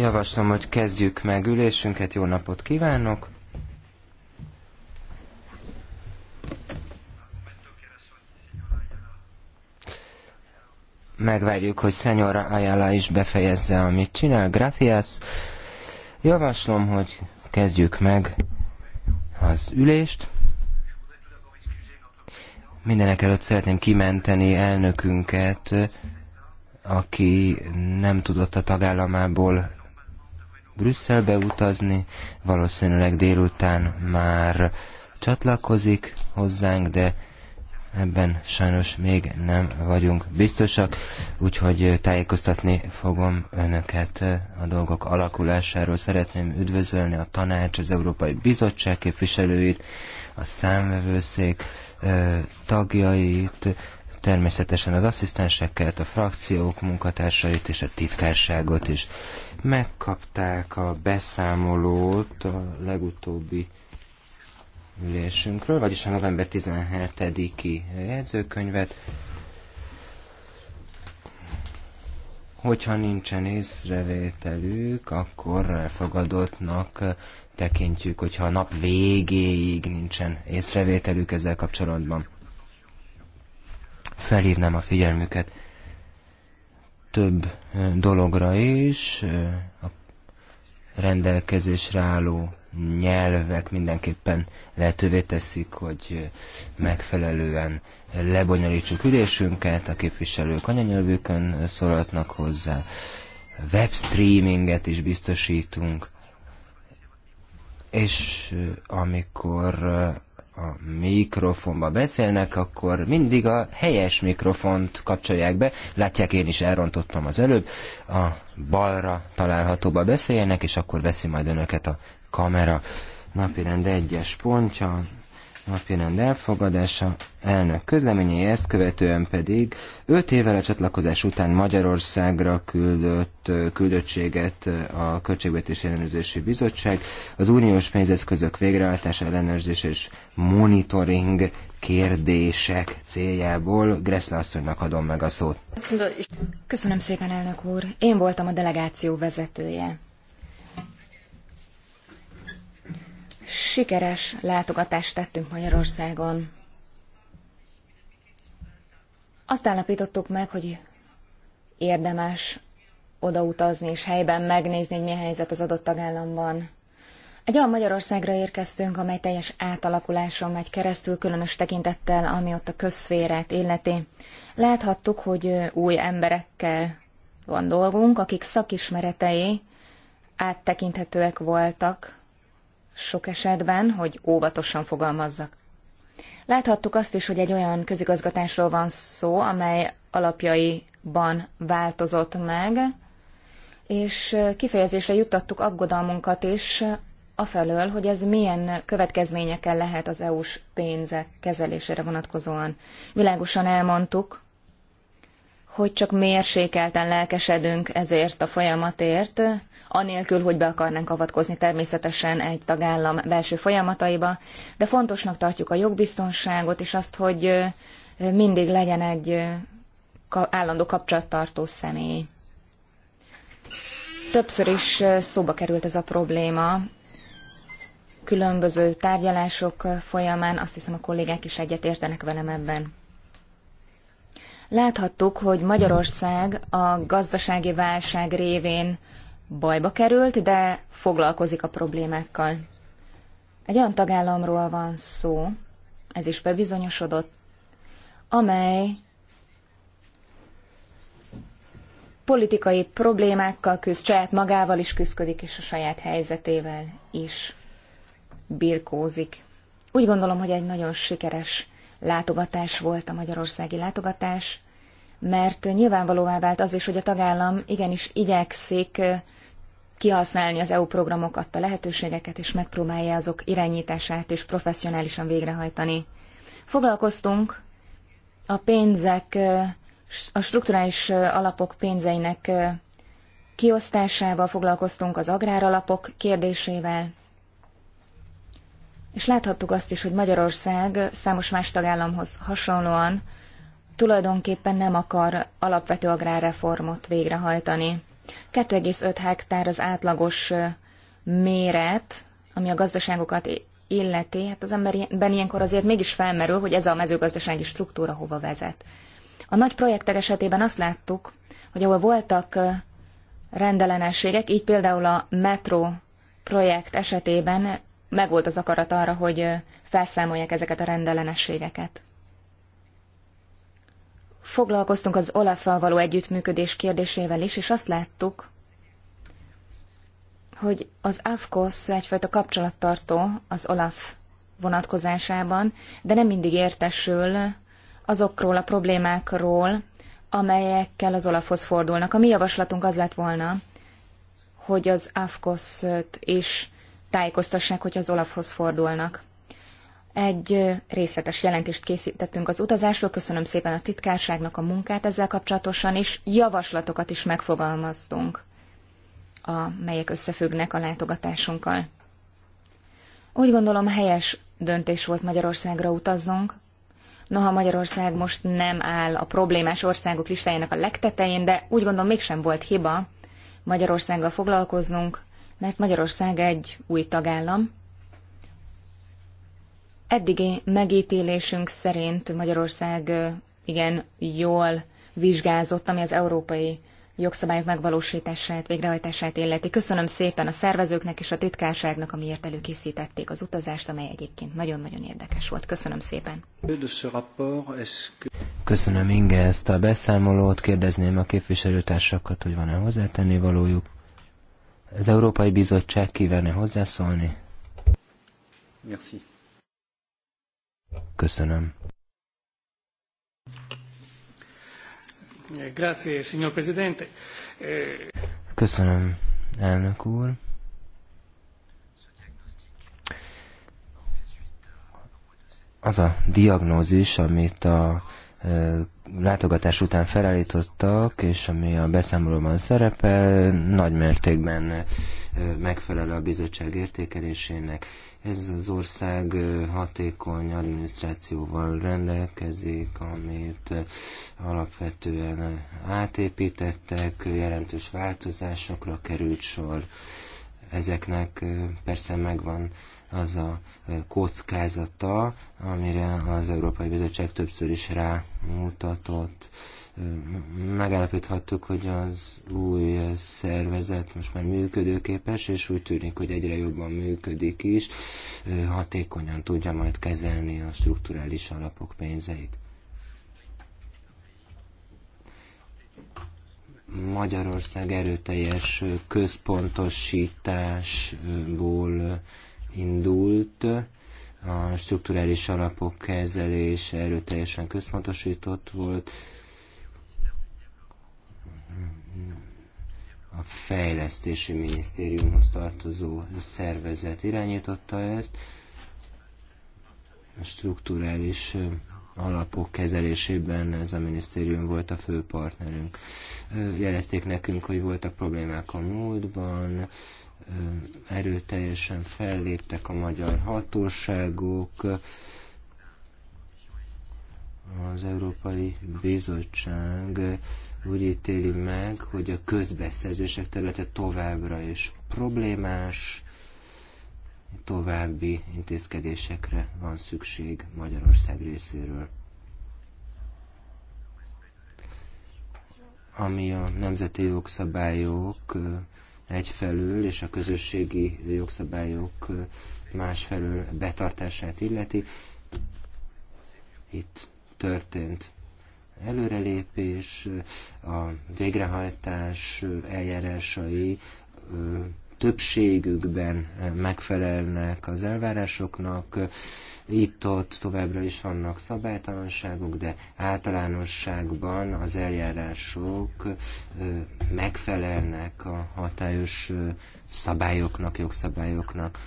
Javaslom, hogy kezdjük meg ülésünket. Jó napot kívánok! Megvárjuk, hogy Szenyora Ayala is befejezze, amit csinál. Gracias! Javaslom, hogy kezdjük meg az ülést. Mindenek előtt szeretném kimenteni elnökünket, aki nem tudott a tagállamából Brüsszelbe utazni, valószínűleg délután már csatlakozik hozzánk, de ebben sajnos még nem vagyunk biztosak, úgyhogy tájékoztatni fogom önöket a dolgok alakulásáról. Szeretném üdvözölni a tanács, az Európai Bizottság képviselőit, a számvevőszék tagjait, természetesen az asszisztensekkelt, a frakciók munkatársait és a titkárságot is. Megkapták a beszámolót a legutóbbi ülésünkről, vagyis a november 17-i jegyzőkönyvet. Hogyha nincsen észrevételük, akkor elfogadottnak tekintjük, hogyha a nap végéig nincsen észrevételük ezzel kapcsolatban felhívnám a figyelmüket több dologra is, a rendelkezésre álló nyelvek mindenképpen lehetővé teszik, hogy megfelelően lebonyolítsuk ülésünket, a képviselők anyanyelvükön szólhatnak hozzá, webstreaminget is biztosítunk, és amikor a mikrofonba beszélnek, akkor mindig a helyes mikrofont kapcsolják be. Látják, én is elrontottam az előbb. A balra találhatóba beszéljenek, és akkor veszi majd önöket a kamera. Napirend egyes pontja, napirend elfogadása, elnök közleményei ezt követően pedig 5 évvel a csatlakozás után Magyarországra küldött küldöttséget a Költségvetési Ellenőrzési Bizottság az uniós pénzeszközök végrehajtása, ellenőrzés és monitoring kérdések céljából. Greszle asszonynak adom meg a szót. Köszönöm szépen, elnök úr. Én voltam a delegáció vezetője. sikeres látogatást tettünk Magyarországon. Azt állapítottuk meg, hogy érdemes odautazni és helyben megnézni, hogy milyen helyzet az adott tagállamban. Egy olyan Magyarországra érkeztünk, amely teljes átalakuláson megy keresztül, különös tekintettel, ami ott a közszférát illeti. Láthattuk, hogy új emberekkel van dolgunk, akik szakismeretei áttekinthetőek voltak sok esetben, hogy óvatosan fogalmazzak. Láthattuk azt is, hogy egy olyan közigazgatásról van szó, amely alapjaiban változott meg, és kifejezésre juttattuk aggodalmunkat is afelől, hogy ez milyen következményekkel lehet az EU-s pénzek kezelésére vonatkozóan. Világosan elmondtuk, hogy csak mérsékelten lelkesedünk ezért a folyamatért, anélkül, hogy be akarnánk avatkozni természetesen egy tagállam belső folyamataiba, de fontosnak tartjuk a jogbiztonságot, és azt, hogy mindig legyen egy állandó kapcsolattartó személy. Többször is szóba került ez a probléma, különböző tárgyalások folyamán, azt hiszem a kollégák is egyetértenek velem ebben. Láthattuk, hogy Magyarország a gazdasági válság révén bajba került, de foglalkozik a problémákkal. Egy olyan tagállamról van szó, ez is bebizonyosodott, amely politikai problémákkal küzd, saját magával is küzdik, és a saját helyzetével is birkózik. Úgy gondolom, hogy egy nagyon sikeres látogatás volt a magyarországi látogatás, mert nyilvánvalóvá vált az is, hogy a tagállam igenis igyekszik kihasználni az EU programok adta lehetőségeket, és megpróbálja azok irányítását és professzionálisan végrehajtani. Foglalkoztunk a pénzek, a strukturális alapok pénzeinek kiosztásával, foglalkoztunk az agráralapok kérdésével, és láthattuk azt is, hogy Magyarország számos más tagállamhoz hasonlóan tulajdonképpen nem akar alapvető agrárreformot végrehajtani. 2,5 hektár az átlagos méret, ami a gazdaságokat illeti, hát az emberben ilyenkor azért mégis felmerül, hogy ez a mezőgazdasági struktúra hova vezet. A nagy projektek esetében azt láttuk, hogy ahol voltak rendellenességek, így például a metró projekt esetében megvolt az akarat arra, hogy felszámolják ezeket a rendellenességeket foglalkoztunk az olaf való együttműködés kérdésével is, és azt láttuk, hogy az AFKOSZ egyfajta kapcsolattartó az OLAF vonatkozásában, de nem mindig értesül azokról a problémákról, amelyekkel az olafhoz fordulnak. A mi javaslatunk az lett volna, hogy az AFKOSZ-t is tájékoztassák, hogy az olafhoz fordulnak. Egy részletes jelentést készítettünk az utazásról, köszönöm szépen a titkárságnak a munkát ezzel kapcsolatosan, és javaslatokat is megfogalmaztunk, amelyek összefüggnek a látogatásunkkal. Úgy gondolom helyes döntés volt Magyarországra utaznunk. Noha Magyarország most nem áll a problémás országok listájának a legtetején, de úgy gondolom mégsem volt hiba Magyarországgal foglalkoznunk, mert Magyarország egy új tagállam, Eddigi megítélésünk szerint Magyarország igen jól vizsgázott, ami az európai jogszabályok megvalósítását, végrehajtását illeti. Köszönöm szépen a szervezőknek és a titkárságnak, amiért előkészítették az utazást, amely egyébként nagyon-nagyon érdekes volt. Köszönöm szépen. Köszönöm Inge ezt a beszámolót. Kérdezném a képviselőtársakat, hogy van-e hozzátenni valójuk. Az Európai Bizottság kívánne hozzászólni? Merci. Köszönöm. Grazie, signor Presidente. Köszönöm, elnök úr. Az a diagnózis, amit a látogatás után felállítottak, és ami a beszámolóban szerepel, nagy mértékben megfelel a bizottság értékelésének. Ez az ország hatékony adminisztrációval rendelkezik, amit alapvetően átépítettek, jelentős változásokra került sor. Ezeknek persze megvan az a kockázata, amire az Európai Bizottság többször is rámutatott. Megállapíthattuk, hogy az új szervezet most már működőképes, és úgy tűnik, hogy egyre jobban működik is, hatékonyan tudja majd kezelni a strukturális alapok pénzeit. Magyarország erőteljes központosításból indult, a strukturális alapok kezelése erőteljesen központosított volt, a fejlesztési minisztériumhoz tartozó szervezet irányította ezt, a strukturális alapok kezelésében ez a minisztérium volt a fő partnerünk. Jelezték nekünk, hogy voltak problémák a múltban, erőteljesen felléptek a magyar hatóságok, az Európai Bizottság úgy ítéli meg, hogy a közbeszerzések területe továbbra is problémás, további intézkedésekre van szükség Magyarország részéről. Ami a nemzeti jogszabályok egyfelől és a közösségi jogszabályok másfelől betartását illeti. Itt történt előrelépés, a végrehajtás eljárásai többségükben megfelelnek az elvárásoknak, itt-ott továbbra is vannak szabálytalanságok, de általánosságban az eljárások megfelelnek a hatályos szabályoknak, jogszabályoknak.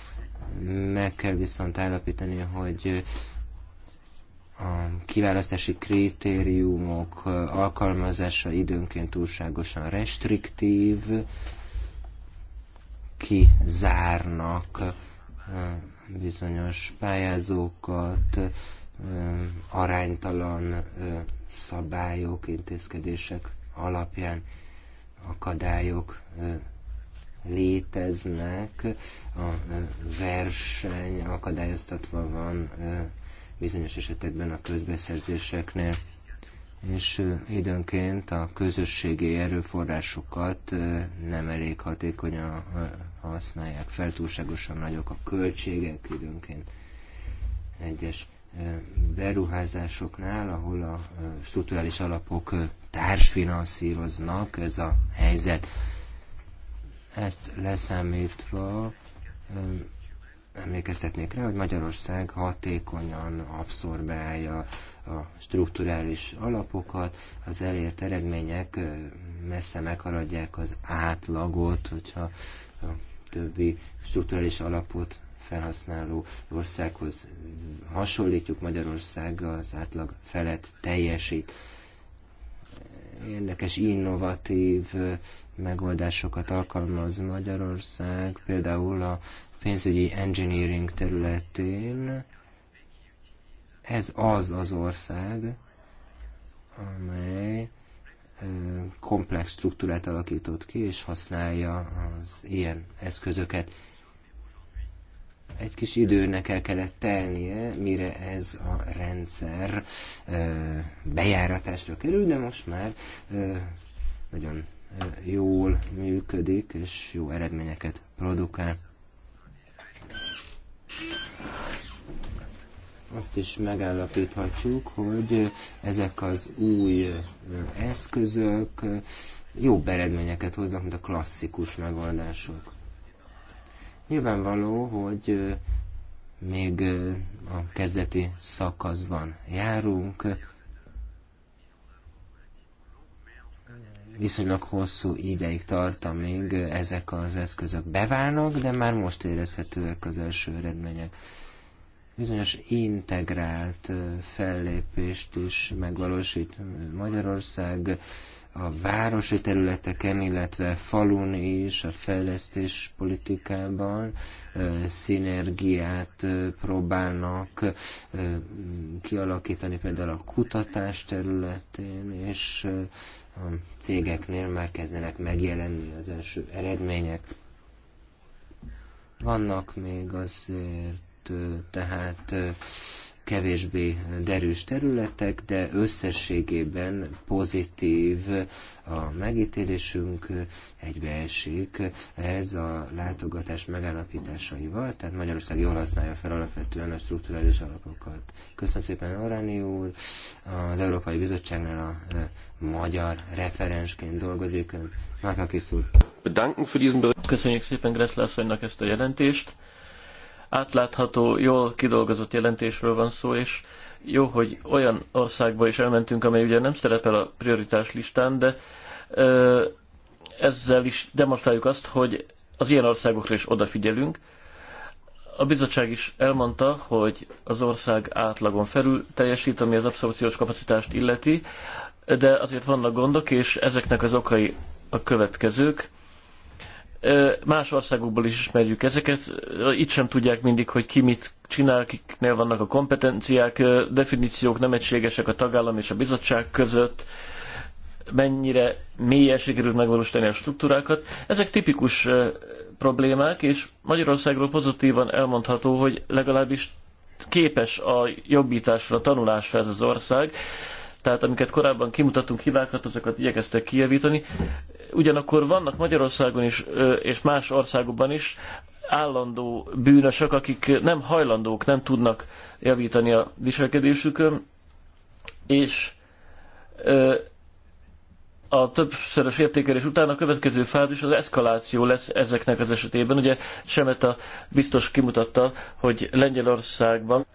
Meg kell viszont állapítani, hogy a kiválasztási kritériumok alkalmazása időnként túlságosan restriktív, kizárnak bizonyos pályázókat, aránytalan szabályok, intézkedések alapján akadályok léteznek, a verseny akadályoztatva van bizonyos esetekben a közbeszerzéseknél, és időnként a közösségi erőforrásokat nem elég hatékonyan használják fel, túlságosan nagyok a költségek időnként egyes beruházásoknál, ahol a strukturális alapok társfinanszíroznak ez a helyzet. Ezt leszámítva emlékeztetnék rá, hogy Magyarország hatékonyan abszorbálja a strukturális alapokat, az elért eredmények messze meghaladják az átlagot, hogyha többi strukturális alapot felhasználó országhoz hasonlítjuk, Magyarország az átlag felett teljesít. Érdekes, innovatív megoldásokat alkalmaz Magyarország, például a pénzügyi engineering területén. Ez az az ország, amely komplex struktúrát alakított ki, és használja az ilyen eszközöket. Egy kis időnek el kellett telnie, mire ez a rendszer bejáratásra kerül, de most már nagyon jól működik, és jó eredményeket produkál azt is megállapíthatjuk, hogy ezek az új eszközök jobb eredményeket hoznak, mint a klasszikus megoldások. Nyilvánvaló, hogy még a kezdeti szakaszban járunk, viszonylag hosszú ideig tart, amíg ezek az eszközök beválnak, de már most érezhetőek az első eredmények bizonyos integrált fellépést is megvalósít Magyarország a városi területeken, illetve falun is, a fejlesztés politikában szinergiát próbálnak kialakítani például a kutatás területén, és a cégeknél már kezdenek megjelenni az első eredmények. Vannak még azért tehát kevésbé derűs területek, de összességében pozitív a megítélésünk, egybeesik ez a látogatás megállapításaival, tehát Magyarország jól használja fel alapvetően a strukturális alapokat. Köszönöm szépen Aráni úr, az Európai Bizottságnál a magyar referensként dolgozik ön. úr. Köszönjük szépen Greszlászonynak ezt a jelentést átlátható, jól kidolgozott jelentésről van szó, és jó, hogy olyan országba is elmentünk, amely ugye nem szerepel a prioritás listán, de ö, ezzel is demonstráljuk azt, hogy az ilyen országokra is odafigyelünk. A bizottság is elmondta, hogy az ország átlagon felül teljesít, ami az abszorpciós kapacitást illeti, de azért vannak gondok, és ezeknek az okai a következők Más országokból is ismerjük ezeket. Itt sem tudják mindig, hogy ki mit csinál, kiknél vannak a kompetenciák, definíciók nem egységesek a tagállam és a bizottság között, mennyire mélyen sikerült megvalósítani a struktúrákat. Ezek tipikus problémák, és Magyarországról pozitívan elmondható, hogy legalábbis képes a jobbításra, a tanulásra ez az ország. Tehát amiket korábban kimutattunk hibákat, azokat igyekeztek kijavítani. Ugyanakkor vannak Magyarországon is, és más országokban is állandó bűnösök, akik nem hajlandók, nem tudnak javítani a viselkedésükön, és a többszörös értékelés után a következő fázis az eszkaláció lesz ezeknek az esetében. Ugye Semeta a biztos kimutatta, hogy Lengyelországban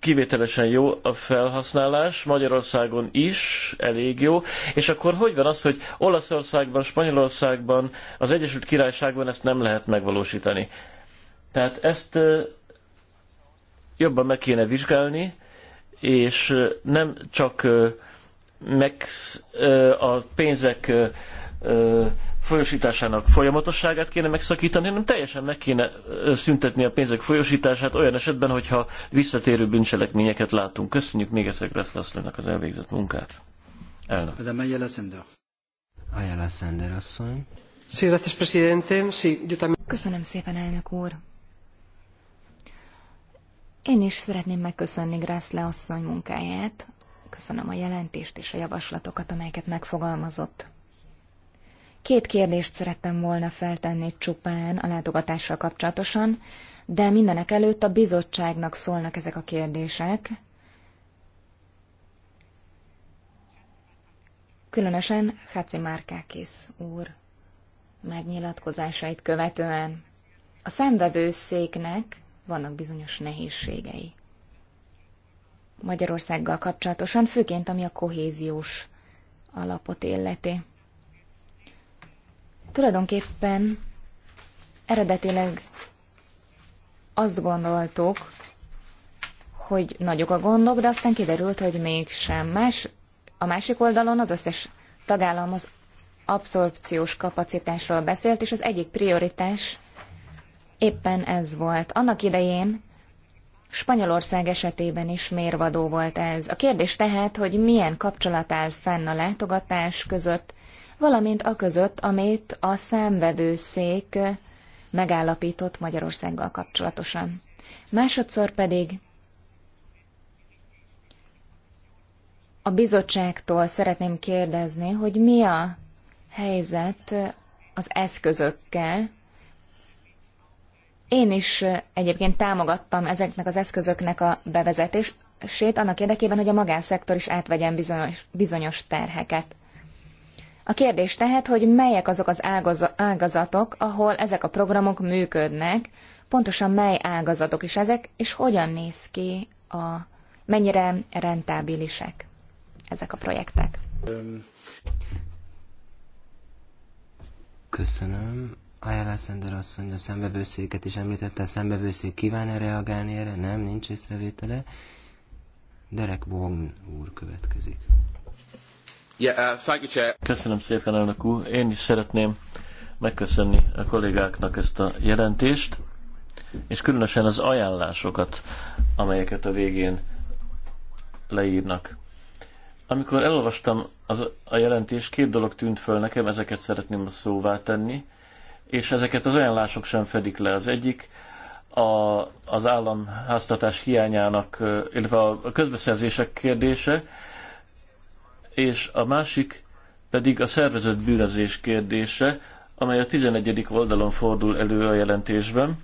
kivételesen jó a felhasználás, Magyarországon is elég jó, és akkor hogy van az, hogy Olaszországban, Spanyolországban, az Egyesült Királyságban ezt nem lehet megvalósítani? Tehát ezt jobban meg kéne vizsgálni, és nem csak meg a pénzek folyosításának folyamatosságát kéne megszakítani, hanem teljesen meg kéne szüntetni a pénzek folyosítását olyan esetben, hogyha visszatérő bűncselekményeket látunk. Köszönjük még egyszer Greszlaszlónak az elvégzett munkát. Elnök. De mely jeleszendő? Sender asszony. Köszönöm szépen, elnök úr. Én is szeretném megköszönni Grászle asszony munkáját, Köszönöm a jelentést és a javaslatokat, amelyeket megfogalmazott. Két kérdést szerettem volna feltenni csupán a látogatással kapcsolatosan, de mindenek előtt a bizottságnak szólnak ezek a kérdések. Különösen Háci Márkákész úr megnyilatkozásait követően. A széknek vannak bizonyos nehézségei. Magyarországgal kapcsolatosan, főként ami a kohéziós alapot illeti. Tulajdonképpen eredetileg azt gondoltuk, hogy nagyok a gondok, de aztán kiderült, hogy mégsem. Más, a másik oldalon az összes tagállam az abszorpciós kapacitásról beszélt, és az egyik prioritás éppen ez volt. Annak idején Spanyolország esetében is mérvadó volt ez. A kérdés tehát, hogy milyen kapcsolat áll fenn a látogatás között, valamint a között, amit a számvevőszék megállapított Magyarországgal kapcsolatosan. Másodszor pedig a bizottságtól szeretném kérdezni, hogy mi a helyzet az eszközökkel, én is egyébként támogattam ezeknek az eszközöknek a bevezetését annak érdekében, hogy a magánszektor is átvegyen bizonyos, bizonyos terheket. A kérdés tehát, hogy melyek azok az ágazatok, ahol ezek a programok működnek, pontosan mely ágazatok is ezek, és hogyan néz ki a mennyire rentábilisek ezek a projektek. Köszönöm. Ajánlás Szender asszony a szembevőszéket is említette, a szembevőszék kíván-e reagálni erre? Nem, nincs észrevétele. Derek Bogn úr következik. Yeah, uh, thank you, Chair. Köszönöm szépen, elnök úr. Én is szeretném megköszönni a kollégáknak ezt a jelentést, és különösen az ajánlásokat, amelyeket a végén leírnak. Amikor elolvastam az, a jelentést, két dolog tűnt föl nekem, ezeket szeretném szóvá tenni és ezeket az ajánlások sem fedik le. Az egyik a, az államháztatás hiányának, illetve a közbeszerzések kérdése, és a másik pedig a szervezett bűnözés kérdése, amely a 11. oldalon fordul elő a jelentésben,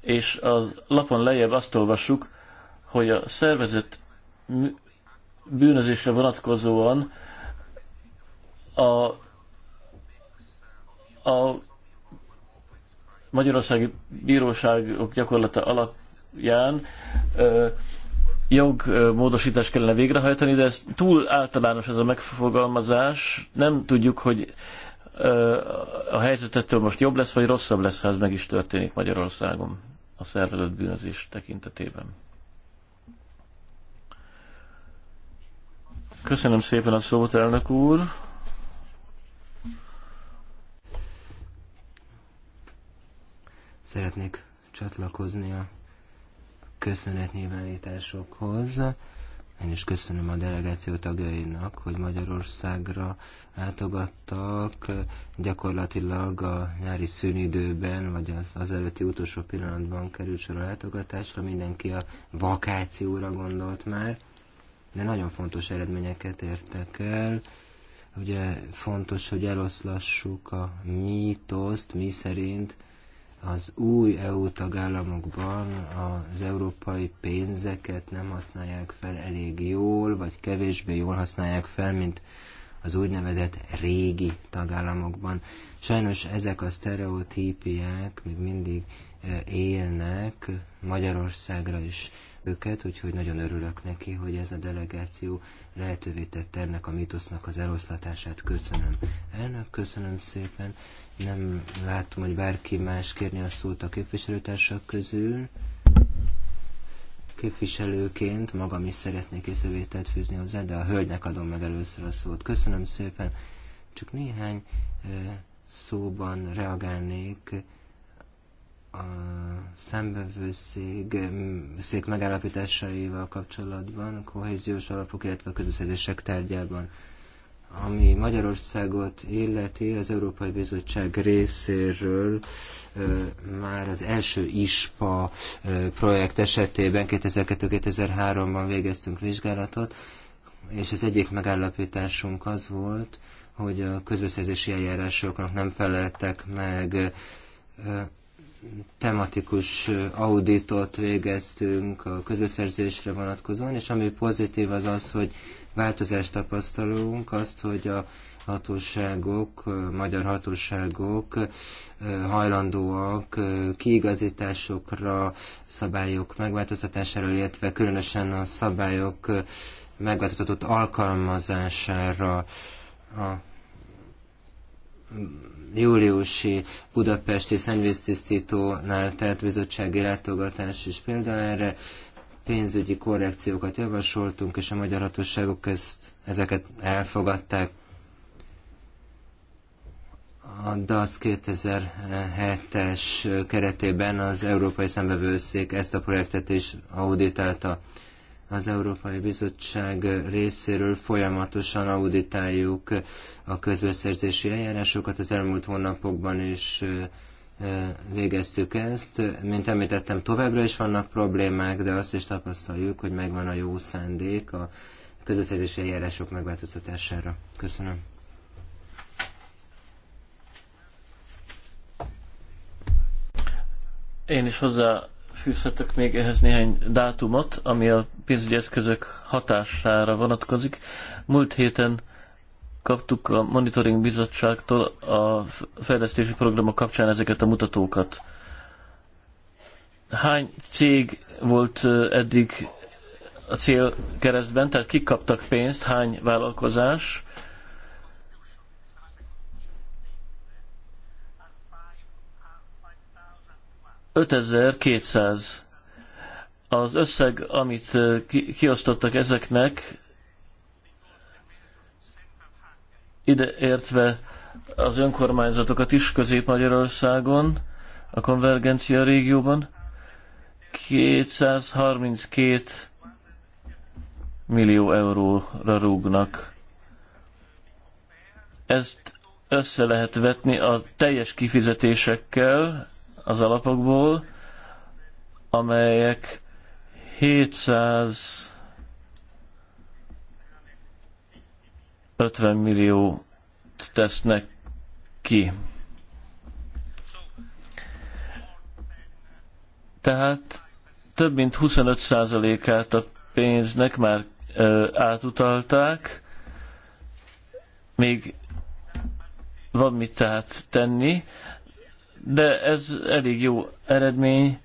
és a lapon lejjebb azt olvassuk, hogy a szervezett bűnözésre vonatkozóan a a Magyarországi Bíróságok gyakorlata alapján jogmódosítást kellene végrehajtani, de ez túl általános ez a megfogalmazás. Nem tudjuk, hogy a helyzetettől most jobb lesz, vagy rosszabb lesz, ha ez meg is történik Magyarországon a szervezett bűnözés tekintetében. Köszönöm szépen a szót, elnök úr! Szeretnék csatlakozni a köszönetnyilvánításokhoz. Én is köszönöm a delegáció tagjainak, hogy Magyarországra látogattak. Gyakorlatilag a nyári szünidőben, vagy az, az előtti utolsó pillanatban került sor a látogatásra. Mindenki a vakációra gondolt már, de nagyon fontos eredményeket értek el. Ugye fontos, hogy eloszlassuk a mítoszt, mi szerint az új EU tagállamokban az európai pénzeket nem használják fel elég jól, vagy kevésbé jól használják fel, mint az úgynevezett régi tagállamokban. Sajnos ezek a sztereotípiák még mindig e, élnek Magyarországra is őket, úgyhogy nagyon örülök neki, hogy ez a delegáció lehetővé tette ennek a mitosznak az eloszlatását. Köszönöm elnök, köszönöm szépen. Nem látom, hogy bárki más kérni a szót a képviselőtársak közül. Képviselőként magam is szeretnék észrevételt fűzni hozzá, de a hölgynek adom meg először a szót. Köszönöm szépen. Csak néhány szóban reagálnék a szembevőszék szék megállapításaival kapcsolatban, kohéziós alapok, illetve a közösségek tárgyában ami Magyarországot illeti, az Európai Bizottság részéről már az első ISPA projekt esetében 2002-2003-ban végeztünk vizsgálatot, és az egyik megállapításunk az volt, hogy a közbeszerzési eljárásoknak nem feleltek meg tematikus auditot végeztünk a közbeszerzésre vonatkozóan, és ami pozitív az az, hogy változást tapasztalunk, azt, hogy a hatóságok, a magyar hatóságok hajlandóak kiigazításokra, szabályok megváltoztatására, illetve különösen a szabályok megváltoztatott alkalmazására a júliusi budapesti szennyvíztisztítónál tett bizottsági látogatás is példa erre pénzügyi korrekciókat javasoltunk, és a magyar hatóságok ezt, ezeket elfogadták. A DAS 2007-es keretében az Európai Szembevőszék ezt a projektet is auditálta. Az Európai Bizottság részéről folyamatosan auditáljuk a közbeszerzési eljárásokat, az elmúlt hónapokban is végeztük ezt. Mint említettem, továbbra is vannak problémák, de azt is tapasztaljuk, hogy megvan a jó szándék a közösszerzési eljárások megváltoztatására. Köszönöm. Én is hozzá fűzhetek még ehhez néhány dátumot, ami a pénzügyi eszközök hatására vonatkozik. Múlt héten kaptuk a Monitoring Bizottságtól a fejlesztési programok kapcsán ezeket a mutatókat. Hány cég volt eddig a cél keresztben, tehát kik kaptak pénzt, hány vállalkozás, ...5200 az összeg, amit kiosztottak ezeknek, ide értve az önkormányzatokat is Közép-Magyarországon, a konvergencia régióban. 232 millió euróra rúgnak. Ezt össze lehet vetni a teljes kifizetésekkel az alapokból, amelyek 700 50 milliót tesznek ki. Tehát több mint 25%-át a pénznek már ö, átutalták, még van mit tehát tenni, de ez elég jó eredmény,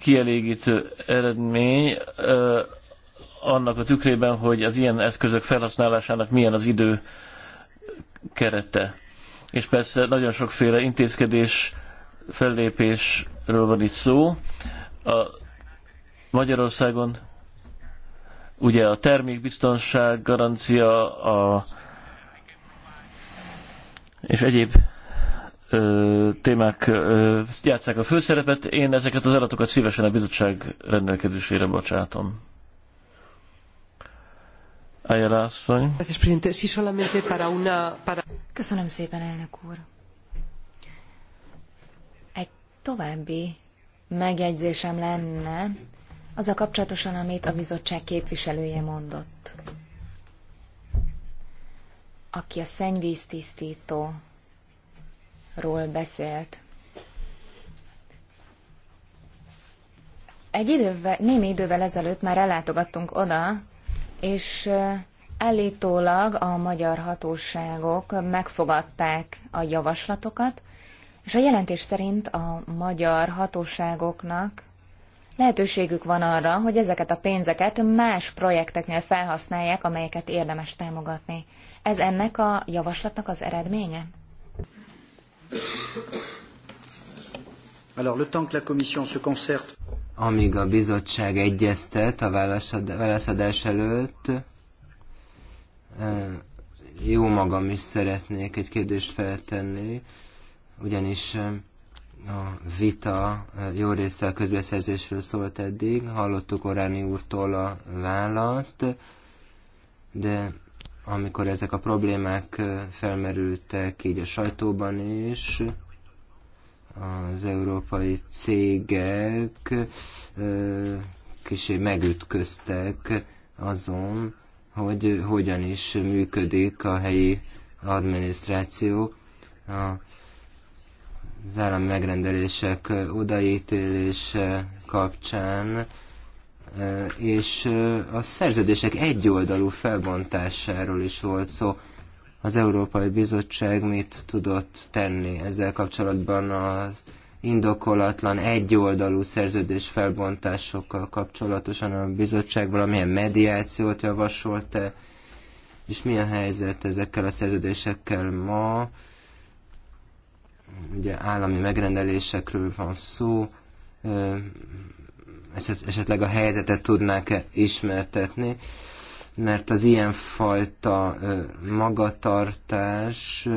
kielégítő eredmény. Ö, annak a tükrében, hogy az ilyen eszközök felhasználásának milyen az idő kerete. És persze nagyon sokféle intézkedés, fellépésről van itt szó. A Magyarországon ugye a termékbiztonság garancia, a és egyéb ö, témák ö, játszák a főszerepet. Én ezeket az adatokat szívesen a bizottság rendelkezésére bocsátom. Ayala asszony. Köszönöm szépen, elnök úr. Egy további megjegyzésem lenne az a kapcsolatosan, amit a bizottság képviselője mondott. Aki a szennyvíztisztítóról beszélt. Egy idővel, némi idővel ezelőtt már ellátogattunk oda, és állítólag a magyar hatóságok megfogadták a javaslatokat, és a jelentés szerint a magyar hatóságoknak lehetőségük van arra, hogy ezeket a pénzeket más projekteknél felhasználják, amelyeket érdemes támogatni. Ez ennek a javaslatnak az eredménye? Alors, le temps que la Commission se concerte amíg a bizottság egyeztet a válaszadás előtt, jó magam is szeretnék egy kérdést feltenni, ugyanis a vita jó része a közbeszerzésről szólt eddig, hallottuk Oráni úrtól a választ, de amikor ezek a problémák felmerültek így a sajtóban is, az európai cégek kicsit megütköztek azon, hogy hogyan is működik a helyi adminisztráció. A az állami megrendelések odaítélése kapcsán, és a szerződések egyoldalú felbontásáról is volt szó. Az Európai Bizottság mit tudott tenni ezzel kapcsolatban az indokolatlan egyoldalú szerződés felbontásokkal kapcsolatosan a bizottság valamilyen mediációt javasolt-e, és mi a helyzet ezekkel a szerződésekkel ma? Ugye állami megrendelésekről van szó, esetleg a helyzetet tudnák-e ismertetni mert az ilyenfajta magatartás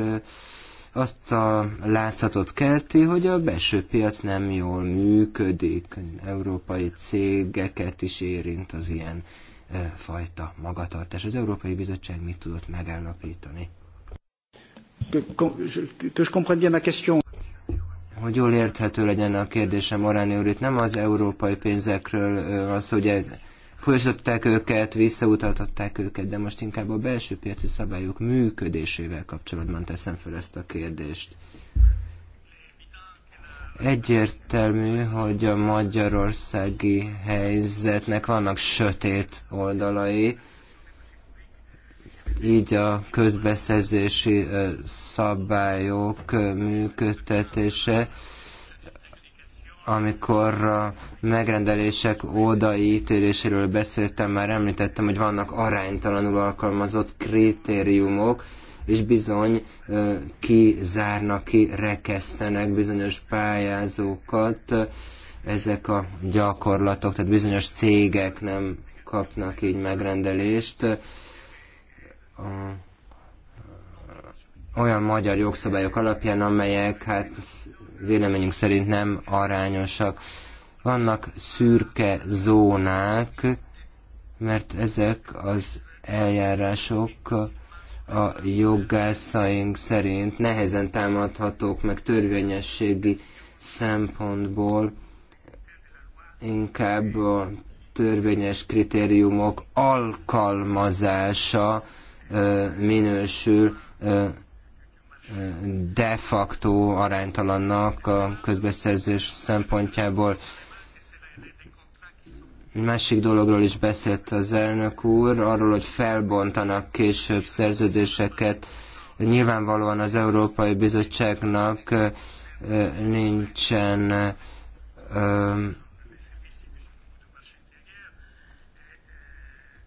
azt a látszatot kelti, hogy a belső piac nem jól működik, európai cégeket is érint az ilyen fajta magatartás. Az Európai Bizottság mit tudott megállapítani? hogy jól érthető legyen a kérdésem, Oráni úr, itt nem az európai pénzekről az, hogy egy fölzöpták őket, visszautaltatták őket, de most inkább a belső piaci szabályok működésével kapcsolatban teszem fel ezt a kérdést. Egyértelmű, hogy a magyarországi helyzetnek vannak sötét oldalai, így a közbeszerzési szabályok működtetése amikor a megrendelések ódai ítéléséről beszéltem, már említettem, hogy vannak aránytalanul alkalmazott kritériumok, és bizony kizárnak ki, rekesztenek bizonyos pályázókat ezek a gyakorlatok, tehát bizonyos cégek nem kapnak így megrendelést. Olyan magyar jogszabályok alapján, amelyek hát véleményünk szerint nem arányosak. Vannak szürke zónák, mert ezek az eljárások a jogászaink szerint nehezen támadhatók meg törvényességi szempontból inkább a törvényes kritériumok alkalmazása minősül de facto aránytalannak a közbeszerzés szempontjából. Másik dologról is beszélt az elnök úr, arról, hogy felbontanak később szerződéseket. Nyilvánvalóan az Európai Bizottságnak nincsen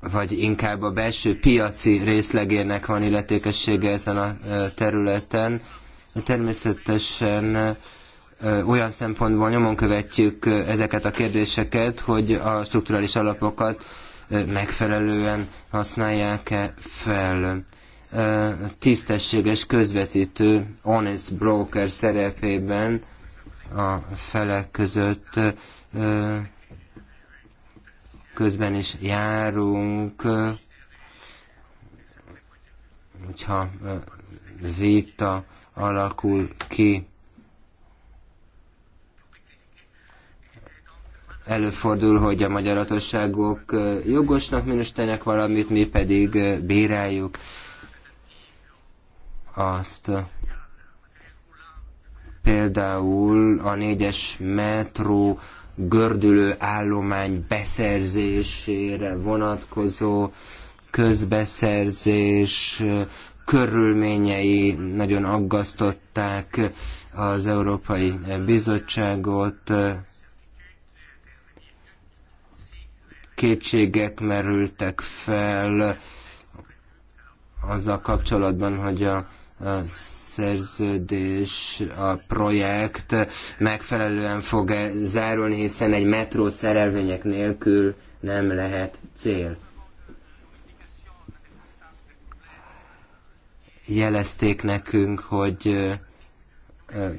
vagy inkább a belső piaci részlegének van illetékessége ezen a területen. Természetesen olyan szempontból nyomon követjük ezeket a kérdéseket, hogy a strukturális alapokat megfelelően használják-e fel. Tisztességes közvetítő, honest broker szerepében a felek között közben is járunk, hogyha vita alakul ki. Előfordul, hogy a magyaratosságok jogosnak minősítenek valamit, mi pedig bíráljuk azt. Például a négyes metró gördülő állomány beszerzésére vonatkozó közbeszerzés körülményei nagyon aggasztották az Európai Bizottságot. Kétségek merültek fel azzal kapcsolatban, hogy a szerződés, a projekt megfelelően fog -e zárulni, hiszen egy metró szerelvények nélkül nem lehet cél. Jelezték nekünk, hogy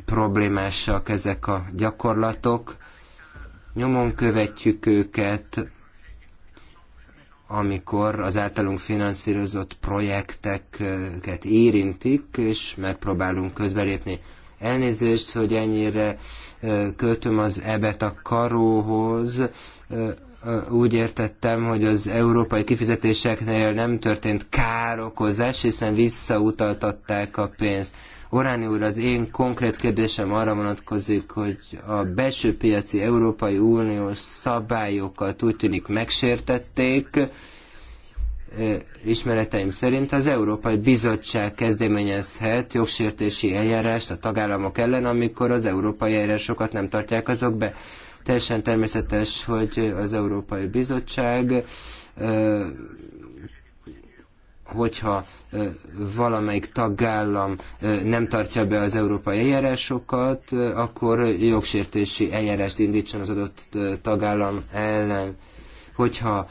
problémásak ezek a gyakorlatok. Nyomon követjük őket, amikor az általunk finanszírozott projekteket érintik, és megpróbálunk közbelépni. Elnézést, hogy ennyire költöm az ebet a karóhoz. Úgy értettem, hogy az európai kifizetéseknél nem történt károkozás, hiszen visszautaltatták a pénzt. Oráni úr, az én konkrét kérdésem arra vonatkozik, hogy a belső piaci Európai Uniós szabályokat úgy tűnik megsértették, ismereteim szerint az Európai Bizottság kezdeményezhet jogsértési eljárást a tagállamok ellen, amikor az európai eljárásokat nem tartják azok be. Teljesen természetes, hogy az Európai Bizottság hogyha valamelyik tagállam nem tartja be az európai eljárásokat, akkor jogsértési eljárást indítson az adott tagállam ellen hogyha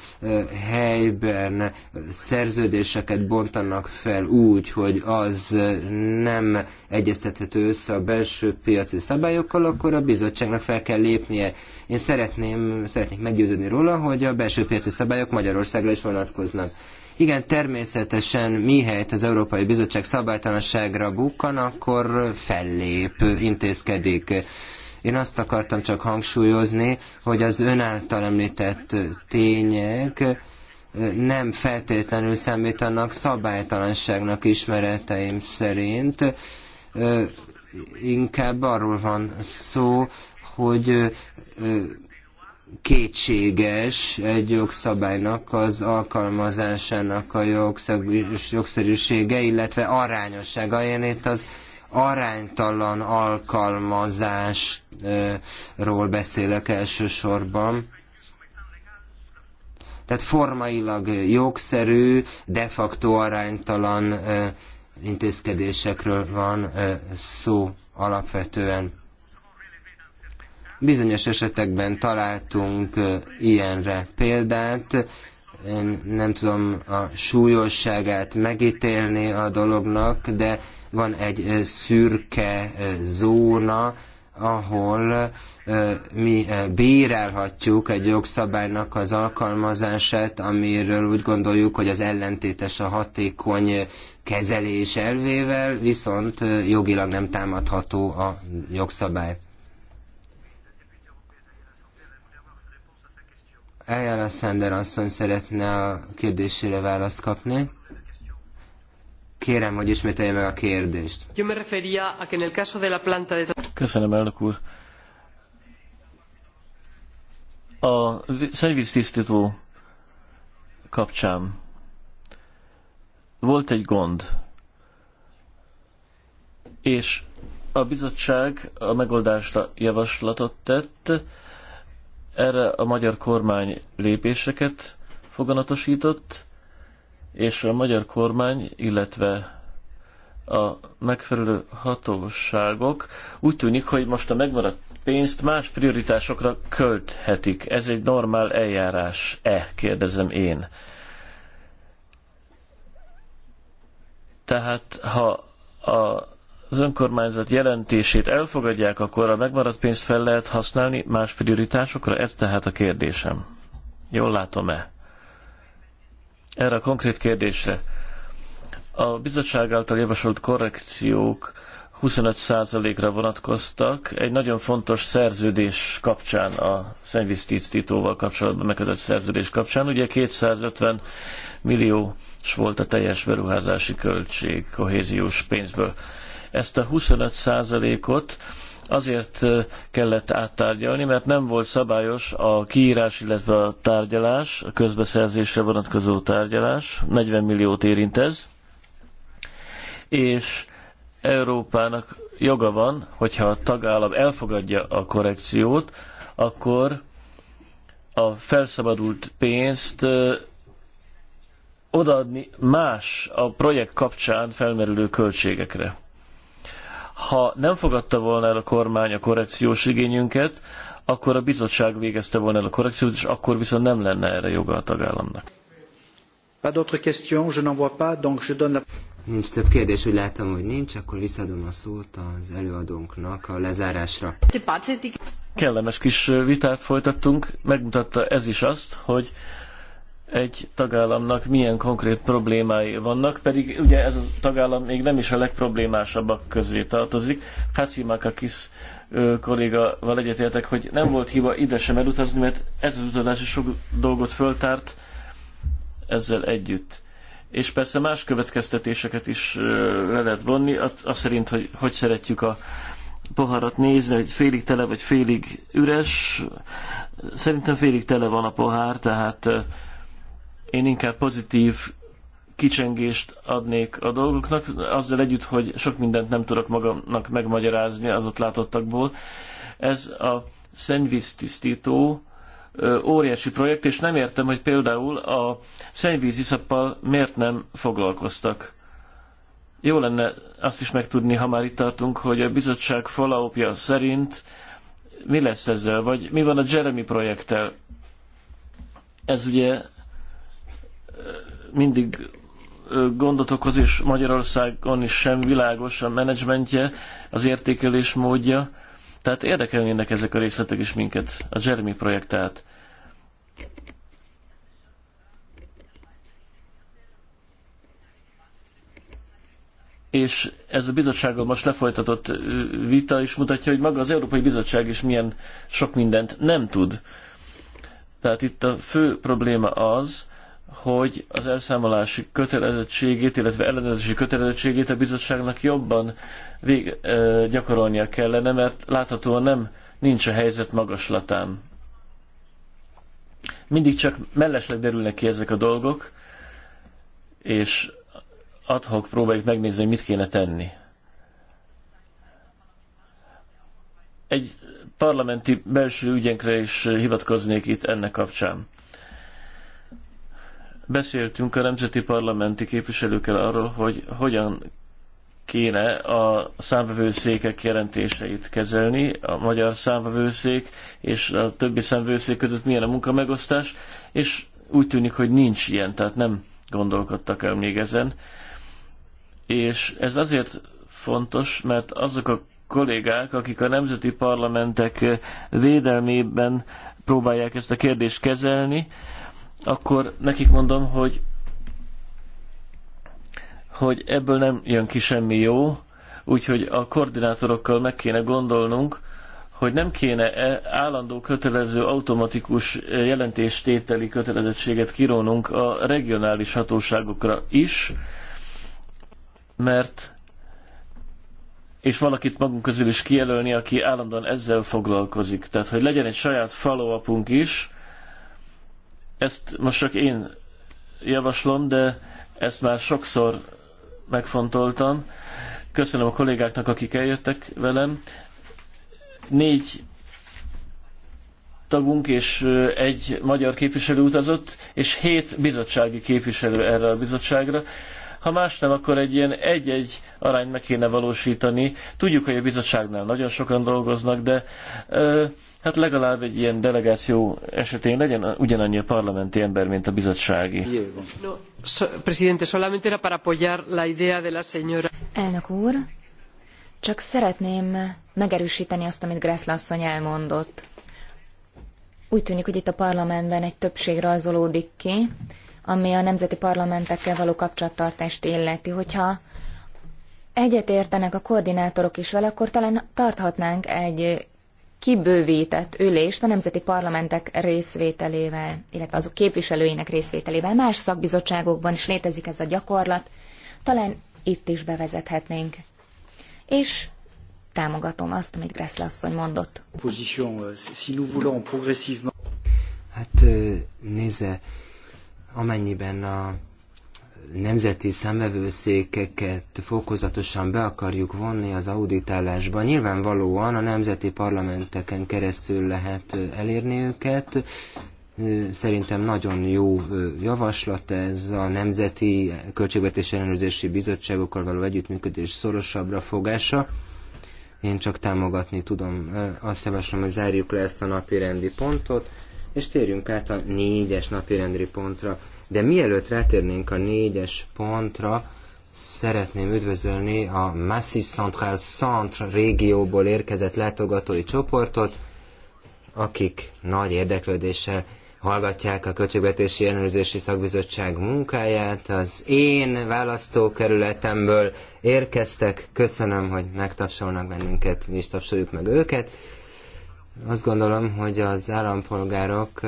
helyben szerződéseket bontanak fel úgy, hogy az nem egyeztethető össze a belső piaci szabályokkal, akkor a bizottságnak fel kell lépnie. Én szeretném, szeretnék meggyőződni róla, hogy a belső piaci szabályok Magyarországra is vonatkoznak. Igen, természetesen mihelyt az Európai Bizottság szabálytalanságra bukkan, akkor fellép, intézkedik. Én azt akartam csak hangsúlyozni, hogy az ön által említett tények nem feltétlenül számítanak szabálytalanságnak ismereteim szerint. Inkább arról van szó, hogy kétséges egy jogszabálynak az alkalmazásának a jogszerűsége, illetve arányossága. Én itt az aránytalan alkalmazásról beszélek elsősorban. Tehát formailag jogszerű, de facto aránytalan intézkedésekről van szó alapvetően. Bizonyos esetekben találtunk ilyenre példát, én nem tudom a súlyosságát megítélni a dolognak, de van egy szürke zóna, ahol mi bírálhatjuk egy jogszabálynak az alkalmazását, amiről úgy gondoljuk, hogy az ellentétes a hatékony kezelés elvével, viszont jogilag nem támadható a jogszabály. Eljala Szender asszony szeretne a kérdésére választ kapni. Kérem, hogy ismételje meg a kérdést. Köszönöm, elnök úr. A szennyvíztisztító kapcsán volt egy gond, és a bizottság a megoldást javaslatot tett, erre a magyar kormány lépéseket foganatosított, és a magyar kormány, illetve a megfelelő hatóságok úgy tűnik, hogy most a megmaradt pénzt más prioritásokra költhetik. Ez egy normál eljárás-e, kérdezem én. Tehát ha a az önkormányzat jelentését elfogadják, akkor a megmaradt pénzt fel lehet használni más prioritásokra? Ez tehát a kérdésem. Jól látom-e? Erre a konkrét kérdésre. A bizottság által javasolt korrekciók 25%-ra vonatkoztak egy nagyon fontos szerződés kapcsán, a szennyvíztisztítóval kapcsolatban megkötött szerződés kapcsán. Ugye 250 millió volt a teljes beruházási költség kohéziós pénzből ezt a 25%-ot azért kellett áttárgyalni, mert nem volt szabályos a kiírás, illetve a tárgyalás, a közbeszerzésre vonatkozó tárgyalás, 40 milliót érint ez, és Európának joga van, hogyha a tagállam elfogadja a korrekciót, akkor a felszabadult pénzt odaadni más a projekt kapcsán felmerülő költségekre. Ha nem fogadta volna el a kormány a korrekciós igényünket, akkor a bizottság végezte volna el a korrekciót, és akkor viszont nem lenne erre joga a tagállamnak. Pas d'autres questions, je n'en vois pas, donc je donne la... Nincs több kérdés, úgy látom, hogy nincs, akkor visszadom a szót az előadónknak a lezárásra. Kellemes kis vitát folytattunk, megmutatta ez is azt, hogy egy tagállamnak milyen konkrét problémái vannak, pedig ugye ez a tagállam még nem is a legproblémásabbak közé tartozik. Makakis kollégával egyetértek, hogy nem volt hiba ide sem elutazni, mert ez az utazás is sok dolgot föltárt ezzel együtt. És persze más következtetéseket is le lehet vonni, azt szerint, hogy hogy szeretjük a poharat nézni, hogy félig tele vagy félig üres. Szerintem félig tele van a pohár, tehát én inkább pozitív kicsengést adnék a dolgoknak, azzal együtt, hogy sok mindent nem tudok magamnak megmagyarázni az ott látottakból. Ez a szennyvíztisztító óriási projekt, és nem értem, hogy például a szennyvíziszappal miért nem foglalkoztak. Jó lenne azt is megtudni, ha már itt tartunk, hogy a bizottság falaupja szerint mi lesz ezzel, vagy mi van a Jeremy projekttel. Ez ugye mindig gondot okoz, és Magyarországon is sem világos a menedzsmentje, az értékelés módja. Tehát érdekelnének ezek a részletek is minket, a Jeremy projekt És ez a bizottsággal most lefolytatott vita is mutatja, hogy maga az Európai Bizottság is milyen sok mindent nem tud. Tehát itt a fő probléma az, hogy az elszámolási kötelezettségét, illetve ellenőrzési kötelezettségét a bizottságnak jobban vég, ö, gyakorolnia kellene, mert láthatóan nem nincs a helyzet magaslatán. Mindig csak mellesleg derülnek ki ezek a dolgok, és adhok próbáljuk megnézni, hogy mit kéne tenni. Egy parlamenti belső ügyenkre is hivatkoznék itt ennek kapcsán. Beszéltünk a nemzeti parlamenti képviselőkkel arról, hogy hogyan kéne a számvevőszékek jelentéseit kezelni, a magyar számvevőszék és a többi számvevőszék között milyen a munkamegosztás, és úgy tűnik, hogy nincs ilyen, tehát nem gondolkodtak el még ezen. És ez azért fontos, mert azok a kollégák, akik a nemzeti parlamentek védelmében próbálják ezt a kérdést kezelni, akkor nekik mondom, hogy, hogy ebből nem jön ki semmi jó, úgyhogy a koordinátorokkal meg kéne gondolnunk, hogy nem kéne -e állandó kötelező automatikus e, jelentéstételi kötelezettséget kirónunk a regionális hatóságokra is, mert és valakit magunk közül is kijelölni, aki állandóan ezzel foglalkozik. Tehát, hogy legyen egy saját follow-upunk is, ezt most csak én javaslom, de ezt már sokszor megfontoltam. Köszönöm a kollégáknak, akik eljöttek velem. Négy tagunk és egy magyar képviselő utazott, és hét bizottsági képviselő erre a bizottságra. Ha más nem, akkor egy ilyen egy-egy arányt meg kéne valósítani. Tudjuk, hogy a bizottságnál nagyon sokan dolgoznak, de Hát legalább egy ilyen delegáció esetén legyen ugyanannyi a parlamenti ember, mint a bizottsági. No, presidente, solamente era para apoyar la idea de la señora. Elnök úr, csak szeretném megerősíteni azt, amit Gressle asszony elmondott. Úgy tűnik, hogy itt a parlamentben egy többség rajzolódik ki, ami a nemzeti parlamentekkel való kapcsolattartást illeti. Hogyha egyet értenek a koordinátorok is vele, akkor talán tarthatnánk egy kibővített ülést a nemzeti parlamentek részvételével, illetve azok képviselőinek részvételével. Más szakbizottságokban is létezik ez a gyakorlat, talán itt is bevezethetnénk. És támogatom azt, amit Gressle asszony mondott. Euh, hát euh, nézze, amennyiben a nemzeti számvevőszékeket fokozatosan be akarjuk vonni az auditálásba. Nyilvánvalóan a nemzeti parlamenteken keresztül lehet elérni őket. Szerintem nagyon jó javaslat ez a Nemzeti Költségvetés Ellenőrzési Bizottságokkal való együttműködés szorosabbra fogása. Én csak támogatni tudom. Azt javaslom, hogy zárjuk le ezt a napi rendi pontot, és térjünk át a négyes napi rendi pontra de mielőtt rátérnénk a négyes pontra, szeretném üdvözölni a Massif Central Centre régióból érkezett látogatói csoportot, akik nagy érdeklődéssel hallgatják a Költségvetési Ellenőrzési Szakbizottság munkáját. Az én választókerületemből érkeztek. Köszönöm, hogy megtapsolnak bennünket, mi is tapsoljuk meg őket. Azt gondolom, hogy az állampolgárok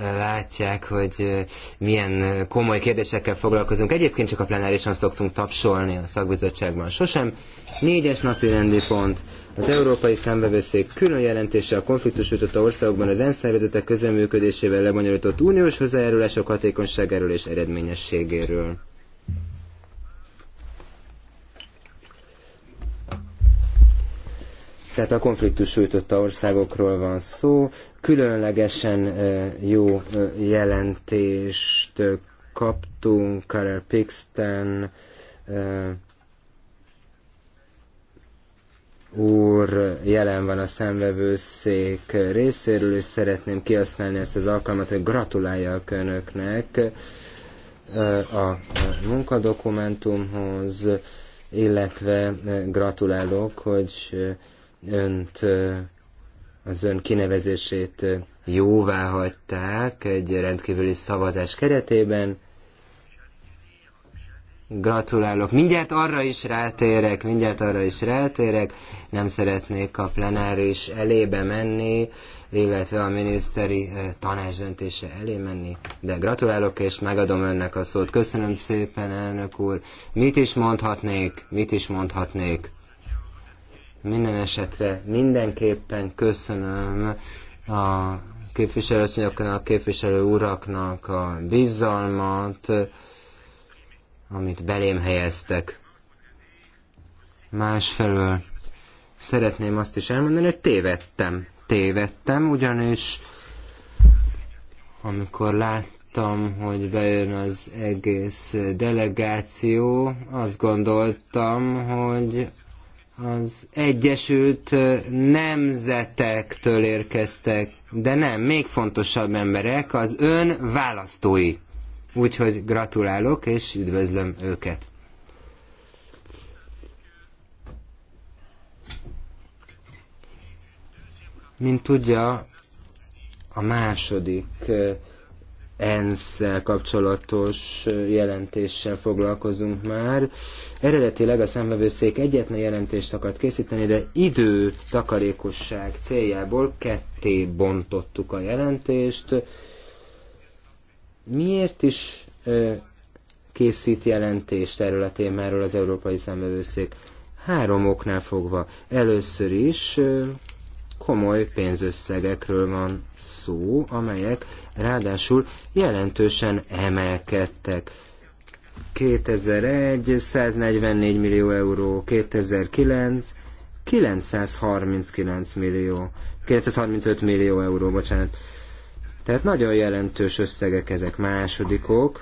látják, hogy milyen komoly kérdésekkel foglalkozunk. Egyébként csak a plenárisan szoktunk tapsolni a szakbizottságban. Sosem négyes napi rendi pont. Az Európai Szembeveszék külön jelentése a konfliktus jutott országokban az ENSZ szervezetek közöműködésével lebonyolított uniós hozzájárulások hatékonyságáról és eredményességéről. tehát a konfliktus sújtotta országokról van szó. Különlegesen jó jelentést kaptunk Karel Pixten úr jelen van a szemvevőszék részéről, és szeretném kihasználni ezt az alkalmat, hogy gratuláljak önöknek a munkadokumentumhoz, illetve gratulálok, hogy önt, az ön kinevezését jóvá hagyták egy rendkívüli szavazás keretében. Gratulálok. Mindjárt arra is rátérek, mindjárt arra is rátérek. Nem szeretnék a plenáris elébe menni, illetve a miniszteri tanács döntése elé menni. De gratulálok, és megadom önnek a szót. Köszönöm szépen, elnök úr. Mit is mondhatnék? Mit is mondhatnék? Minden esetre mindenképpen köszönöm a képviselőasszonyoknak, a képviselő uraknak a bizalmat, amit belém helyeztek. Másfelől szeretném azt is elmondani, hogy tévedtem. Tévedtem, ugyanis amikor láttam, hogy bejön az egész delegáció, azt gondoltam, hogy az Egyesült Nemzetektől érkeztek, de nem, még fontosabb emberek, az ön választói. Úgyhogy gratulálok, és üdvözlöm őket. Mint tudja, a második ensz kapcsolatos jelentéssel foglalkozunk már. Eredetileg a számvevőszék egyetlen jelentést akart készíteni, de idő takarékosság céljából ketté bontottuk a jelentést. Miért is készít jelentést erről a témáról az Európai Számvevőszék? Három oknál fogva. Először is komoly pénzösszegekről van szó, amelyek Ráadásul jelentősen emelkedtek. 2001 144 millió euró, 2009 939 millió, 935 millió euró, bocsánat. Tehát nagyon jelentős összegek ezek másodikok.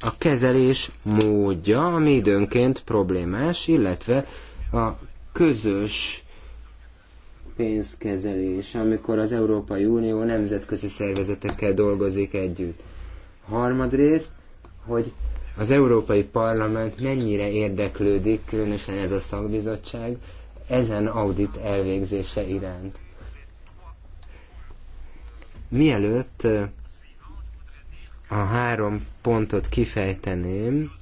A kezelés módja, ami időnként problémás, illetve a közös pénzkezelés, amikor az Európai Unió nemzetközi szervezetekkel dolgozik együtt. Harmadrészt, hogy az Európai Parlament mennyire érdeklődik, különösen ez a szakbizottság, ezen audit elvégzése iránt. Mielőtt a három pontot kifejteném,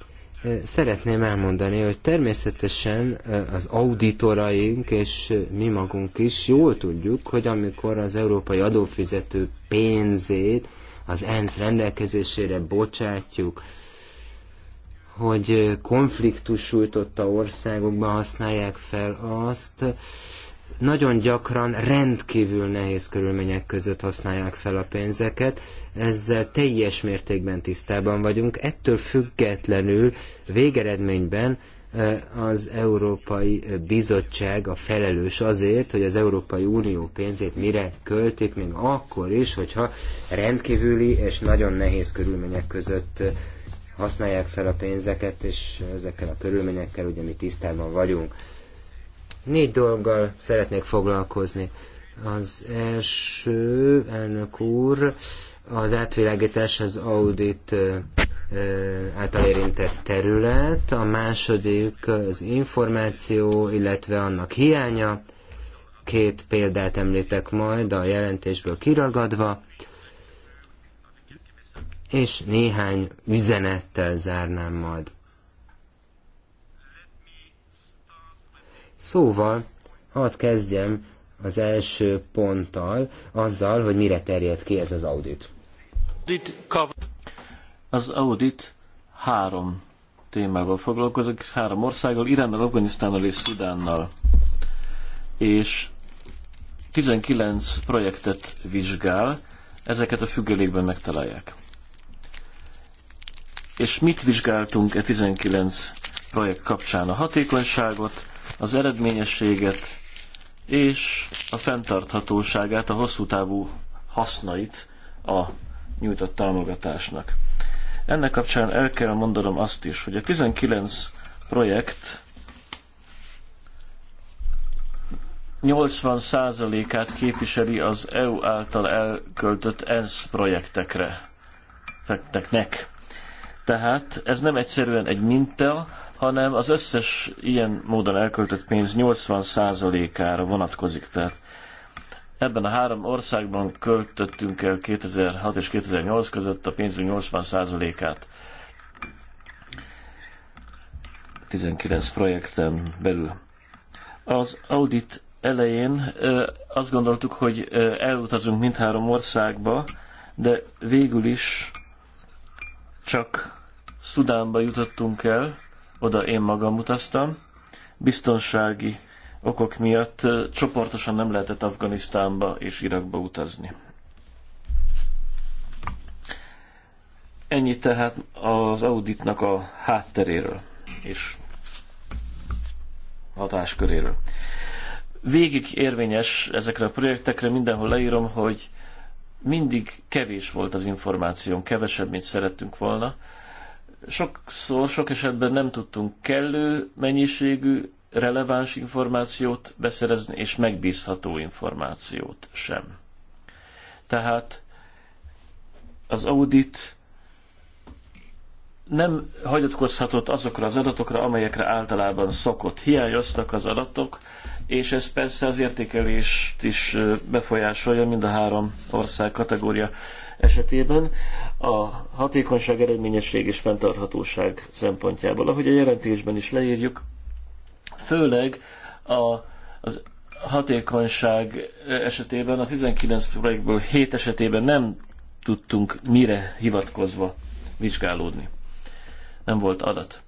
Szeretném elmondani, hogy természetesen az auditoraink és mi magunk is jól tudjuk, hogy amikor az európai adófizető pénzét az ENSZ rendelkezésére bocsátjuk, hogy konfliktus sújtotta országokban használják fel azt, nagyon gyakran rendkívül nehéz körülmények között használják fel a pénzeket, ezzel teljes mértékben tisztában vagyunk. Ettől függetlenül végeredményben eh, az Európai Bizottság a felelős azért, hogy az Európai Unió pénzét mire költik, még akkor is, hogyha rendkívüli és nagyon nehéz körülmények között eh, használják fel a pénzeket, és ezekkel a körülményekkel ugye mi tisztában vagyunk. Négy dolggal szeretnék foglalkozni. Az első, elnök úr, az átvilágítás az audit által érintett terület, a második az információ, illetve annak hiánya. Két példát említek majd a jelentésből kiragadva, és néhány üzenettel zárnám majd. Szóval, hadd kezdjem az első ponttal, azzal, hogy mire terjed ki ez az audit. Az audit három témával foglalkozik, három országgal, Iránnal, Afganisztánnal és Szudánnal. És 19 projektet vizsgál, ezeket a függelékben megtalálják. És mit vizsgáltunk e 19 projekt kapcsán? A hatékonyságot, az eredményességet és a fenntarthatóságát, a hosszú távú hasznait a nyújtott támogatásnak. Ennek kapcsán el kell mondanom azt is, hogy a 19 projekt 80%-át képviseli az EU által elköltött ENSZ projektekre, nek. Tehát ez nem egyszerűen egy minta, hanem az összes ilyen módon elköltött pénz 80%-ára vonatkozik. Tehát ebben a három országban költöttünk el 2006 és 2008 között a pénzünk 80%-át. 19 projekten belül. Az audit elején azt gondoltuk, hogy elutazunk mindhárom országba, de végül is csak Szudánba jutottunk el, oda én magam utaztam. Biztonsági okok miatt csoportosan nem lehetett Afganisztánba és Irakba utazni. Ennyi tehát az auditnak a hátteréről és hatásköréről. Végig érvényes ezekre a projektekre, mindenhol leírom, hogy mindig kevés volt az információn, kevesebb, mint szerettünk volna, Sokszor, sok esetben nem tudtunk kellő mennyiségű releváns információt beszerezni, és megbízható információt sem. Tehát az audit nem hagyatkozhatott azokra az adatokra, amelyekre általában szokott. Hiányoztak az adatok, és ez persze az értékelést is befolyásolja mind a három ország kategória esetében a hatékonyság, eredményesség és fenntarthatóság szempontjából. Ahogy a jelentésben is leírjuk, főleg a, az hatékonyság esetében a 19 projektből 7 esetében nem tudtunk mire hivatkozva vizsgálódni. Nem volt adat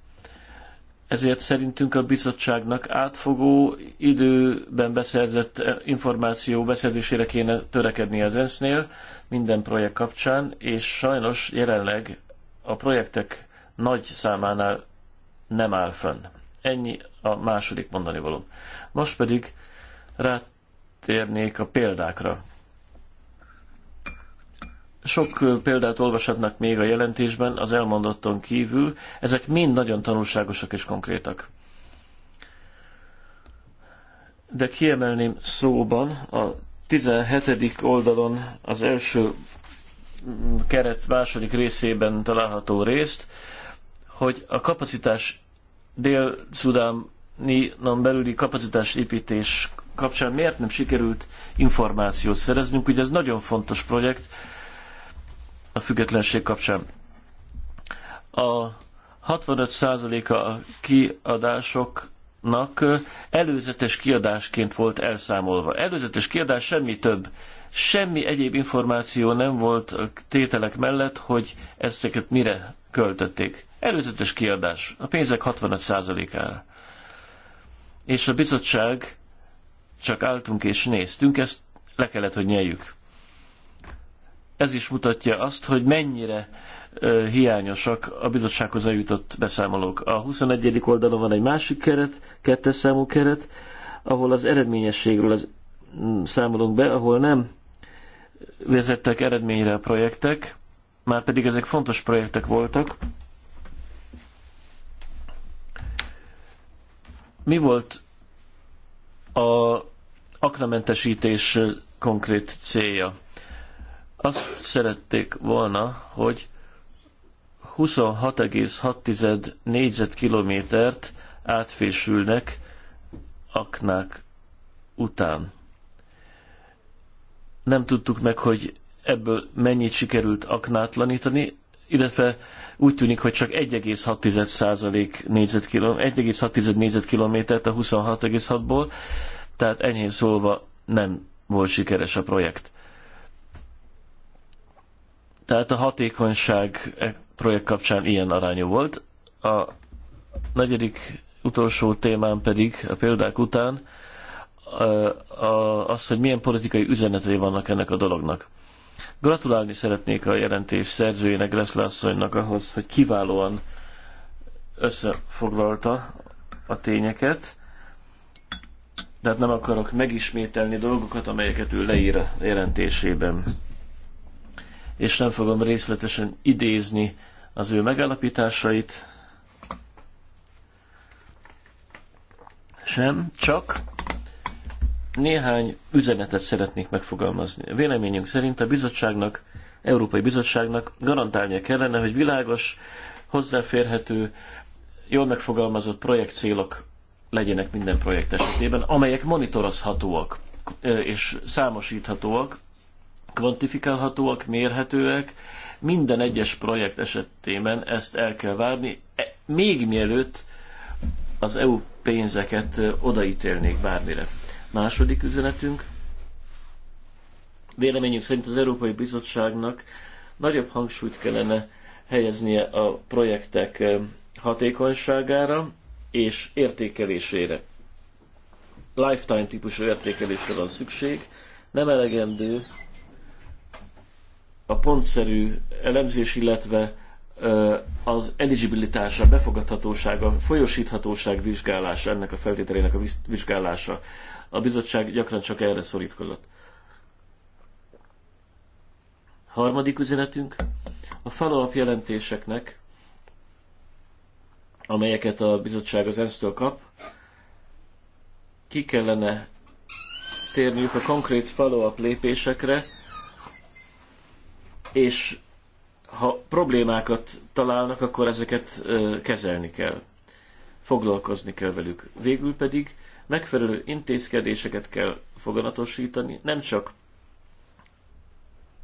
ezért szerintünk a bizottságnak átfogó időben beszerzett eh, információ beszerzésére kéne törekedni az ENSZ-nél minden projekt kapcsán, és sajnos jelenleg a projektek nagy számánál nem áll fönn. Ennyi a második mondani való. Most pedig rátérnék a példákra. Sok példát olvashatnak még a jelentésben az elmondotton kívül, ezek mind nagyon tanulságosak és konkrétak. De kiemelném szóban a 17. oldalon az első mm, keret második részében található részt, hogy a kapacitás Dél-Szudánon belüli kapacitásépítés kapcsán miért nem sikerült információt szereznünk, ugye ez nagyon fontos projekt, a függetlenség kapcsán. A 65%-a a kiadásoknak előzetes kiadásként volt elszámolva. Előzetes kiadás semmi több. Semmi egyéb információ nem volt a tételek mellett, hogy ezeket mire költötték. Előzetes kiadás. A pénzek 65%-ára. És a bizottság csak álltunk és néztünk, ezt le kellett, hogy nyeljük ez is mutatja azt, hogy mennyire hiányosak a bizottsághoz eljutott beszámolók. A 21. oldalon van egy másik keret, kettes számú keret, ahol az eredményességről az, mm, számolunk be, ahol nem vezettek eredményre a projektek, már pedig ezek fontos projektek voltak. Mi volt a aknamentesítés konkrét célja? azt szerették volna, hogy 26,6 négyzetkilométert átfésülnek aknák után. Nem tudtuk meg, hogy ebből mennyit sikerült aknátlanítani, illetve úgy tűnik, hogy csak 1,6 négyzetkilométert, 1,6 négyzetkilométert a 26,6-ból, tehát enyhén szólva nem volt sikeres a projekt. Tehát a hatékonyság e projekt kapcsán ilyen arányú volt. A negyedik utolsó témán pedig a példák után e, az, hogy milyen politikai üzenetei vannak ennek a dolognak. Gratulálni szeretnék a jelentés szerzőjének, Leszle asszonynak ahhoz, hogy kiválóan összefoglalta a tényeket. Tehát nem akarok megismételni dolgokat, amelyeket ő leír a jelentésében és nem fogom részletesen idézni az ő megállapításait sem, csak néhány üzenetet szeretnék megfogalmazni. A véleményünk szerint a bizottságnak, Európai Bizottságnak garantálnia kellene, hogy világos, hozzáférhető, jól megfogalmazott projektcélok legyenek minden projekt esetében, amelyek monitorozhatóak és számosíthatóak, kvantifikálhatóak, mérhetőek. Minden egyes projekt esetében ezt el kell várni, e, még mielőtt az EU pénzeket odaítélnék bármire. Második üzenetünk. Véleményünk szerint az Európai Bizottságnak nagyobb hangsúlyt kellene helyeznie a projektek hatékonyságára és értékelésére. Lifetime típusú értékelésre van szükség. Nem elegendő a pontszerű elemzés, illetve az eligibilitása, befogadhatósága, folyosíthatóság vizsgálása, ennek a feltételének a vizsgálása. A bizottság gyakran csak erre szorítkozott. Harmadik üzenetünk, a follow-up jelentéseknek, amelyeket a bizottság az ENSZ-től kap, ki kellene térniük a konkrét follow-up lépésekre, és ha problémákat találnak, akkor ezeket kezelni kell, foglalkozni kell velük. Végül pedig megfelelő intézkedéseket kell foganatosítani, nem csak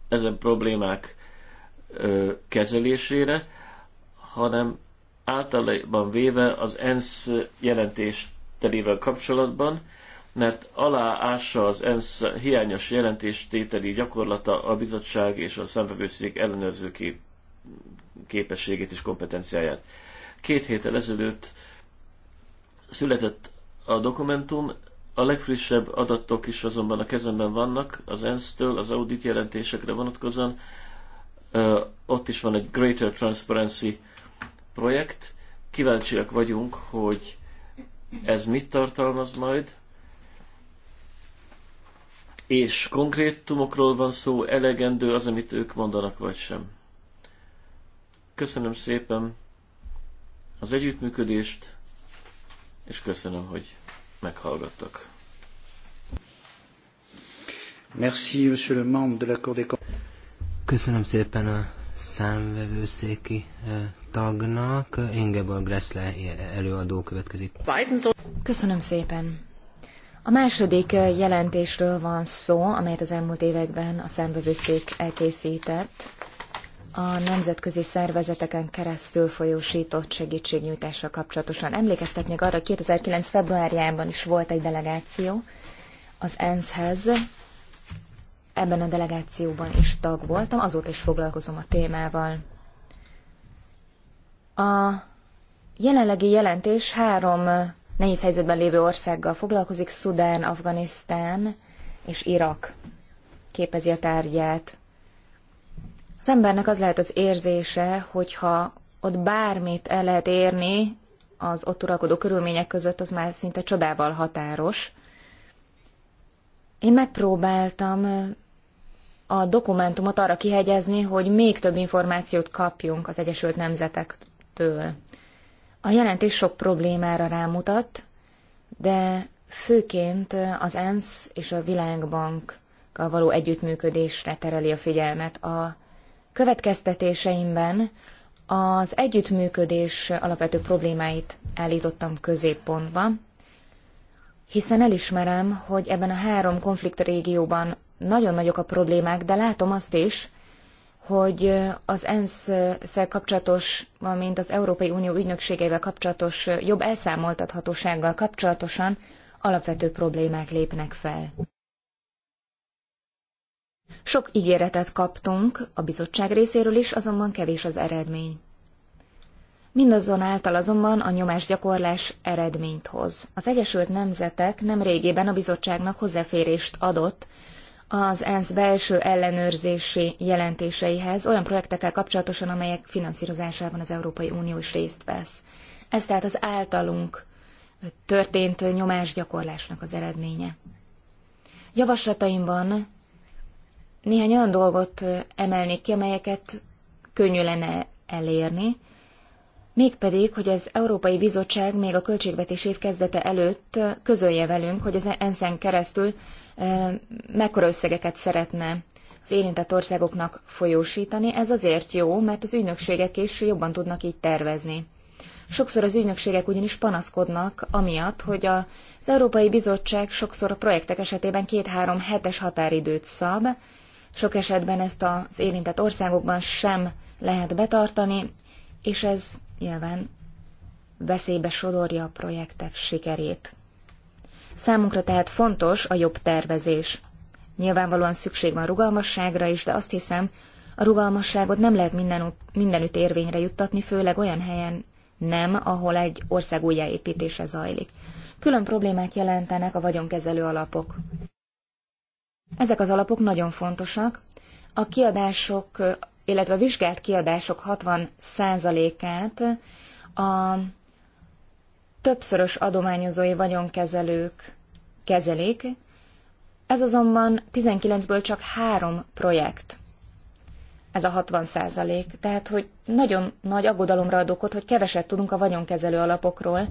ezen problémák kezelésére, hanem általában véve az ENSZ jelentés telével kapcsolatban mert aláássa az ENSZ hiányos jelentéstételi gyakorlata a bizottság és a szemvevőszék ellenőrző kép- képességét és kompetenciáját. Két héttel ezelőtt született a dokumentum, a legfrissebb adatok is azonban a kezemben vannak, az ENSZ-től, az audit jelentésekre vonatkozóan. Ott is van egy Greater Transparency projekt. Kíváncsiak vagyunk, hogy ez mit tartalmaz majd, és konkrétumokról van szó, elegendő az, amit ők mondanak, vagy sem. Köszönöm szépen az együttműködést, és köszönöm, hogy meghallgattak. Merci, monsieur le membre de la Cour des Köszönöm szépen a számvevőszéki eh, tagnak. Ingeborg Gressle eh, előadó következik. Köszönöm szépen. A második jelentésről van szó, amelyet az elmúlt években a számbevőszék elkészített a nemzetközi szervezeteken keresztül folyósított segítségnyújtással kapcsolatosan. Emlékeztetnék arra, hogy 2009. februárjában is volt egy delegáció az ENSZ-hez. Ebben a delegációban is tag voltam, azóta is foglalkozom a témával. A jelenlegi jelentés három nehéz helyzetben lévő országgal foglalkozik, Szudán, Afganisztán és Irak képezi a tárgyát. Az embernek az lehet az érzése, hogyha ott bármit el lehet érni az ott uralkodó körülmények között, az már szinte csodával határos. Én megpróbáltam a dokumentumot arra kihegyezni, hogy még több információt kapjunk az Egyesült Nemzetektől. A jelentés sok problémára rámutat, de főként az ENSZ és a Világbankkal való együttműködésre tereli a figyelmet. A következtetéseimben az együttműködés alapvető problémáit állítottam középpontba, hiszen elismerem, hogy ebben a három konflikt régióban nagyon nagyok a problémák, de látom azt is, hogy az ENSZ-szel kapcsolatos, valamint az Európai Unió ügynökségeivel kapcsolatos jobb elszámoltathatósággal kapcsolatosan alapvető problémák lépnek fel. Sok ígéretet kaptunk a bizottság részéről is, azonban kevés az eredmény. Mindazonáltal azonban a nyomásgyakorlás eredményt hoz. Az Egyesült Nemzetek nem régében a bizottságnak hozzáférést adott az ENSZ belső ellenőrzési jelentéseihez olyan projektekkel kapcsolatosan, amelyek finanszírozásában az Európai Unió is részt vesz. Ez tehát az általunk történt nyomásgyakorlásnak az eredménye. Javaslataimban néhány olyan dolgot emelnék ki, amelyeket könnyű lenne elérni, mégpedig, hogy az Európai Bizottság még a költségvetés év kezdete előtt közölje velünk, hogy az ENSZ-en keresztül mekkora összegeket szeretne az érintett országoknak folyósítani. Ez azért jó, mert az ügynökségek is jobban tudnak így tervezni. Sokszor az ügynökségek ugyanis panaszkodnak amiatt, hogy az Európai Bizottság sokszor a projektek esetében két-három hetes határidőt szab, sok esetben ezt az érintett országokban sem lehet betartani, és ez nyilván veszélybe sodorja a projektek sikerét. Számunkra tehát fontos a jobb tervezés. Nyilvánvalóan szükség van rugalmasságra is, de azt hiszem, a rugalmasságot nem lehet minden, mindenütt érvényre juttatni, főleg olyan helyen nem, ahol egy ország újjáépítése zajlik. Külön problémát jelentenek a vagyonkezelő alapok. Ezek az alapok nagyon fontosak. A kiadások, illetve a vizsgált kiadások 60%-át a többszörös adományozói vagyonkezelők kezelik, ez azonban 19-ből csak három projekt. Ez a 60 százalék, tehát hogy nagyon nagy aggodalomra ad okot, hogy keveset tudunk a vagyonkezelő alapokról,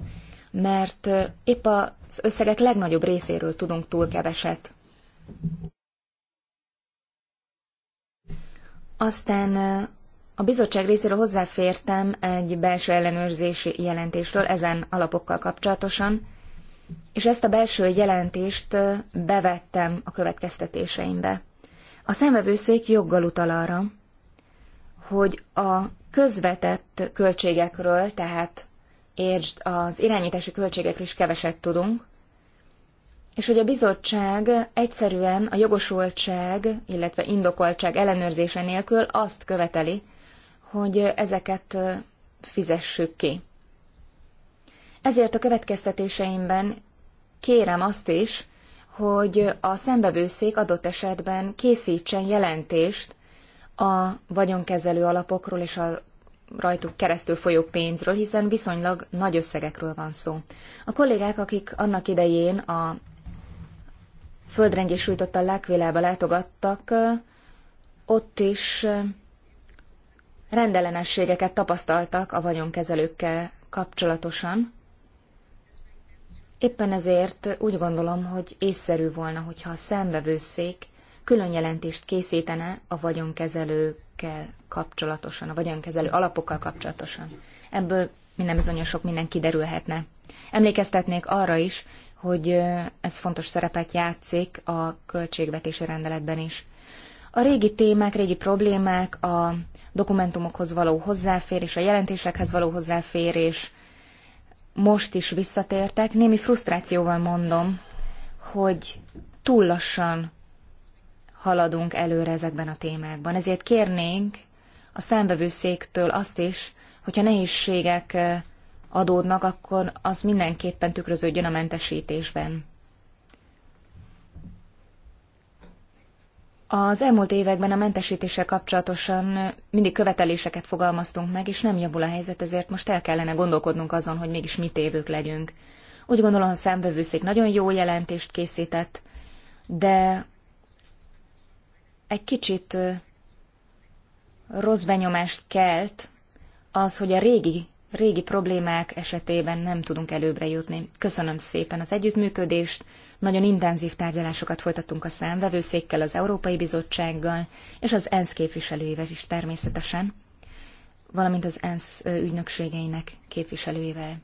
mert épp az összegek legnagyobb részéről tudunk túl keveset. Aztán a bizottság részéről hozzáfértem egy belső ellenőrzési jelentéstől ezen alapokkal kapcsolatosan, és ezt a belső jelentést bevettem a következtetéseimbe. A szemvevőszék joggal utal arra, hogy a közvetett költségekről, tehát értsd az irányítási költségekről is keveset tudunk, és hogy a bizottság egyszerűen a jogosultság, illetve indokoltság ellenőrzése nélkül azt követeli, hogy ezeket fizessük ki. Ezért a következtetéseimben kérem azt is, hogy a szembevőszék adott esetben készítsen jelentést a vagyonkezelő alapokról és a rajtuk keresztül folyó pénzről, hiszen viszonylag nagy összegekről van szó. A kollégák, akik annak idején a földrengés sújtotta lákvilába látogattak, ott is rendellenességeket tapasztaltak a vagyonkezelőkkel kapcsolatosan. Éppen ezért úgy gondolom, hogy észszerű volna, hogyha a szembevőszék külön jelentést készítene a vagyonkezelőkkel kapcsolatosan, a vagyonkezelő alapokkal kapcsolatosan. Ebből minden bizonyos sok minden kiderülhetne. Emlékeztetnék arra is, hogy ez fontos szerepet játszik a költségvetési rendeletben is. A régi témák, régi problémák, a dokumentumokhoz való hozzáférés, a jelentésekhez való hozzáférés most is visszatértek. Némi frusztrációval mondom, hogy túl lassan haladunk előre ezekben a témákban. Ezért kérnénk a számbevőszéktől azt is, hogyha nehézségek adódnak, akkor az mindenképpen tükröződjön a mentesítésben. Az elmúlt években a mentesítéssel kapcsolatosan mindig követeléseket fogalmaztunk meg, és nem javul a helyzet, ezért most el kellene gondolkodnunk azon, hogy mégis mit évők legyünk. Úgy gondolom, a számbevőszék nagyon jó jelentést készített, de egy kicsit rossz benyomást kelt az, hogy a régi, régi problémák esetében nem tudunk előbbre jutni. Köszönöm szépen az együttműködést, nagyon intenzív tárgyalásokat folytattunk a számvevőszékkel, az Európai Bizottsággal és az ENSZ képviselőjével is természetesen, valamint az ENSZ ügynökségeinek képviselőjével.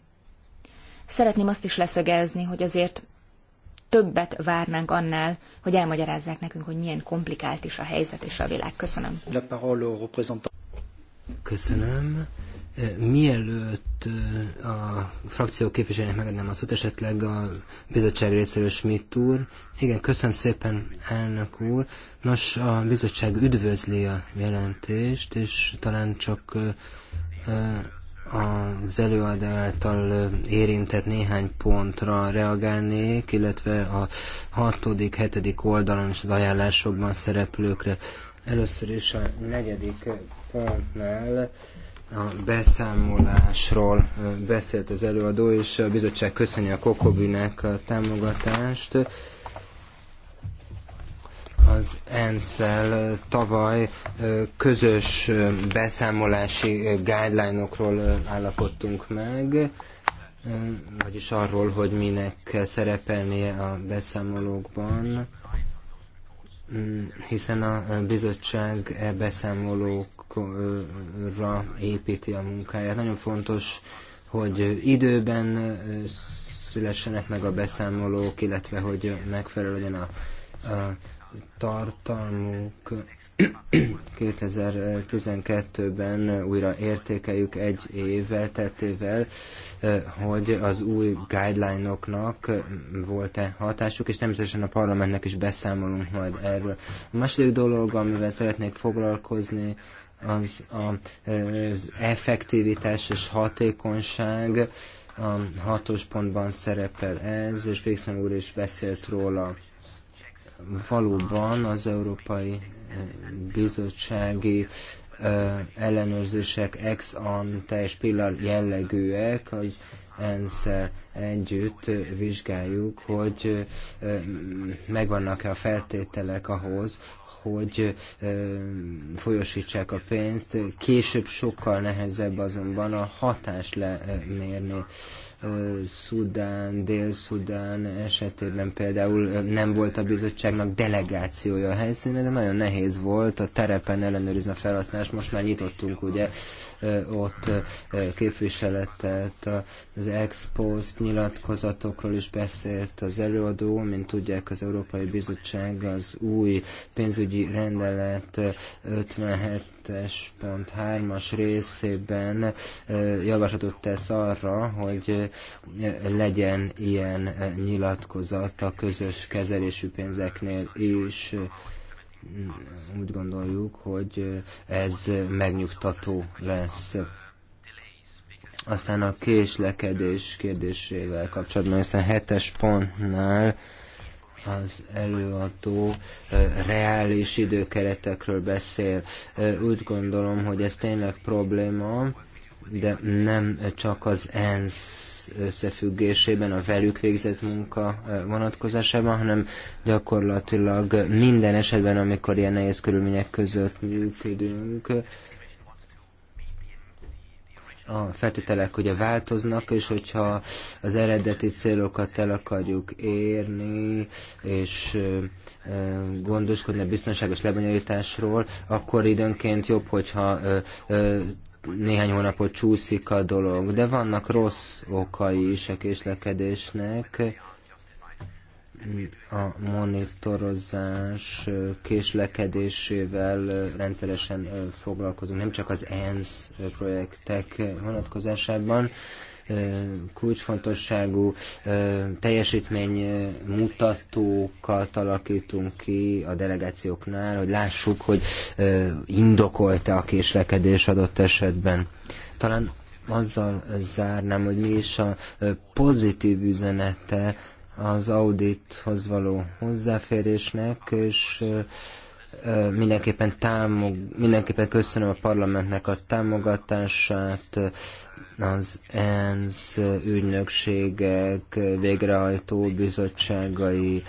Szeretném azt is leszögezni, hogy azért többet várnánk annál, hogy elmagyarázzák nekünk, hogy milyen komplikált is a helyzet és a világ. Köszönöm. Köszönöm. Mielőtt a frakció képviselőnek megadnám az esetleg a bizottság részéről Schmidt úr. Igen, köszönöm szépen, elnök úr. Nos, a bizottság üdvözli a jelentést, és talán csak az előadó által érintett néhány pontra reagálnék, illetve a hatodik, hetedik oldalon és az ajánlásokban szereplőkre. Először is a negyedik pontnál a beszámolásról beszélt az előadó, és a bizottság köszöni a Kokobűnek a támogatást. Az ensz tavaly közös beszámolási guideline-okról állapodtunk meg, vagyis arról, hogy minek kell szerepelnie a beszámolókban, mm, hiszen a bizottság e beszámolók munkánkra építi a munkáját. Nagyon fontos, hogy időben szülessenek meg a beszámolók, illetve hogy megfelelő legyen a, a tartalmuk. 2012-ben újra értékeljük egy évvel, tettével, hogy az új guideline-oknak volt-e hatásuk, és természetesen a parlamentnek is beszámolunk majd erről. A második dolog, amivel szeretnék foglalkozni, az, az effektivitás és hatékonyság a hatos pontban szerepel ez, és Végszem úr is beszélt róla. Valóban az Európai eh, Bizottsági eh, ellenőrzések ex an teljes pillanat jellegűek az ENSZ együtt vizsgáljuk, hogy megvannak-e a feltételek ahhoz, hogy folyosítsák a pénzt. Később sokkal nehezebb azonban a hatást lemérni. Szudán, Dél-Szudán esetében például nem volt a bizottságnak delegációja a helyszínen, de nagyon nehéz volt a terepen ellenőrizni a felhasználást. Most már nyitottunk ugye ott képviseletet, az ex post nyilatkozatokról is beszélt az előadó, mint tudják az Európai Bizottság az új pénzügyi rendelet 57 pont 3-as részében javaslatot tesz arra, hogy legyen ilyen nyilatkozat a közös kezelésű pénzeknél is úgy gondoljuk, hogy ez megnyugtató lesz. Aztán a késlekedés kérdésével kapcsolatban, hiszen hetes pontnál az előadó reális időkeretekről beszél. Úgy gondolom, hogy ez tényleg probléma de nem csak az ENSZ összefüggésében, a velük végzett munka eh, vonatkozásában, hanem gyakorlatilag minden esetben, amikor ilyen nehéz körülmények között működünk, a feltételek ugye változnak, és hogyha az eredeti célokat el akarjuk érni, és eh, gondoskodni a biztonságos lebonyolításról, akkor időnként jobb, hogyha eh, néhány hónapot csúszik a dolog, de vannak rossz okai is a késlekedésnek. A monitorozás késlekedésével rendszeresen foglalkozunk, nem csak az ENSZ projektek vonatkozásában, kulcsfontosságú teljesítménymutatókat alakítunk ki a delegációknál, hogy lássuk, hogy indokolta a késlekedés adott esetben. Talán azzal zárnám, hogy mi is a pozitív üzenete az audithoz való hozzáférésnek, és Mindenképpen, támog, mindenképpen köszönöm a parlamentnek a támogatását, az ENSZ ügynökségek végrehajtó bizottságai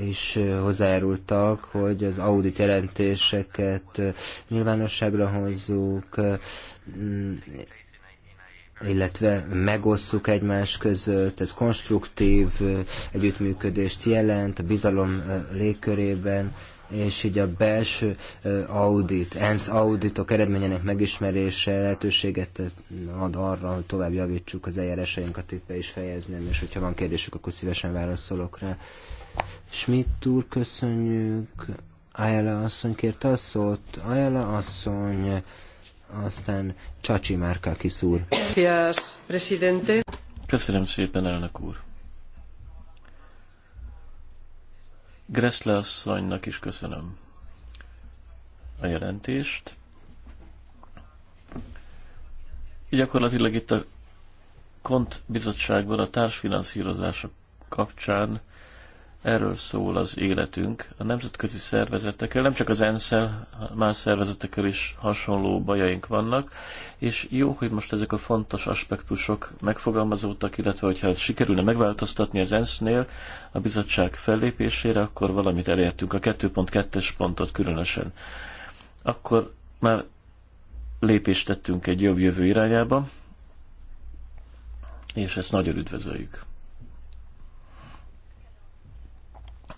is hozzájárultak, hogy az audit jelentéseket nyilvánosságra hozzuk, illetve megosszuk egymás között, ez konstruktív együttműködést jelent a bizalom légkörében, és így a belső audit, ENSZ auditok eredményének megismerése lehetőséget ad arra, hogy tovább javítsuk az eljárásainkat, itt be is fejezném, és hogyha van kérdésük, akkor szívesen válaszolok rá. Schmidt úr, köszönjük. Ajala asszony kérte a szót. Ajala asszony, aztán Csacsi márka kiszúr. Köszönöm szépen, elnök úr. Gressle asszonynak is köszönöm a jelentést. Gyakorlatilag itt a Kont a társfinanszírozások kapcsán Erről szól az életünk. A nemzetközi szervezetekkel, nem csak az ensz más szervezetekkel is hasonló bajaink vannak, és jó, hogy most ezek a fontos aspektusok megfogalmazódtak, illetve hogyha sikerülne megváltoztatni az ENSZ-nél a bizottság fellépésére, akkor valamit elértünk, a 2.2-es pontot különösen. Akkor már lépést tettünk egy jobb jövő irányába, és ezt nagyon üdvözöljük.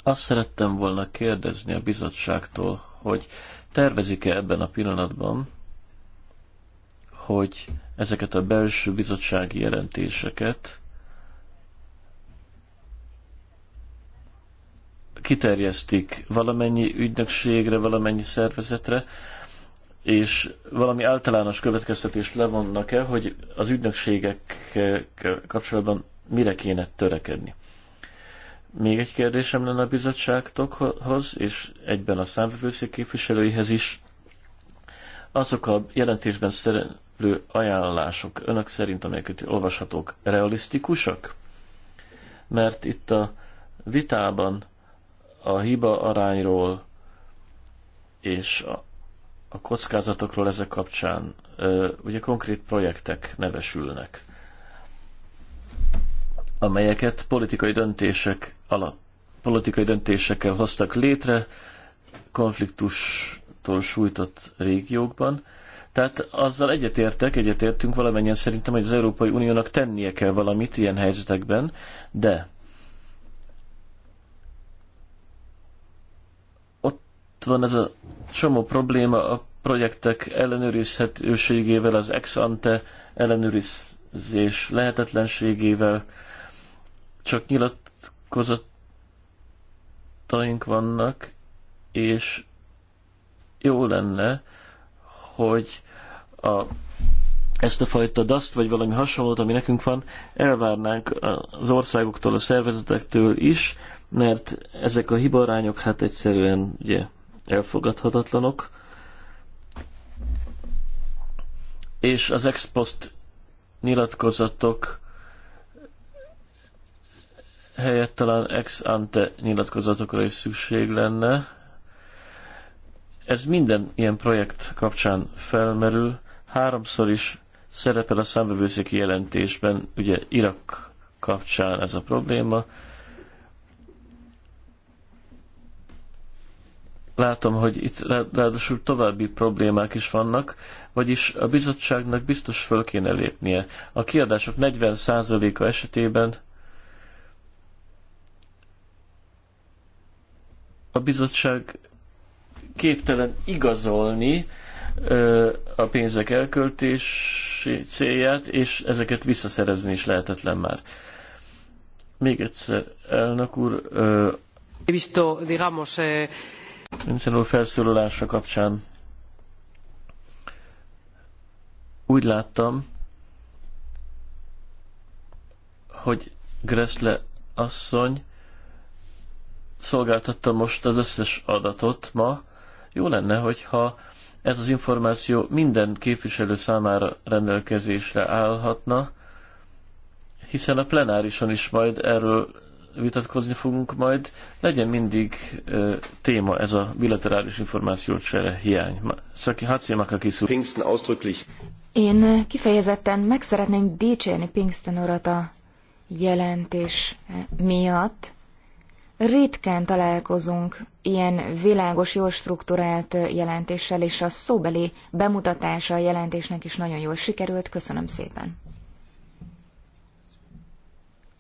Azt szerettem volna kérdezni a bizottságtól, hogy tervezik-e ebben a pillanatban, hogy ezeket a belső bizottsági jelentéseket kiterjesztik valamennyi ügynökségre, valamennyi szervezetre, és valami általános következtetést levonnak-e, hogy az ügynökségek kapcsolatban mire kéne törekedni. Még egy kérdésem lenne a bizottságtokhoz, és egyben a számvevőszék képviselőihez is. Azok a jelentésben szereplő ajánlások önök szerint, amelyeket olvashatók, realisztikusak? Mert itt a vitában a hiba arányról és a, a kockázatokról ezek kapcsán ö, ugye konkrét projektek nevesülnek, amelyeket politikai döntések alap politikai döntésekkel hoztak létre konfliktustól sújtott régiókban. Tehát azzal egyetértek, egyetértünk valamennyien szerintem, hogy az Európai Uniónak tennie kell valamit ilyen helyzetekben, de ott van ez a csomó probléma a projektek ellenőrizhetőségével, az ex ante ellenőrizés lehetetlenségével, csak nyilat, nyilatkozataink vannak, és jó lenne, hogy a, ezt a fajta daszt, vagy valami hasonlót, ami nekünk van, elvárnánk az országoktól, a szervezetektől is, mert ezek a hibarányok hát egyszerűen ugye, elfogadhatatlanok, és az ex post nyilatkozatok helyett talán ex ante nyilatkozatokra is szükség lenne. Ez minden ilyen projekt kapcsán felmerül. Háromszor is szerepel a számbevőszéki jelentésben, ugye Irak kapcsán ez a probléma. Látom, hogy itt ráadásul további problémák is vannak, vagyis a bizottságnak biztos föl kéne lépnie. A kiadások 40%-a esetében a bizottság képtelen igazolni a pénzek elköltési célját, és ezeket visszaszerezni is lehetetlen már. Még egyszer, elnök úr, He visto, eh, úr felszólalása kapcsán úgy láttam, hogy Gressle asszony szolgáltatta most az összes adatot ma. Jó lenne, hogyha ez az információ minden képviselő számára rendelkezésre állhatna, hiszen a plenárison is majd erről vitatkozni fogunk majd. Legyen mindig ö, téma ez a bilaterális információcsere hiány. Szaki Hacimaka kiszú. Pinkston ausdrücklich. Én kifejezetten meg szeretném dicsérni Pinkston urat a jelentés miatt, ritkán találkozunk ilyen világos, jól struktúrált jelentéssel, és a szóbeli bemutatása a jelentésnek is nagyon jól sikerült. Köszönöm szépen!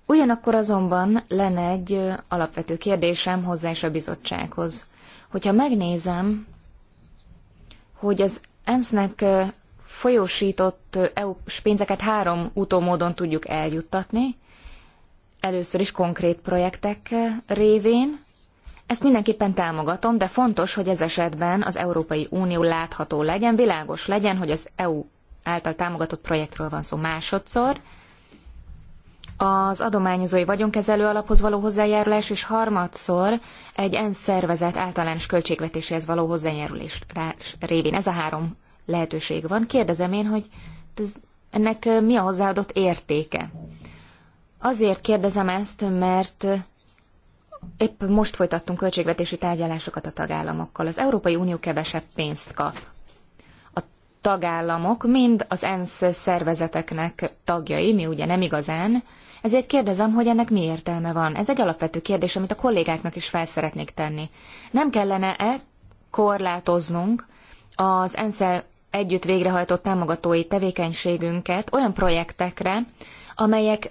Ugyanakkor azonban lenne egy alapvető kérdésem hozzá is a bizottsághoz. Hogyha megnézem, hogy az ENSZ-nek folyósított EU-s pénzeket három utómódon tudjuk eljuttatni, először is konkrét projektek eh, révén. Ezt mindenképpen támogatom, de fontos, hogy ez esetben az Európai Unió látható legyen, világos legyen, hogy az EU által támogatott projektről van szó másodszor. Az adományozói vagyonkezelő alaphoz való hozzájárulás, és harmadszor egy ENSZ szervezet általános költségvetéséhez való hozzájárulás révén. Ez a három lehetőség van. Kérdezem én, hogy ez, ennek eh, mi a hozzáadott értéke? Azért kérdezem ezt, mert épp most folytattunk költségvetési tárgyalásokat a tagállamokkal. Az Európai Unió kevesebb pénzt kap. A tagállamok mind az ENSZ szervezeteknek tagjai, mi ugye nem igazán, ezért kérdezem, hogy ennek mi értelme van. Ez egy alapvető kérdés, amit a kollégáknak is fel szeretnék tenni. Nem kellene-e korlátoznunk az ENSZ együtt végrehajtott támogatói tevékenységünket olyan projektekre, amelyek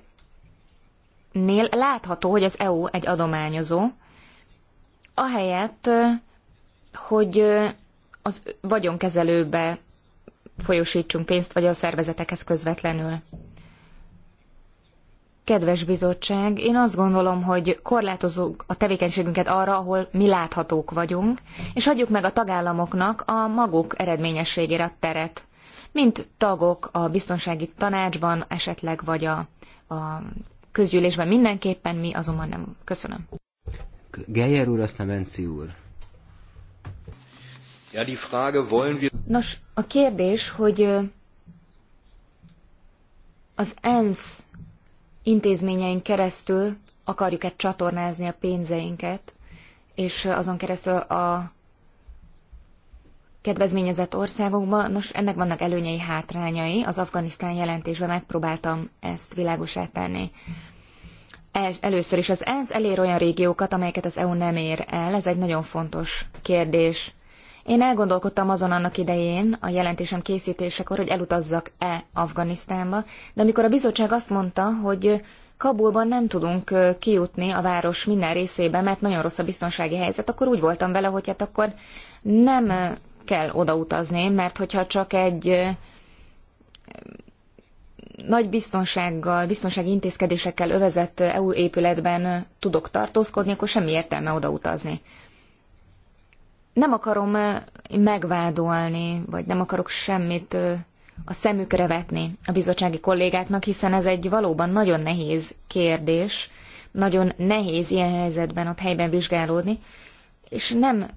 nél látható, hogy az EU egy adományozó, ahelyett, hogy az vagyonkezelőbe folyósítsunk pénzt, vagy a szervezetekhez közvetlenül. Kedves bizottság, én azt gondolom, hogy korlátozunk a tevékenységünket arra, ahol mi láthatók vagyunk, és adjuk meg a tagállamoknak a maguk eredményességére a teret, mint tagok a biztonsági tanácsban esetleg, vagy a, a közgyűlésben mindenképpen, mi azonban nem. Köszönöm. Geyer úr, aztán Menci úr. Ja, die Frage, wollen wir... Nos, a kérdés, hogy az ENSZ intézményeink keresztül akarjuk-e csatornázni a pénzeinket, és azon keresztül a kedvezményezett országokba. Nos, ennek vannak előnyei, hátrányai. Az Afganisztán jelentésben megpróbáltam ezt világosá tenni. Először is az ENSZ elér olyan régiókat, amelyeket az EU nem ér el. Ez egy nagyon fontos kérdés. Én elgondolkodtam azon annak idején, a jelentésem készítésekor, hogy elutazzak-e Afganisztánba, de amikor a bizottság azt mondta, hogy Kabulban nem tudunk kijutni a város minden részébe, mert nagyon rossz a biztonsági helyzet, akkor úgy voltam vele, hogy hát akkor nem kell odautazni, mert hogyha csak egy nagy biztonsággal, biztonsági intézkedésekkel övezett EU épületben tudok tartózkodni, akkor semmi értelme odautazni. Nem akarom megvádolni, vagy nem akarok semmit a szemükre vetni a bizottsági kollégáknak, hiszen ez egy valóban nagyon nehéz kérdés, nagyon nehéz ilyen helyzetben ott helyben vizsgálódni, és nem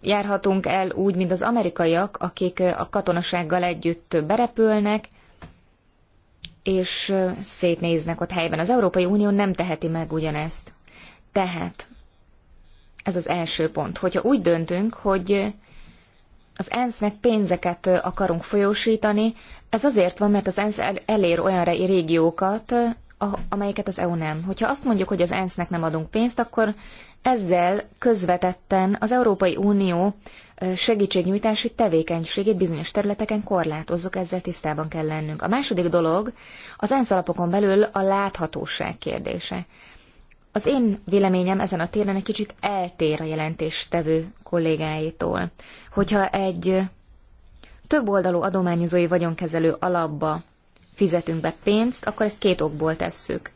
járhatunk el úgy, mint az amerikaiak, akik a katonasággal együtt berepülnek, és szétnéznek ott helyben. Az Európai Unió nem teheti meg ugyanezt. Tehát ez az első pont. Hogyha úgy döntünk, hogy az ENSZ-nek pénzeket akarunk folyósítani, ez azért van, mert az ENSZ elér olyan régiókat, amelyeket az EU nem. Hogyha azt mondjuk, hogy az ENSZ-nek nem adunk pénzt, akkor ezzel közvetetten az Európai Unió segítségnyújtási tevékenységét bizonyos területeken korlátozzuk, ezzel tisztában kell lennünk. A második dolog az ENSZ alapokon belül a láthatóság kérdése. Az én véleményem ezen a téren egy kicsit eltér a jelentéstevő kollégáitól. Hogyha egy több oldalú adományozói vagyonkezelő alapba fizetünk be pénzt, akkor ezt két okból tesszük.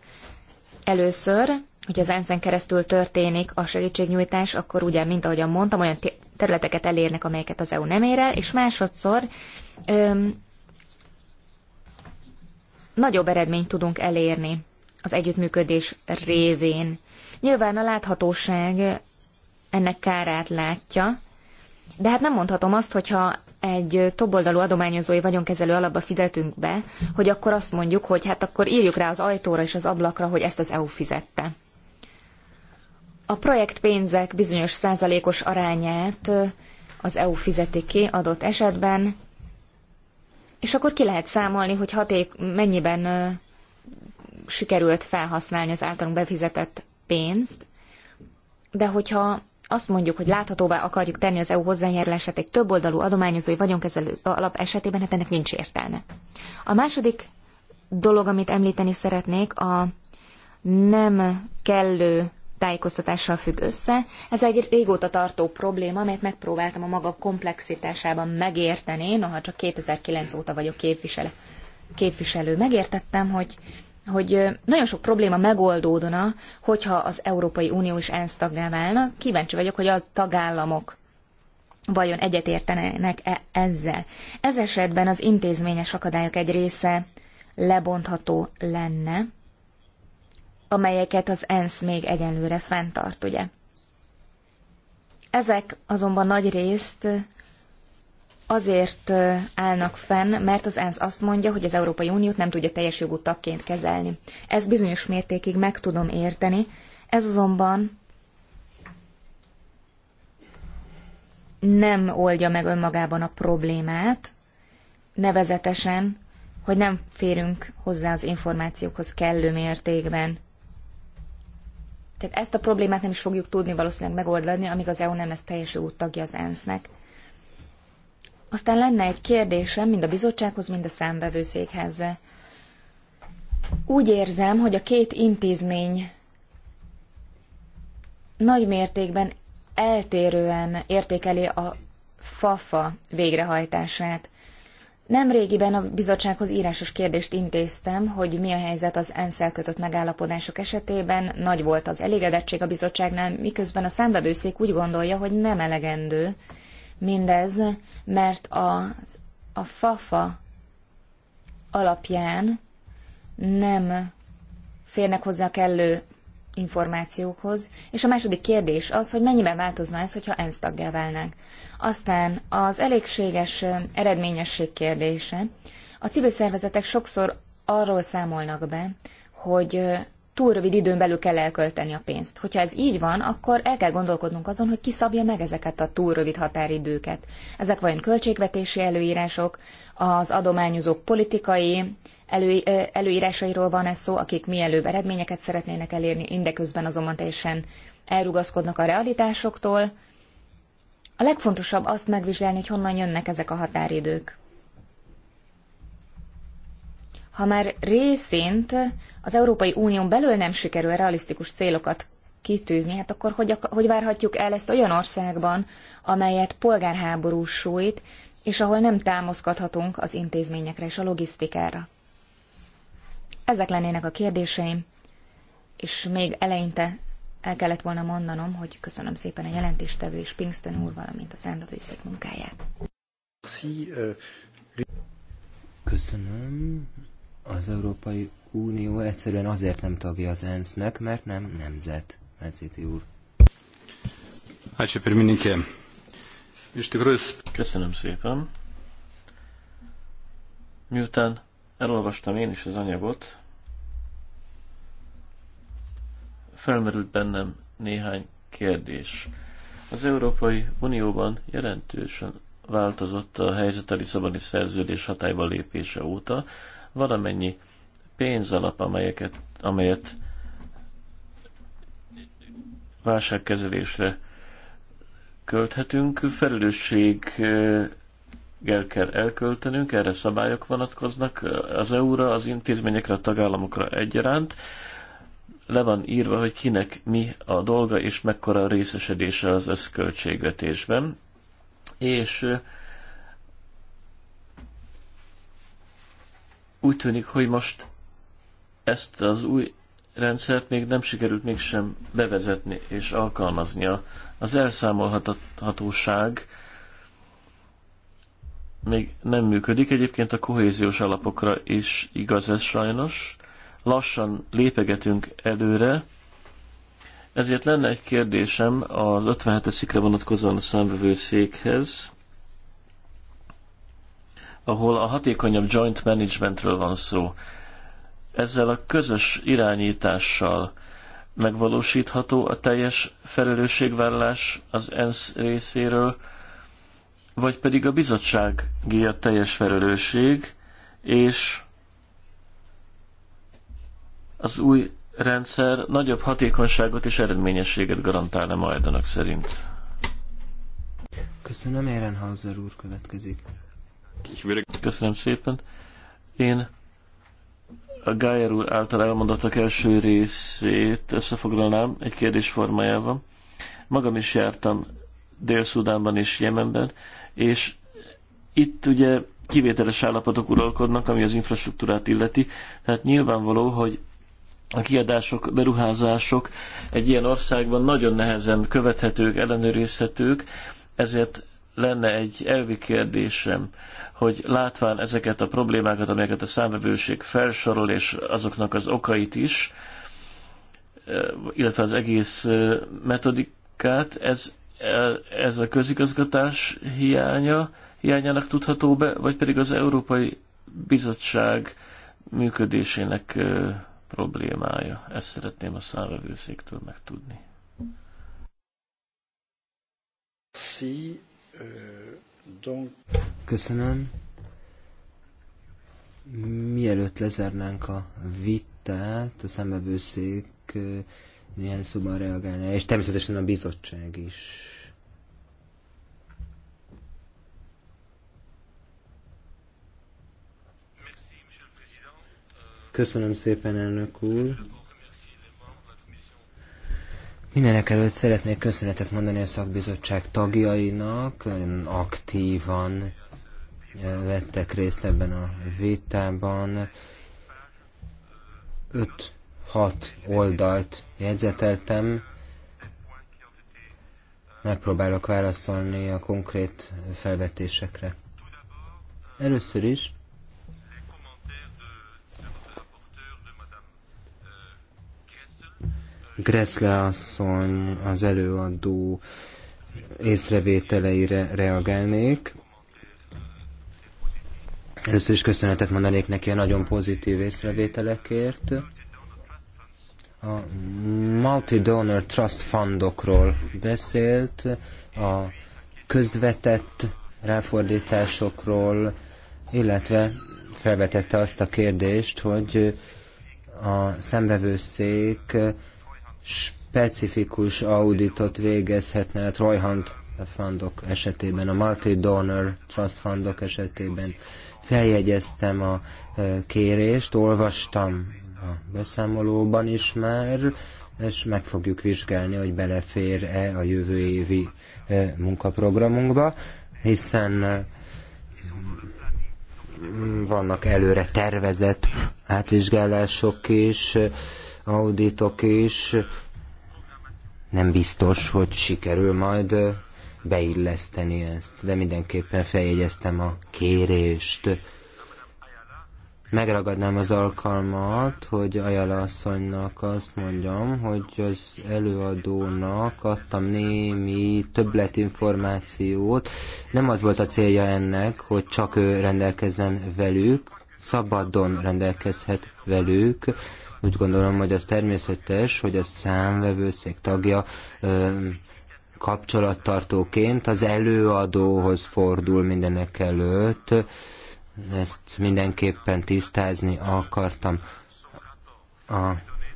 Először, hogy az ensz keresztül történik a segítségnyújtás, akkor ugye, mint ahogyan mondtam, olyan területeket elérnek, amelyeket az EU nem ér el, és másodszor öm, nagyobb eredményt tudunk elérni az együttműködés révén. Nyilván a láthatóság ennek kárát látja, de hát nem mondhatom azt, hogyha egy toboldalú adományozói vagyonkezelő alapba fizetünk be, hogy akkor azt mondjuk, hogy hát akkor írjuk rá az ajtóra és az ablakra, hogy ezt az EU fizette. A projektpénzek bizonyos százalékos arányát az EU fizeti ki adott esetben, és akkor ki lehet számolni, hogy haték, mennyiben ö, sikerült felhasználni az általunk befizetett pénzt, de hogyha azt mondjuk, hogy láthatóvá akarjuk tenni az EU hozzájárulását egy többoldalú adományozói vagyonkezelő alap esetében, hát ennek nincs értelme. A második dolog, amit említeni szeretnék, a nem kellő tájékoztatással függ össze. Ez egy régóta tartó probléma, amelyet megpróbáltam a maga komplexitásában megérteni, noha csak 2009 óta vagyok képviselő. képviselő. Megértettem, hogy hogy nagyon sok probléma megoldódna, hogyha az Európai Unió is ENSZ taggá válna. Kíváncsi vagyok, hogy az tagállamok vajon egyetértenek-e ezzel. Ez esetben az intézményes akadályok egy része lebontható lenne, amelyeket az ENSZ még egyenlőre fenntart, ugye? Ezek azonban nagy részt azért állnak fenn, mert az ENSZ azt mondja, hogy az Európai Uniót nem tudja teljes jogú tagként kezelni. Ezt bizonyos mértékig meg tudom érteni, ez azonban nem oldja meg önmagában a problémát, nevezetesen, hogy nem férünk hozzá az információkhoz kellő mértékben. Tehát ezt a problémát nem is fogjuk tudni valószínűleg megoldani, amíg az EU nem lesz teljes jogú tagja az ENSZ-nek. Aztán lenne egy kérdésem mind a bizottsághoz, mind a számbevőszékhez. Úgy érzem, hogy a két intézmény nagy mértékben eltérően értékeli a FAFA végrehajtását. Nemrégiben a bizottsághoz írásos kérdést intéztem, hogy mi a helyzet az ensz kötött megállapodások esetében, nagy volt az elégedettség a bizottságnál, miközben a számbevőszék úgy gondolja, hogy nem elegendő mindez, mert az, a FAFA alapján nem férnek hozzá a kellő információkhoz, és a második kérdés az, hogy mennyiben változna ez, hogyha ENSZ taggá válnánk. Aztán az elégséges eredményesség kérdése. A civil szervezetek sokszor arról számolnak be, hogy túl rövid időn belül kell elkölteni a pénzt. Hogyha ez így van, akkor el kell gondolkodnunk azon, hogy ki szabja meg ezeket a túl rövid határidőket. Ezek vajon költségvetési előírások, az adományozók politikai elő, előírásairól van ez szó, akik mielőbb eredményeket szeretnének elérni, indeközben azonban teljesen elrugaszkodnak a realitásoktól. A legfontosabb azt megvizsgálni, hogy honnan jönnek ezek a határidők. Ha már részint az Európai Unión belül nem sikerül realisztikus célokat kitűzni, hát akkor hogy, hogy várhatjuk el ezt olyan országban, amelyet polgárháborús sújt, és ahol nem támaszkodhatunk az intézményekre és a logisztikára? Ezek lennének a kérdéseim, és még eleinte el kellett volna mondanom, hogy köszönöm szépen a jelentéstevő és Pinkston úr, valamint a szándavőszék munkáját. Euh, köszönöm. Az Európai Unió egyszerűen azért nem tagja az ENSZ-nek, mert nem nemzet, Medziti úr. Köszönöm szépen. Miután elolvastam én is az anyagot, felmerült bennem néhány kérdés. Az Európai Unióban jelentősen változott a helyzet a Lisszaboni szerződés hatályba lépése óta valamennyi pénzalap, amelyeket, amelyet válságkezelésre költhetünk, felelősséggel kell elköltenünk, erre szabályok vonatkoznak az EU-ra, az intézményekre, a tagállamokra egyaránt. Le van írva, hogy kinek mi a dolga és mekkora a részesedése az összköltségvetésben. És Úgy tűnik, hogy most ezt az új rendszert még nem sikerült mégsem bevezetni és alkalmaznia. Az elszámolhatóság még nem működik. Egyébként a kohéziós alapokra is igaz ez sajnos. Lassan lépegetünk előre, ezért lenne egy kérdésem az 57-es szikre vonatkozóan a számvevőszékhez ahol a hatékonyabb joint managementről van szó. Ezzel a közös irányítással megvalósítható a teljes felelősségvállalás az ENSZ részéről, vagy pedig a bizottság a teljes felelősség, és az új rendszer nagyobb hatékonyságot és eredményességet garantálna majd önök szerint. Köszönöm, Ehrenhauser úr következik. Köszönöm szépen. Én a Gájer úr által elmondottak első részét összefoglalnám egy kérdés formájában. Magam is jártam Dél-Szudánban és Jemenben, és itt ugye kivételes állapotok uralkodnak, ami az infrastruktúrát illeti, tehát nyilvánvaló, hogy a kiadások, beruházások egy ilyen országban nagyon nehezen követhetők, ellenőrizhetők, ezért lenne egy elvi kérdésem, hogy látván ezeket a problémákat, amelyeket a számvevőség felsorol, és azoknak az okait is, illetve az egész metodikát, ez, e, ez a közigazgatás hiánya, hiányának tudható be, vagy pedig az Európai Bizottság működésének problémája. Ezt szeretném a számvevőszéktől megtudni. Sí. Köszönöm. Mielőtt lezárnánk a vitát, a szembebőszék néhány szóban reagálna, és természetesen a bizottság is. Köszönöm szépen, elnök úr. Mindenek előtt szeretnék köszönetet mondani a szakbizottság tagjainak, nagyon aktívan eh, vettek részt ebben a vitában. 5-6 oldalt jegyzeteltem, megpróbálok válaszolni a konkrét felvetésekre. Először is Gressle asszony, az előadó észrevételeire reagálnék. Először is köszönetet mondanék neki a nagyon pozitív észrevételekért. A multi-donor trust fundokról beszélt, a közvetett ráfordításokról, illetve felvetette azt a kérdést, hogy a szembevőszék specifikus auditot végezhetne a Trojhant fundok esetében, a multi-donor trust fundok esetében. Feljegyeztem a e, kérést, olvastam a beszámolóban is már, és meg fogjuk vizsgálni, hogy belefér-e a jövő évi e, munkaprogramunkba, hiszen e, vannak előre tervezett átvizsgálások is, auditok is. Nem biztos, hogy sikerül majd beilleszteni ezt, de mindenképpen feljegyeztem a kérést. Megragadnám az alkalmat, hogy Ajala asszonynak azt mondjam, hogy az előadónak adtam némi többletinformációt. Nem az volt a célja ennek, hogy csak ő rendelkezzen velük, szabadon rendelkezhet velük, úgy gondolom, hogy az természetes, hogy a számvevőszék tagja kapcsolattartóként az előadóhoz fordul mindenek előtt. Ezt mindenképpen tisztázni akartam. A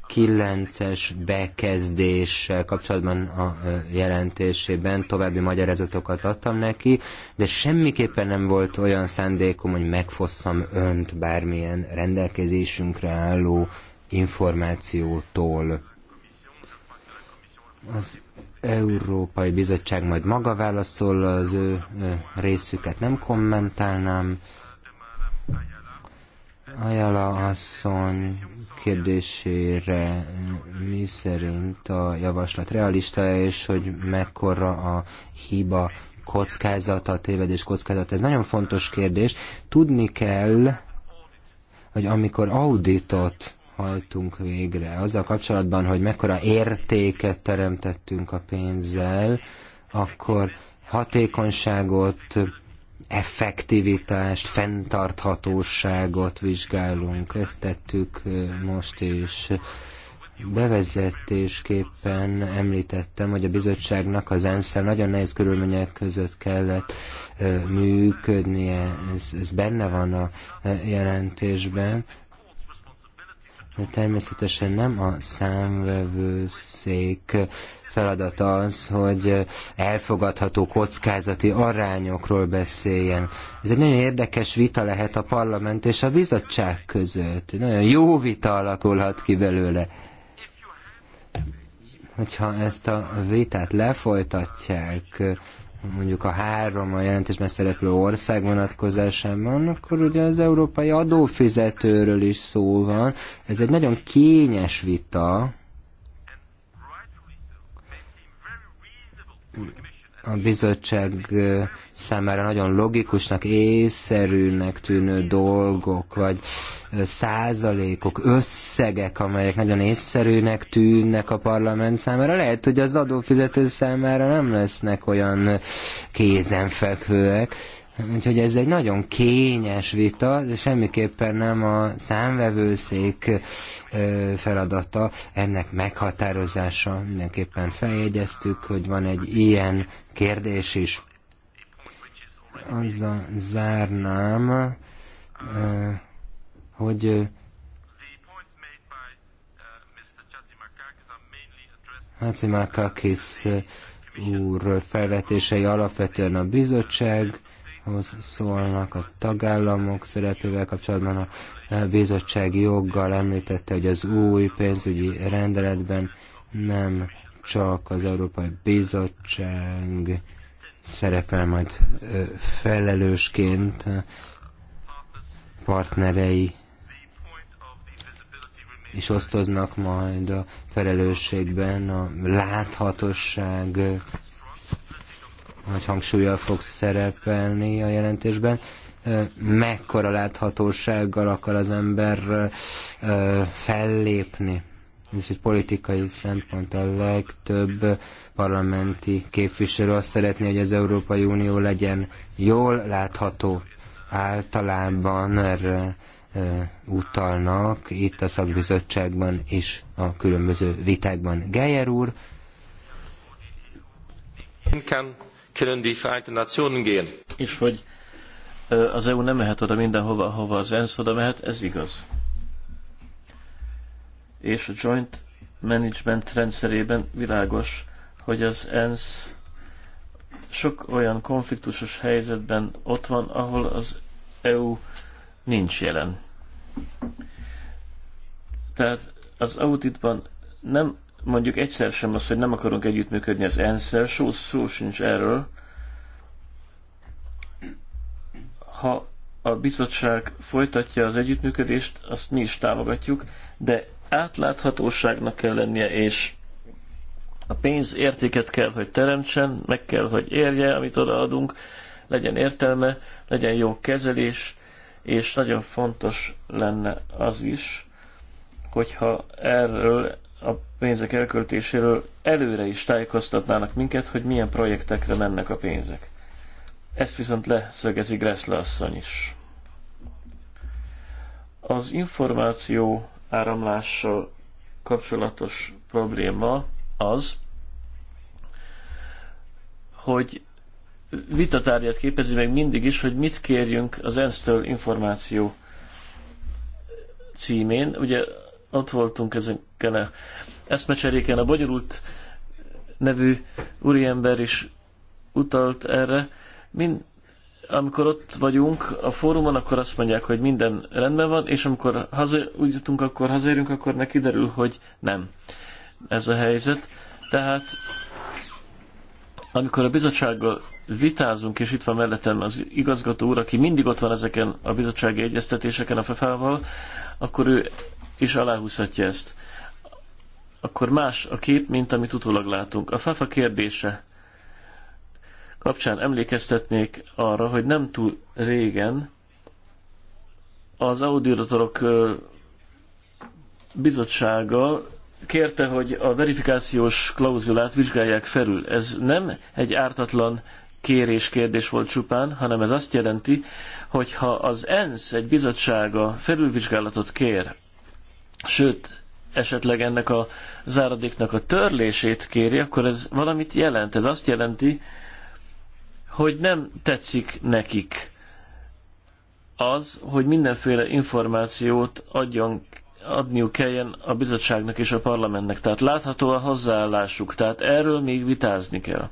kilences bekezdéssel kapcsolatban a jelentésében további magyarázatokat adtam neki, de semmiképpen nem volt olyan szándékom, hogy megfosszam önt bármilyen rendelkezésünkre álló információtól. Az Európai Bizottság majd maga válaszol, az ő részüket nem kommentálnám. Ajala asszony kérdésére mi szerint a javaslat realista, és hogy mekkora a hiba kockázata, a tévedés kockázata. Ez nagyon fontos kérdés. Tudni kell, hogy amikor auditot hajtunk végre. Azzal kapcsolatban, hogy mekkora értéket teremtettünk a pénzzel, akkor hatékonyságot, effektivitást, fenntarthatóságot vizsgálunk. Ezt tettük most is. Bevezetésképpen említettem, hogy a bizottságnak az ensz nagyon nehéz körülmények között kellett működnie. Ez, ez benne van a jelentésben. Hát természetesen nem a számvevőszék feladata az, hogy elfogadható kockázati arányokról beszéljen. Ez egy nagyon érdekes vita lehet a parlament és a bizottság között. Nagyon jó vita alakulhat ki belőle. Hogyha ezt a vitát lefolytatják, mondjuk a három a jelentésben szereplő ország vonatkozásában, akkor ugye az európai adófizetőről is szó van. Ez egy nagyon kényes vita, a bizottság számára nagyon logikusnak, észszerűnek tűnő dolgok, vagy százalékok, összegek, amelyek nagyon észszerűnek tűnnek a parlament számára, lehet, hogy az adófizető számára nem lesznek olyan kézenfekvőek, Úgyhogy ez egy nagyon kényes vita, de semmiképpen nem a számvevőszék feladata, ennek meghatározása. Mindenképpen feljegyeztük, hogy van egy ilyen kérdés is. Azzal zárnám, hogy Hacimakakis úr felvetései alapvetően a bizottság hoz szólnak a tagállamok szerepével kapcsolatban a bizottsági joggal említette, hogy az új pénzügyi rendeletben nem csak az Európai Bizottság szerepel majd felelősként partnerei és osztoznak majd a felelősségben a láthatóság nagy hangsúlyjal fog szerepelni a jelentésben. Mekkora láthatósággal akar az ember fellépni? Ez egy politikai szempont a legtöbb parlamenti képviselő azt szeretné, hogy az Európai Unió legyen jól látható. Általában erre utalnak itt a szakbizottságban és a különböző vitákban. Geyer úr, können die Vereinten Nationen gehen. És hogy az EU nem mehet oda mindenhova, hova az ENSZ oda mehet, ez igaz. És a joint management rendszerében világos, hogy az ENSZ sok olyan konfliktusos helyzetben ott van, ahol az EU nincs jelen. Tehát az auditban nem mondjuk egyszer sem az, hogy nem akarunk együttműködni az ENSZ-szel, szó, szó sincs erről. Ha a bizottság folytatja az együttműködést, azt mi is támogatjuk, de átláthatóságnak kell lennie, és a pénz értéket kell, hogy teremtsen, meg kell, hogy érje, amit odaadunk, legyen értelme, legyen jó kezelés, és nagyon fontos lenne az is, hogyha erről a pénzek elköltéséről előre is tájékoztatnának minket, hogy milyen projektekre mennek a pénzek. Ezt viszont leszögezi Gressle asszony is. Az információ áramlással kapcsolatos probléma az, hogy vitatárját képezi meg mindig is, hogy mit kérjünk az ENSZ-től információ címén. Ugye ott voltunk ezeken a eszmecseréken, a bonyolult nevű úriember is utalt erre. Mind, amikor ott vagyunk a fórumon, akkor azt mondják, hogy minden rendben van, és amikor haza, úgy jutunk, akkor hazérünk, akkor neki derül, hogy nem. Ez a helyzet. Tehát amikor a bizottsággal vitázunk, és itt van mellettem az igazgató úr, aki mindig ott van ezeken a bizottsági egyeztetéseken a fefával, akkor ő is aláhúzhatja ezt. Akkor más a kép, mint amit utólag látunk. A FAFA kérdése kapcsán emlékeztetnék arra, hogy nem túl régen az auditorok bizottsága kérte, hogy a verifikációs klauzulát vizsgálják felül. Ez nem egy ártatlan kérés kérdés volt csupán, hanem ez azt jelenti, hogy ha az ENSZ egy bizottsága felülvizsgálatot kér sőt, esetleg ennek a záradéknak a törlését kéri, akkor ez valamit jelent. Ez azt jelenti, hogy nem tetszik nekik az, hogy mindenféle információt adjon, adniuk kelljen a bizottságnak és a parlamentnek. Tehát látható a hozzáállásuk, tehát erről még vitázni kell.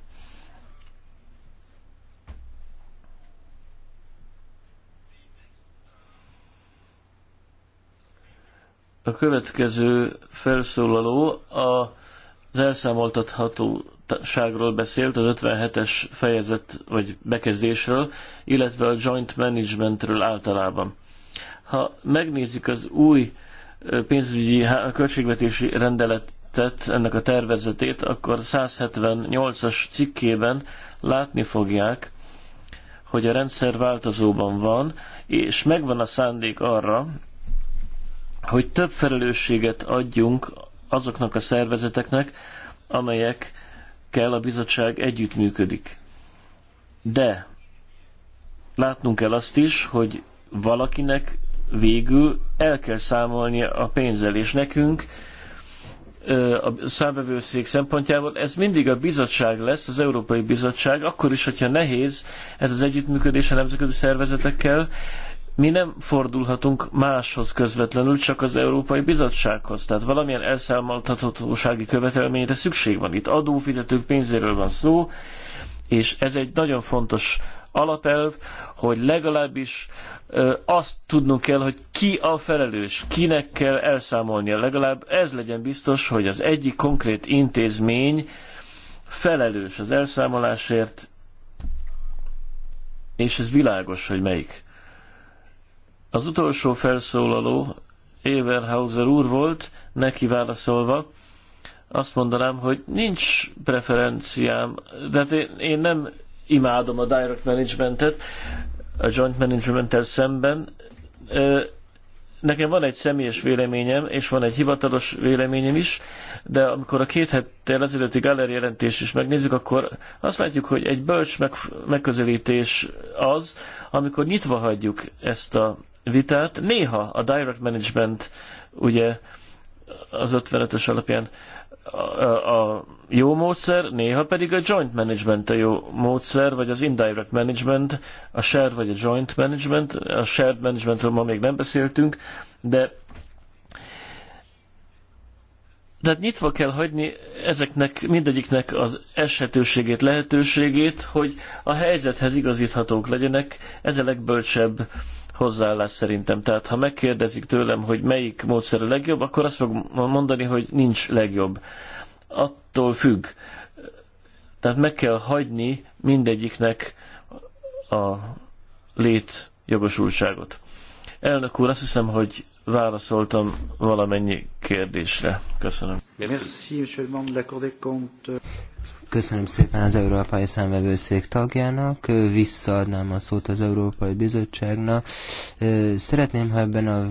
a következő felszólaló az elszámoltathatóságról beszélt, az 57-es fejezet vagy bekezdésről, illetve a joint managementről általában. Ha megnézik az új pénzügyi költségvetési rendeletet, ennek a tervezetét, akkor 178-as cikkében látni fogják, hogy a rendszer változóban van, és megvan a szándék arra, hogy több felelősséget adjunk azoknak a szervezeteknek, amelyekkel a bizottság együttműködik. De látnunk kell azt is, hogy valakinek végül el kell számolnia a pénzzel, és nekünk a számvevőszék szempontjából ez mindig a bizottság lesz, az Európai Bizottság, akkor is, hogyha nehéz ez az együttműködés a nemzetközi szervezetekkel, mi nem fordulhatunk máshoz közvetlenül, csak az Európai Bizottsághoz. Tehát valamilyen elszámoltathatósági követelményre szükség van. Itt adófizetők pénzéről van szó, és ez egy nagyon fontos alapelv, hogy legalábbis ö, azt tudnunk kell, hogy ki a felelős, kinek kell elszámolnia. Legalább ez legyen biztos, hogy az egyik konkrét intézmény felelős az elszámolásért, és ez világos, hogy melyik. Az utolsó felszólaló Everhauser úr volt, neki válaszolva, azt mondanám, hogy nincs preferenciám, de hát én, én nem imádom a direct managementet, a joint managementtel szemben. Nekem van egy személyes véleményem, és van egy hivatalos véleményem is, de amikor a két héttel ezelőtti Galler jelentés is megnézzük, akkor azt látjuk, hogy egy bölcs meg, megközelítés az, amikor nyitva hagyjuk ezt a vitát. Néha a direct management ugye az 55-ös alapján a, a, a jó módszer, néha pedig a joint management a jó módszer, vagy az indirect management, a shared vagy a joint management. A shared managementről ma még nem beszéltünk, de tehát nyitva kell hagyni ezeknek, mindegyiknek az eshetőségét, lehetőségét, hogy a helyzethez igazíthatók legyenek, ez a legbölcsebb hozzáállás szerintem. Tehát ha megkérdezik tőlem, hogy melyik módszer a legjobb, akkor azt fogom mondani, hogy nincs legjobb. Attól függ. Tehát meg kell hagyni mindegyiknek a lét jogosultságot. Elnök úr, azt hiszem, hogy válaszoltam valamennyi kérdésre. Köszönöm. Merci, monsieur le de la Cour des comptes. Köszönöm szépen az Európai Számvevőszék tagjának, visszaadnám a szót az Európai Bizottságnak. Szeretném, ha ebben a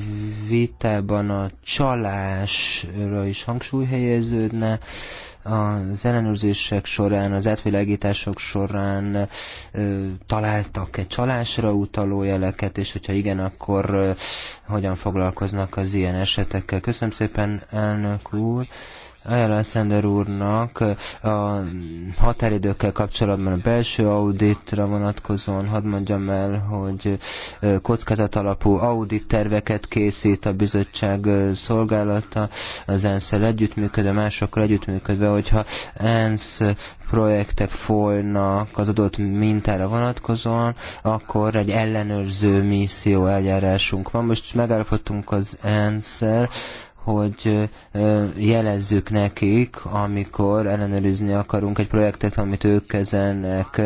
vitában a csalásra is hangsúly helyeződne, az ellenőrzések során, az átvilágítások során találtak-e csalásra utaló jeleket, és hogyha igen, akkor hogyan foglalkoznak az ilyen esetekkel. Köszönöm szépen, elnök úr! Ajánlóan Szender úrnak a határidőkkel kapcsolatban a belső auditra vonatkozóan hadd mondjam el, hogy kockázat alapú audit terveket készít a bizottság szolgálata az ensz együttműködve, másokkal együttműködve, hogyha ENSZ projektek folynak az adott mintára vonatkozóan, akkor egy ellenőrző misszió eljárásunk van. Most megállapodtunk az ENSZ-el, hogy jelezzük nekik, amikor ellenőrizni akarunk egy projektet, amit ők kezelnek.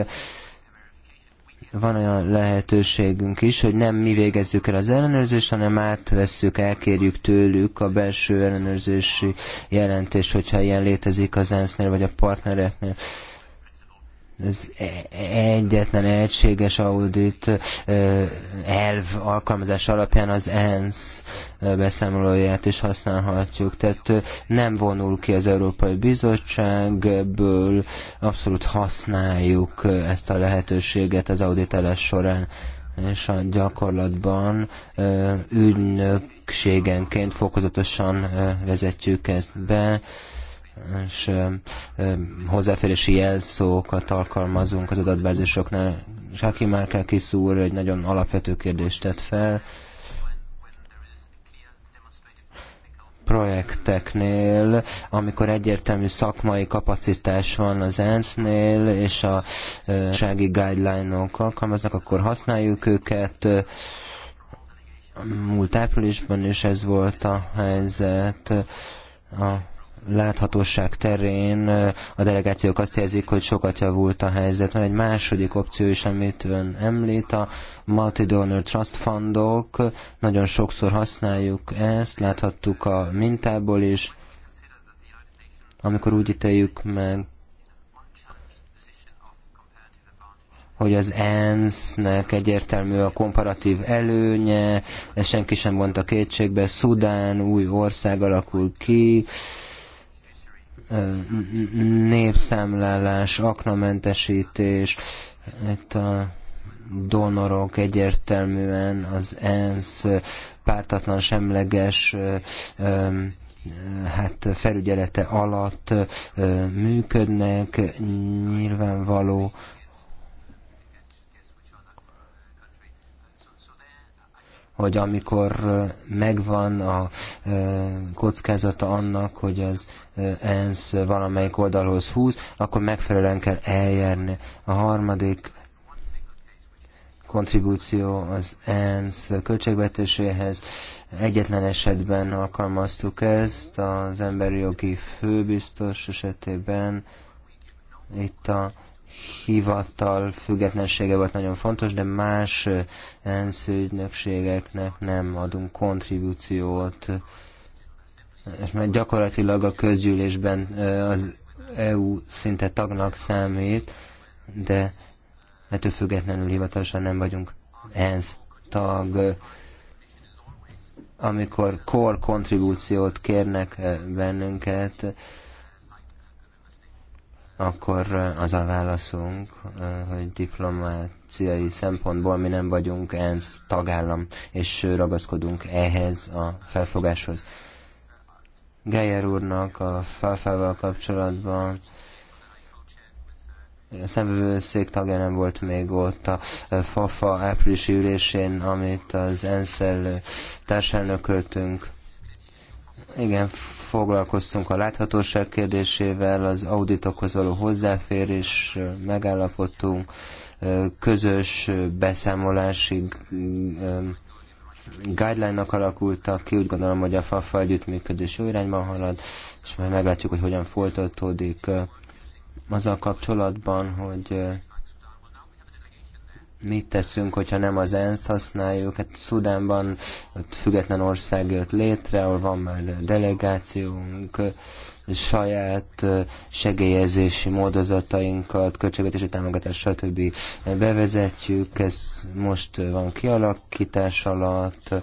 Van olyan lehetőségünk is, hogy nem mi végezzük el az ellenőrzést, hanem átvesszük, elkérjük tőlük a belső ellenőrzési jelentést, hogyha ilyen létezik az ENSZ-nél vagy a partnereknél ez e, egyetlen egységes audit e, elv alkalmazás alapján az ENSZ e, beszámolóját is használhatjuk. Tehát nem vonul ki az Európai Bizottság ebből, abszolút használjuk ezt a lehetőséget az auditálás során és a gyakorlatban ügynökségenként fokozatosan vezetjük ezt be, és hozzáférési jelszókat alkalmazunk az adatbázisoknál. Sáki Márkákis úr egy nagyon alapvető kérdést tett fel. projekteknél, amikor egyértelmű szakmai kapacitás van az ENSZ-nél, és a sági guideline-ok alkalmaznak, akkor használjuk őket. Múlt áprilisban is ez volt a helyzet. A láthatóság terén a delegációk azt jelzik, hogy sokat javult a helyzet. Van egy második opció is, amit ön említ, a multi-donor trust fundok. Nagyon sokszor használjuk ezt, láthattuk a mintából is, amikor úgy ítéljük meg, hogy az ENSZ-nek egyértelmű a komparatív előnye, ezt senki sem mondta kétségbe, Szudán új ország alakul ki, népszámlálás, aknamentesítés, itt a donorok egyértelműen az ENSZ pártatlan semleges hát felügyelete alatt működnek, nyilvánvaló, hogy amikor megvan a kockázata annak, hogy az ENSZ valamelyik oldalhoz húz, akkor megfelelően kell eljárni. A harmadik kontribúció az ENSZ költségvetéséhez. Egyetlen esetben alkalmaztuk ezt, az emberi jogi főbiztos esetében. Itt a hivatal függetlensége volt nagyon fontos, de más ENSZ ügynökségeknek nem adunk kontribúciót, mert gyakorlatilag a közgyűlésben az EU szinte tagnak számít, de ettől függetlenül hivatalosan nem vagyunk ENSZ tag. Amikor kor kontribúciót kérnek bennünket, akkor az a válaszunk, hogy diplomáciai szempontból mi nem vagyunk ENSZ tagállam, és ragaszkodunk ehhez a felfogáshoz. Geyer úrnak a falfával kapcsolatban a szemvevőszék tagja nem volt még ott a FAFA áprilisi ülésén, amit az ENSZ-el társelnököltünk. Igen, foglalkoztunk a láthatóság kérdésével, az auditokhoz való hozzáférés, megállapodtunk, közös beszámolási guideline-nak alakultak ki, úgy gondolom, hogy a FAFA együttműködés jó irányban halad, és majd meglátjuk, hogy hogyan folytatódik azzal kapcsolatban, hogy mit teszünk, hogyha nem az ENSZ használjuk. Hát Szudánban ott független ország jött létre, ahol van már delegációnk, saját segélyezési módozatainkat, költségvetési támogatást, stb. bevezetjük. Ez most van kialakítás alatt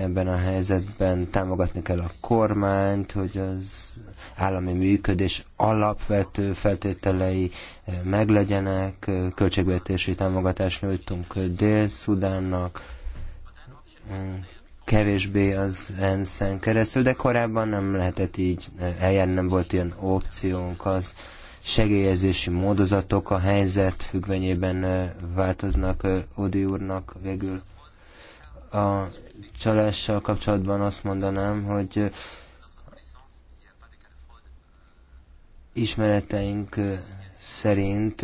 ebben a helyzetben támogatni kell a kormányt, hogy az állami működés alapvető feltételei eh, meglegyenek, eh, költségvetési támogatást nyújtunk Dél-Szudánnak, eh, kevésbé az ENSZ-en keresztül, de korábban nem lehetett így eljárni, nem volt ilyen opciónk, az segélyezési módozatok a helyzet függvényében változnak Odi úrnak végül a csalással kapcsolatban azt mondanám, hogy ismereteink szerint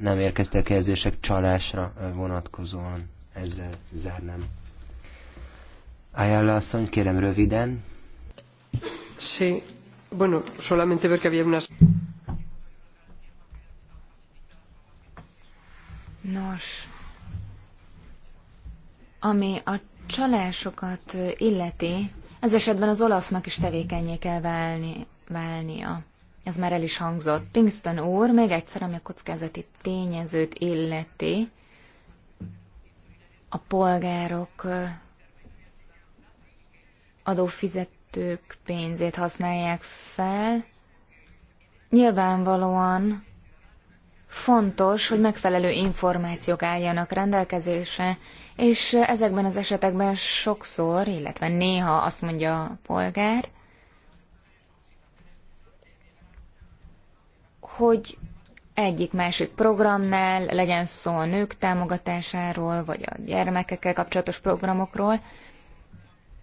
nem érkeztek jelzések csalásra vonatkozóan. Ezzel zárnám. Ayala asszony, kérem röviden. Sí, bueno, solamente ver que había unas... Nos, ami a csalásokat illeti, ez esetben az Olafnak is tevékenyé kell válni, válnia. Ez már el is hangzott. Pinkston úr még egyszer, ami a kockázati tényezőt illeti, a polgárok adófizetők pénzét használják fel. Nyilvánvalóan fontos, hogy megfelelő információk álljanak rendelkezésre, és ezekben az esetekben sokszor, illetve néha azt mondja a polgár, hogy egyik-másik programnál, legyen szó a nők támogatásáról, vagy a gyermekekkel kapcsolatos programokról,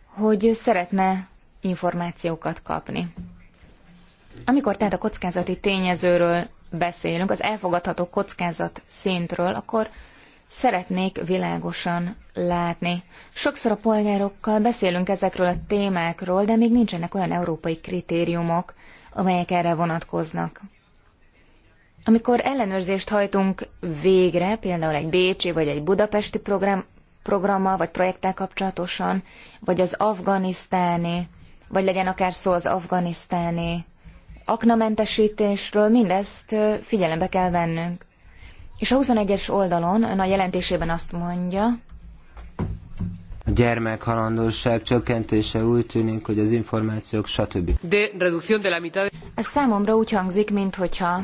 hogy szeretne információkat kapni. Amikor tehát a kockázati tényezőről beszélünk, az elfogadható kockázat szintről, akkor szeretnék világosan látni. Sokszor a polgárokkal beszélünk ezekről a témákról, de még nincsenek olyan európai kritériumok, amelyek erre vonatkoznak. Amikor ellenőrzést hajtunk végre, például egy bécsi vagy egy budapesti program, programmal vagy projekttel kapcsolatosan, vagy az afganisztáni, vagy legyen akár szó az afganisztáni aknamentesítésről, mindezt figyelembe kell vennünk. És a 21-es oldalon ön a jelentésében azt mondja, a gyermekhalandóság csökkentése úgy tűnik, hogy az információk, stb. De reducción de la mitad... Ez számomra úgy hangzik, mint hogyha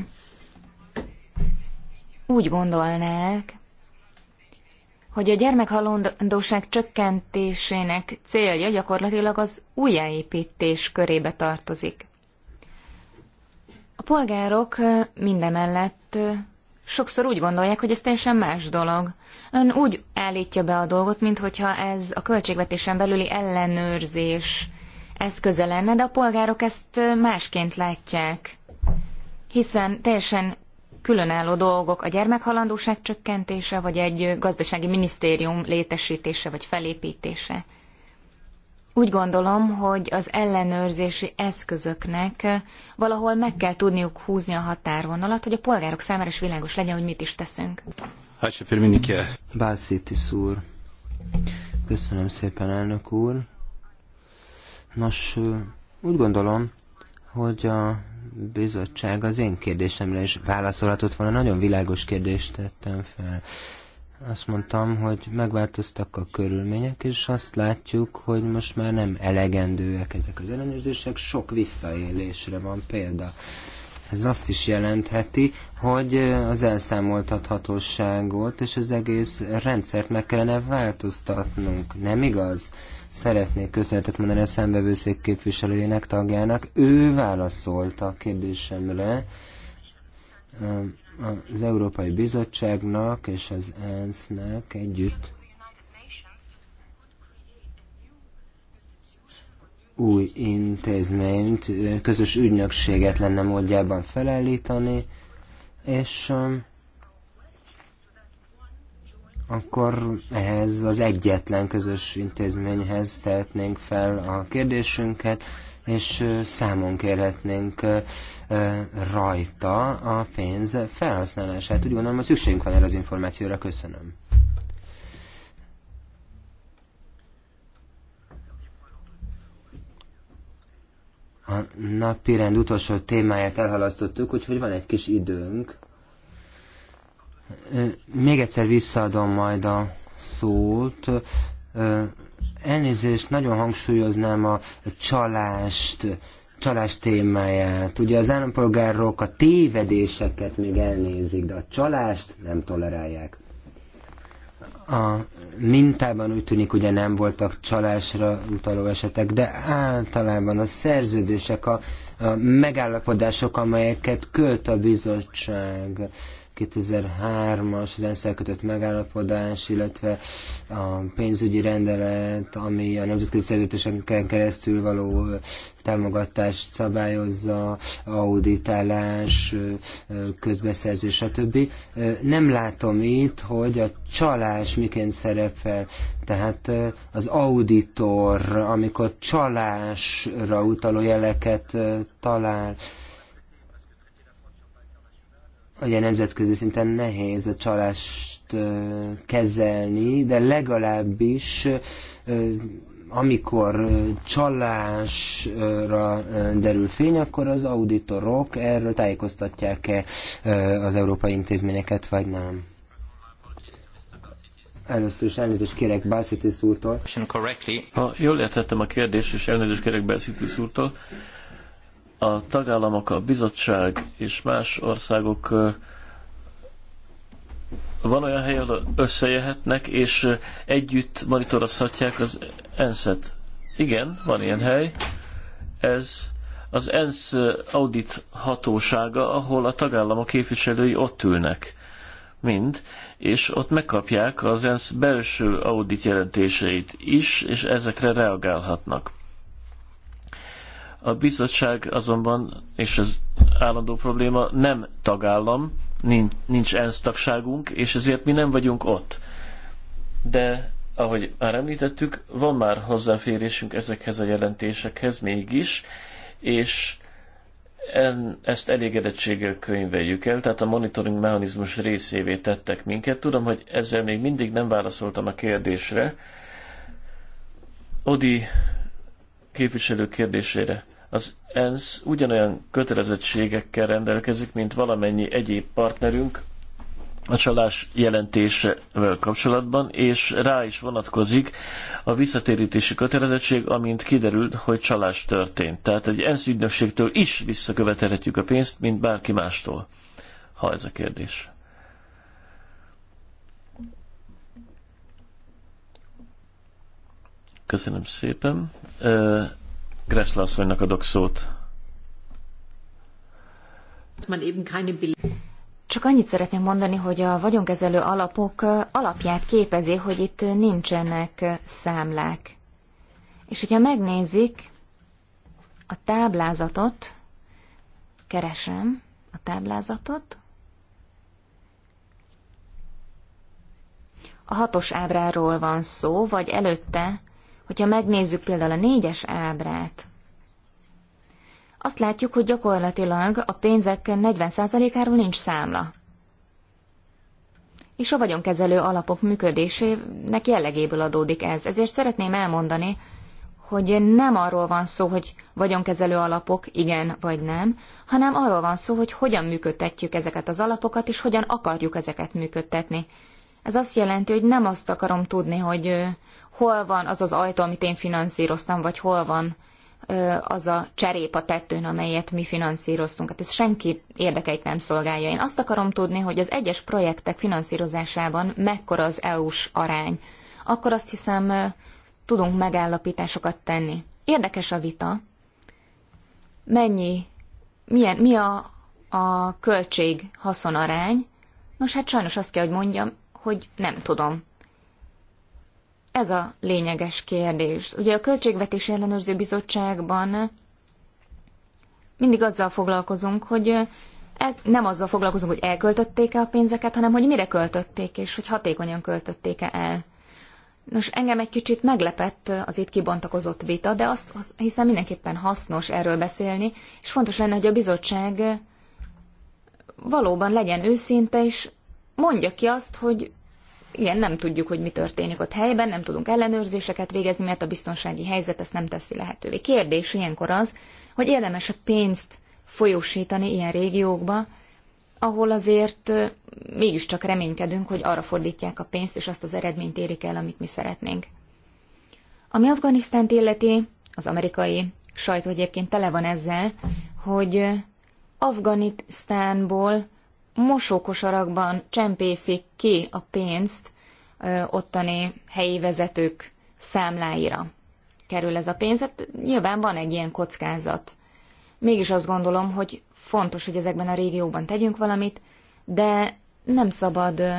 úgy gondolnák, hogy a gyermekhalandóság csökkentésének célja gyakorlatilag az újjáépítés körébe tartozik. A polgárok mindemellett sokszor úgy gondolják, hogy ez teljesen más dolog. Ön úgy állítja be a dolgot, mintha ez a költségvetésen belüli ellenőrzés eszköze lenne, de a polgárok ezt másként látják. Hiszen teljesen különálló dolgok a gyermekhalandóság csökkentése, vagy egy gazdasági minisztérium létesítése, vagy felépítése úgy gondolom, hogy az ellenőrzési eszközöknek valahol meg kell tudniuk húzni a határvonalat, hogy a polgárok számára is világos legyen, hogy mit is teszünk. Bászíti szúr. Köszönöm szépen, elnök úr. Nos, úgy gondolom, hogy a bizottság az én kérdésemre is válaszolhatott volna. Nagyon világos kérdést tettem fel azt mondtam, hogy megváltoztak a körülmények, és azt látjuk, hogy most már nem elegendőek ezek az ellenőrzések, sok visszaélésre van példa. Ez azt is jelentheti, hogy az elszámoltathatóságot és az egész rendszert meg kellene változtatnunk. Nem igaz? Szeretnék köszönetet mondani a szembevőszék képviselőjének tagjának. Ő válaszolt a kérdésemre az Európai Bizottságnak és az ENSZ-nek együtt új intézményt, közös ügynökséget lenne módjában felállítani, és um, akkor ehhez az egyetlen közös intézményhez tehetnénk fel a kérdésünket, és számon kérhetnénk rajta a pénz felhasználását. Úgy gondolom, hogy szükségünk van erre az információra. Köszönöm. A napi rend utolsó témáját elhalasztottuk, úgyhogy van egy kis időnk. Még egyszer visszaadom majd a szót Elnézést, nagyon hangsúlyoznám a csalást, csalás témáját. Ugye az állampolgárok a tévedéseket még elnézik, de a csalást nem tolerálják. A mintában úgy tűnik, ugye nem voltak csalásra utaló esetek, de általában a szerződések, a, a megállapodások, amelyeket költ a bizottság, 2003-as az ENSZ kötött megállapodás, illetve a pénzügyi rendelet, ami a nemzetközi szerződéseken keresztül való támogatást szabályozza, auditálás, közbeszerzés, stb. Nem látom itt, hogy a csalás miként szerepel. Tehát az auditor, amikor csalásra utaló jeleket talál, ugye nemzetközi szinten nehéz a csalást kezelni, de legalábbis amikor csalásra derül fény, akkor az auditorok erről tájékoztatják-e az európai intézményeket, vagy nem? Először is elnézést kérek Balsitis úrtól. Ha jól értettem a kérdést, és elnézést kérek Balsitis úrtól, a tagállamok, a bizottság és más országok van olyan hely, ahol összejöhetnek, és együtt monitorozhatják az ENSZ-et. Igen, van ilyen hely. Ez az ENSZ audit hatósága, ahol a tagállamok képviselői ott ülnek mind, és ott megkapják az ENSZ belső audit jelentéseit is, és ezekre reagálhatnak. A bizottság azonban, és ez állandó probléma, nem tagállam, nincs, nincs ENSZ tagságunk, és ezért mi nem vagyunk ott. De, ahogy már említettük, van már hozzáférésünk ezekhez a jelentésekhez mégis, és en, ezt elégedettséggel könyveljük el, tehát a monitoring mechanizmus részévé tettek minket. Tudom, hogy ezzel még mindig nem válaszoltam a kérdésre. Odi képviselő kérdésére. Az ENSZ ugyanolyan kötelezettségekkel rendelkezik, mint valamennyi egyéb partnerünk a csalás jelentésevel kapcsolatban, és rá is vonatkozik a visszatérítési kötelezettség, amint kiderült, hogy csalás történt. Tehát egy ENSZ ügynökségtől is visszakövetelhetjük a pénzt, mint bárki mástól, ha ez a kérdés. Köszönöm szépen. Kreszla asszonynak adok szót. Csak annyit szeretném mondani, hogy a vagyonkezelő alapok alapját képezi, hogy itt nincsenek számlák. És hogyha megnézik a táblázatot, keresem a táblázatot, a hatos ábráról van szó, vagy előtte Hogyha megnézzük például a négyes ábrát, azt látjuk, hogy gyakorlatilag a pénzek 40%-áról nincs számla. És a vagyonkezelő alapok működésének jellegéből adódik ez. Ezért szeretném elmondani, hogy nem arról van szó, hogy vagyonkezelő alapok igen vagy nem, hanem arról van szó, hogy hogyan működtetjük ezeket az alapokat, és hogyan akarjuk ezeket működtetni. Ez azt jelenti, hogy nem azt akarom tudni, hogy hol van az az ajtó, amit én finanszíroztam, vagy hol van az a cserép a tettőn, amelyet mi finanszíroztunk. Hát ez senki érdekeit nem szolgálja. Én azt akarom tudni, hogy az egyes projektek finanszírozásában mekkora az EU-s arány. Akkor azt hiszem, tudunk megállapításokat tenni. Érdekes a vita. Mennyi, milyen, mi a, a költség arány? Nos, hát sajnos azt kell, hogy mondjam, hogy nem tudom. Ez a lényeges kérdés. Ugye a Költségvetés Ellenőrző Bizottságban mindig azzal foglalkozunk, hogy el, nem azzal foglalkozunk, hogy elköltötték-e a pénzeket, hanem hogy mire költötték, és hogy hatékonyan költötték-e el. Nos, engem egy kicsit meglepett az itt kibontakozott vita, de azt hiszem mindenképpen hasznos erről beszélni, és fontos lenne, hogy a bizottság valóban legyen őszinte, és mondja ki azt, hogy igen, nem tudjuk, hogy mi történik ott helyben, nem tudunk ellenőrzéseket végezni, mert a biztonsági helyzet ezt nem teszi lehetővé. Kérdés ilyenkor az, hogy érdemes a pénzt folyósítani ilyen régiókba, ahol azért mégiscsak reménykedünk, hogy arra fordítják a pénzt, és azt az eredményt érik el, amit mi szeretnénk. Ami Afganisztánt illeti, az amerikai sajtó egyébként tele van ezzel, hogy Afganisztánból mosókosarakban csempészik ki a pénzt ö, ottani helyi vezetők számláira kerül ez a pénz. Hát nyilván van egy ilyen kockázat. Mégis azt gondolom, hogy fontos, hogy ezekben a régióban tegyünk valamit, de nem szabad ö,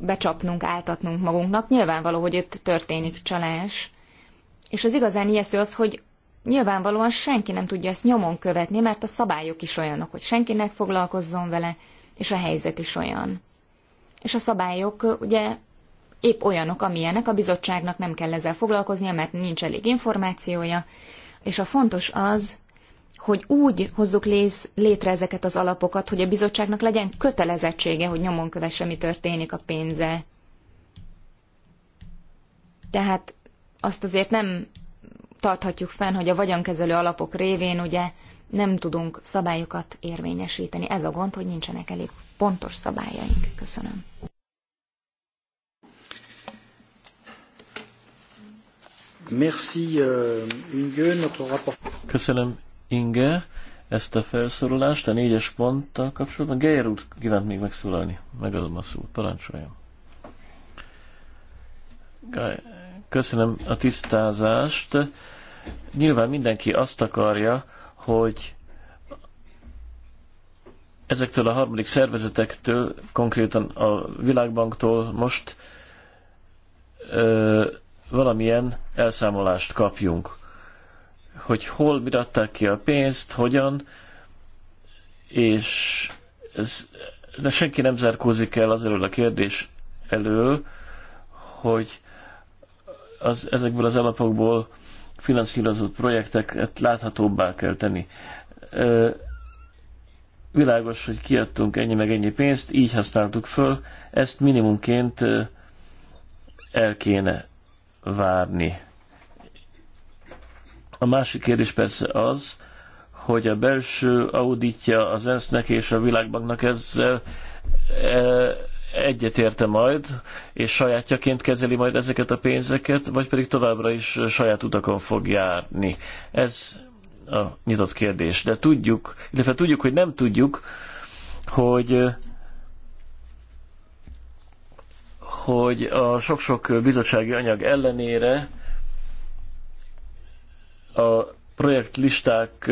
becsapnunk, áltatnunk magunknak. Nyilvánvaló, hogy itt történik csalás, és az igazán ijesztő az, hogy Nyilvánvalóan senki nem tudja ezt nyomon követni, mert a szabályok is olyanok, hogy senkinek foglalkozzon vele, és a helyzet is olyan. És a szabályok ugye épp olyanok, amilyenek, a bizottságnak nem kell ezzel foglalkoznia, mert nincs elég információja, és a fontos az, hogy úgy hozzuk létre ezeket az alapokat, hogy a bizottságnak legyen kötelezettsége, hogy nyomon kövesse, mi történik a pénzzel. Tehát azt azért nem tarthatjuk fenn, hogy a vagyonkezelő alapok révén ugye nem tudunk szabályokat érvényesíteni. Ez a gond, hogy nincsenek elég pontos szabályaink. Köszönöm. Euh, Köszönöm, Inge, ezt a felszorulást a négyes ponttal kapcsolatban. Geyer úr kívánt még megszólalni. Megadom a szót. Parancsoljam. Geyer Köszönöm a tisztázást. Nyilván mindenki azt akarja, hogy ezektől a harmadik szervezetektől, konkrétan a Világbanktól most ö, valamilyen elszámolást kapjunk. Hogy hol miratták ki a pénzt, hogyan, és ez, de senki nem zárkózik el az elől a kérdés elől, hogy az, ezekből az alapokból finanszírozott projekteket láthatóbbá kell tenni. Ö, világos, hogy kiadtunk ennyi meg ennyi pénzt, így használtuk föl, ezt minimumként el kéne várni. A másik kérdés persze az, hogy a belső auditja az ENSZ-nek és a világbanknak ezzel egyetérte majd, és sajátjaként kezeli majd ezeket a pénzeket, vagy pedig továbbra is saját utakon fog járni. Ez a nyitott kérdés. De tudjuk, illetve tudjuk, hogy nem tudjuk, hogy hogy a sok-sok bizottsági anyag ellenére a projektlisták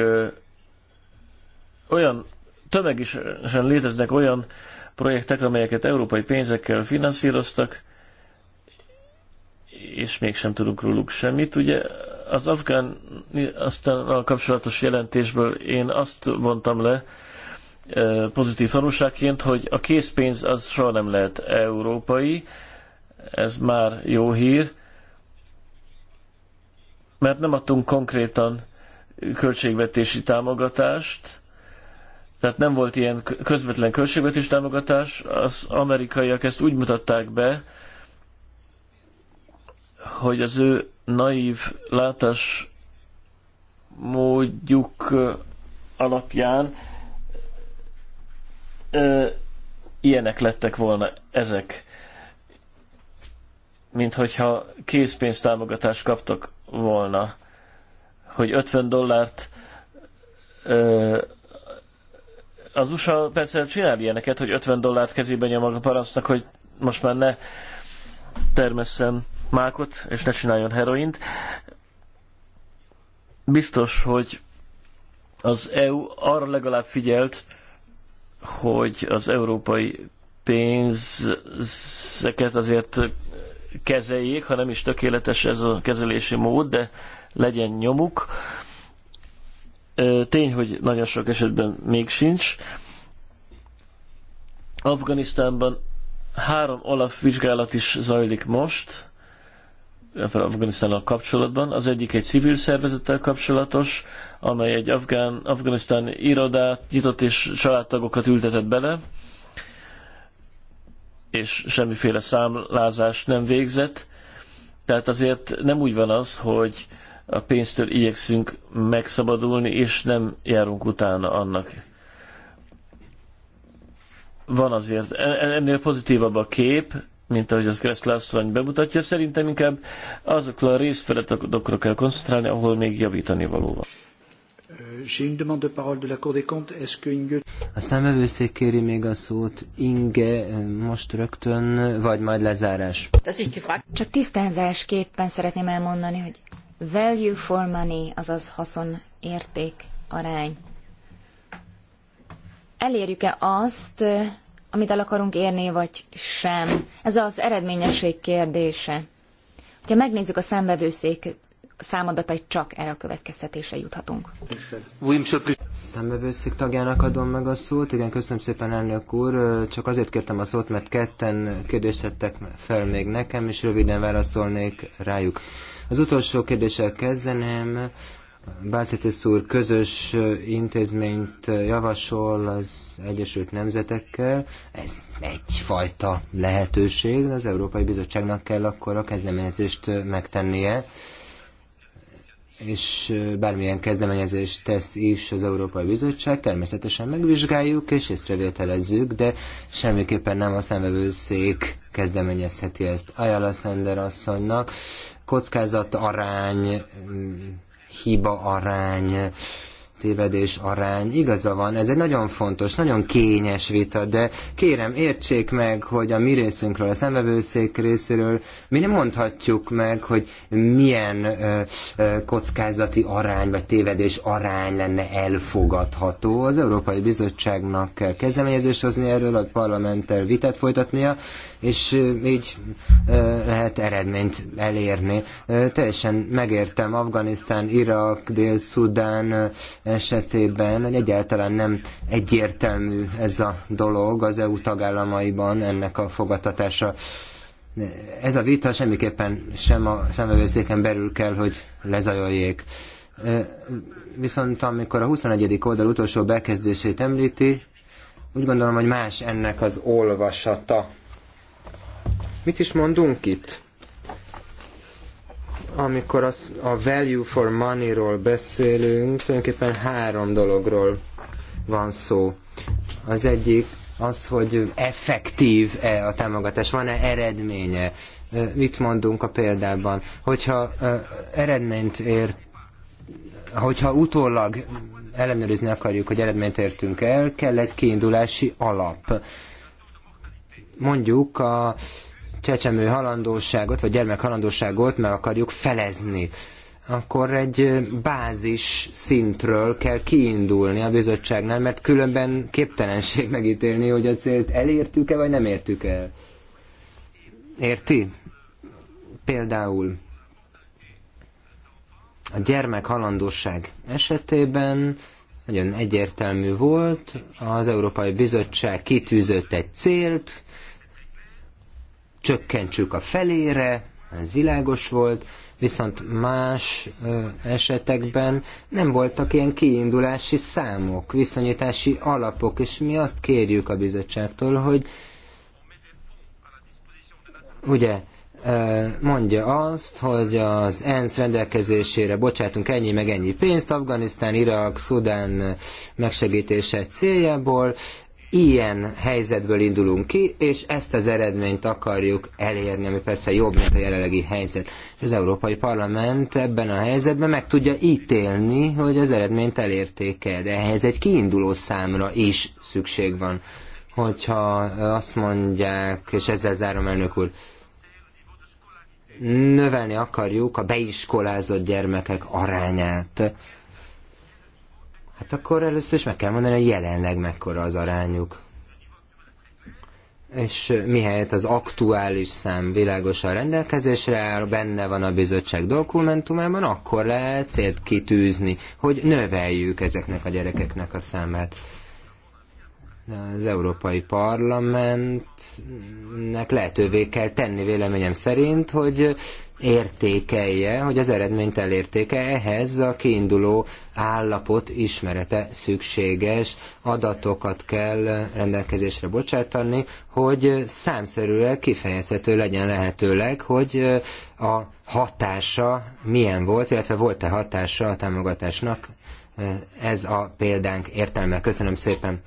olyan is léteznek olyan projektek, amelyeket európai pénzekkel finanszíroztak, és mégsem tudunk róluk semmit. Ugye az afgán aztán a kapcsolatos jelentésből én azt vontam le pozitív tanulságként, hogy a készpénz az soha nem lehet európai, ez már jó hír, mert nem adtunk konkrétan költségvetési támogatást, tehát nem volt ilyen közvetlen költségvetés támogatás, az amerikaiak ezt úgy mutatták be, hogy az ő naív látás módjuk alapján ö, ilyenek lettek volna ezek, mint hogyha készpénztámogatást kaptak volna, hogy 50 dollárt ö, az USA persze csinál ilyeneket, hogy 50 dollárt kezébe nyom a parancsnak, hogy most már ne termesszen mákot, és ne csináljon heroint. Biztos, hogy az EU arra legalább figyelt, hogy az európai pénzeket azért kezeljék, ha nem is tökéletes ez a kezelési mód, de legyen nyomuk. Tény, hogy nagyon sok esetben még sincs. Afganisztánban három alapvizsgálat is zajlik most, Afganisztánnal kapcsolatban. Az egyik egy civil szervezettel kapcsolatos, amely egy afgán, afganisztán irodát nyitott és családtagokat ültetett bele, és semmiféle számlázást nem végzett. Tehát azért nem úgy van az, hogy a pénztől igyekszünk megszabadulni, és nem járunk utána annak. Van azért, ennél pozitívabb a kép, mint ahogy az Gressz László bemutatja, szerintem inkább azokra a részfeletokra kell koncentrálni, ahol még javítani való van. A számvevőszék kéri még a szót. Inge, most rögtön, vagy majd lezárás. Csak tisztázásképpen szeretném elmondani, hogy value for money, azaz haszon érték arány. Elérjük-e azt, eh, amit el akarunk érni, vagy sem? Ez az eredményesség kérdése. Ha megnézzük a szembevőszék számadatait, csak erre a következtetésre juthatunk. Szembevőszék tagjának adom meg a szót. Igen, köszönöm szépen, elnök úr. Csak azért kértem a szót, mert ketten kérdést tettek fel még nekem, és röviden válaszolnék rájuk. Az utolsó kérdéssel kezdeném. Bácitis úr közös intézményt javasol az Egyesült Nemzetekkel. Ez egyfajta lehetőség, az Európai Bizottságnak kell akkor a kezdeményezést megtennie, és bármilyen kezdeményezést tesz is az Európai Bizottság, természetesen megvizsgáljuk és észrevételezzük, de semmiképpen nem a szemvevőszék kezdeményezheti ezt Ajala Szender asszonynak kockázat arány, mm, hiba arány, tévedés arány. Igaza van, ez egy nagyon fontos, nagyon kényes vita, de kérem, értsék meg, hogy a mi részünkről, a szemvevőszék részéről mi nem mondhatjuk meg, hogy milyen ö, ö, kockázati arány vagy tévedés arány lenne elfogadható. Az Európai Bizottságnak kell kezdeményezést hozni erről, a parlamenttel vitát folytatnia, és így ö, lehet eredményt elérni. Ö, teljesen megértem Afganisztán, Irak, Dél-Szudán esetében, hogy egyáltalán nem egyértelmű ez a dolog az EU tagállamaiban ennek a fogadtatása. Ez a vita semmiképpen sem a szemövőszéken belül kell, hogy lezajoljék. Viszont amikor a 21. oldal utolsó bekezdését említi, úgy gondolom, hogy más ennek az olvasata. Mit is mondunk itt? amikor az, a value for money-ról beszélünk, tulajdonképpen három dologról van szó. Az egyik az, hogy effektív-e a támogatás, van-e eredménye. Mit mondunk a példában? Hogyha eredményt ért, hogyha utólag ellenőrizni akarjuk, hogy eredményt értünk el, kell egy kiindulási alap. Mondjuk a csecsemő halandóságot, vagy gyermek halandóságot meg akarjuk felezni akkor egy bázis szintről kell kiindulni a bizottságnál, mert különben képtelenség megítélni, hogy a célt elértük-e, vagy nem értük el. Érti? Például a gyermek halandóság esetében nagyon egyértelmű volt, az Európai Bizottság kitűzött egy célt, csökkentsük a felére, ez világos volt, viszont más esetekben nem voltak ilyen kiindulási számok, viszonyítási alapok, és mi azt kérjük a bizottságtól, hogy ugye mondja azt, hogy az ENSZ rendelkezésére bocsátunk ennyi meg ennyi pénzt Afganisztán, Irak, Szudán megsegítése céljából, ilyen helyzetből indulunk ki, és ezt az eredményt akarjuk elérni, ami persze jobb, mint a jelenlegi helyzet. És az Európai Parlament ebben a helyzetben meg tudja ítélni, hogy az eredményt elérték-e, de ehhez egy kiinduló számra is szükség van. Hogyha azt mondják, és ezzel zárom elnök úr, növelni akarjuk a beiskolázott gyermekek arányát, Hát akkor először is meg kell mondani, hogy jelenleg mekkora az arányuk. És mihelyett az aktuális szám világosan rendelkezésre áll, benne van a bizottság dokumentumában, akkor lehet célt kitűzni, hogy növeljük ezeknek a gyerekeknek a számát az Európai Parlamentnek lehetővé kell tenni véleményem szerint, hogy értékelje, hogy az eredményt elértéke, ehhez a kiinduló állapot ismerete szükséges, adatokat kell rendelkezésre bocsátani, hogy számszerűen kifejezhető legyen lehetőleg, hogy a hatása milyen volt, illetve volt-e hatása a támogatásnak. Ez a példánk értelme. Köszönöm szépen!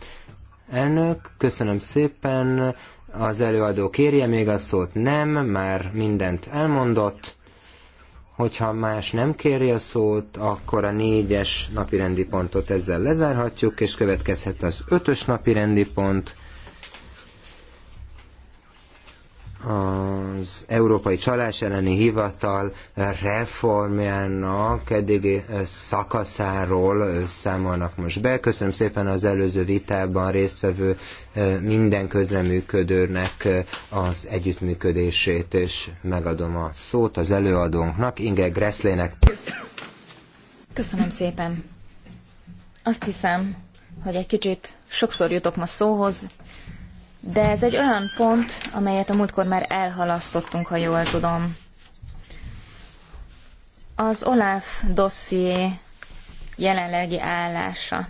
Elnök, köszönöm szépen. Az előadó kérje még a szót? Nem, már mindent elmondott. Hogyha más nem kéri a szót, akkor a négyes napirendi pontot ezzel lezárhatjuk, és következhet az ötös napirendi pont. az Európai Csalás elleni Hivatal reformjának eddigi eh, szakaszáról számolnak most be. Köszönöm szépen az előző vitában résztvevő eh, minden közreműködőnek eh, az együttműködését, és megadom a szót az előadónknak, Inge Gresslének. Köszönöm szépen. Azt hiszem, hogy egy kicsit sokszor jutok ma szóhoz, de ez egy olyan pont, amelyet a múltkor már elhalasztottunk, ha jól tudom. Az Olaf dosszié jelenlegi állása.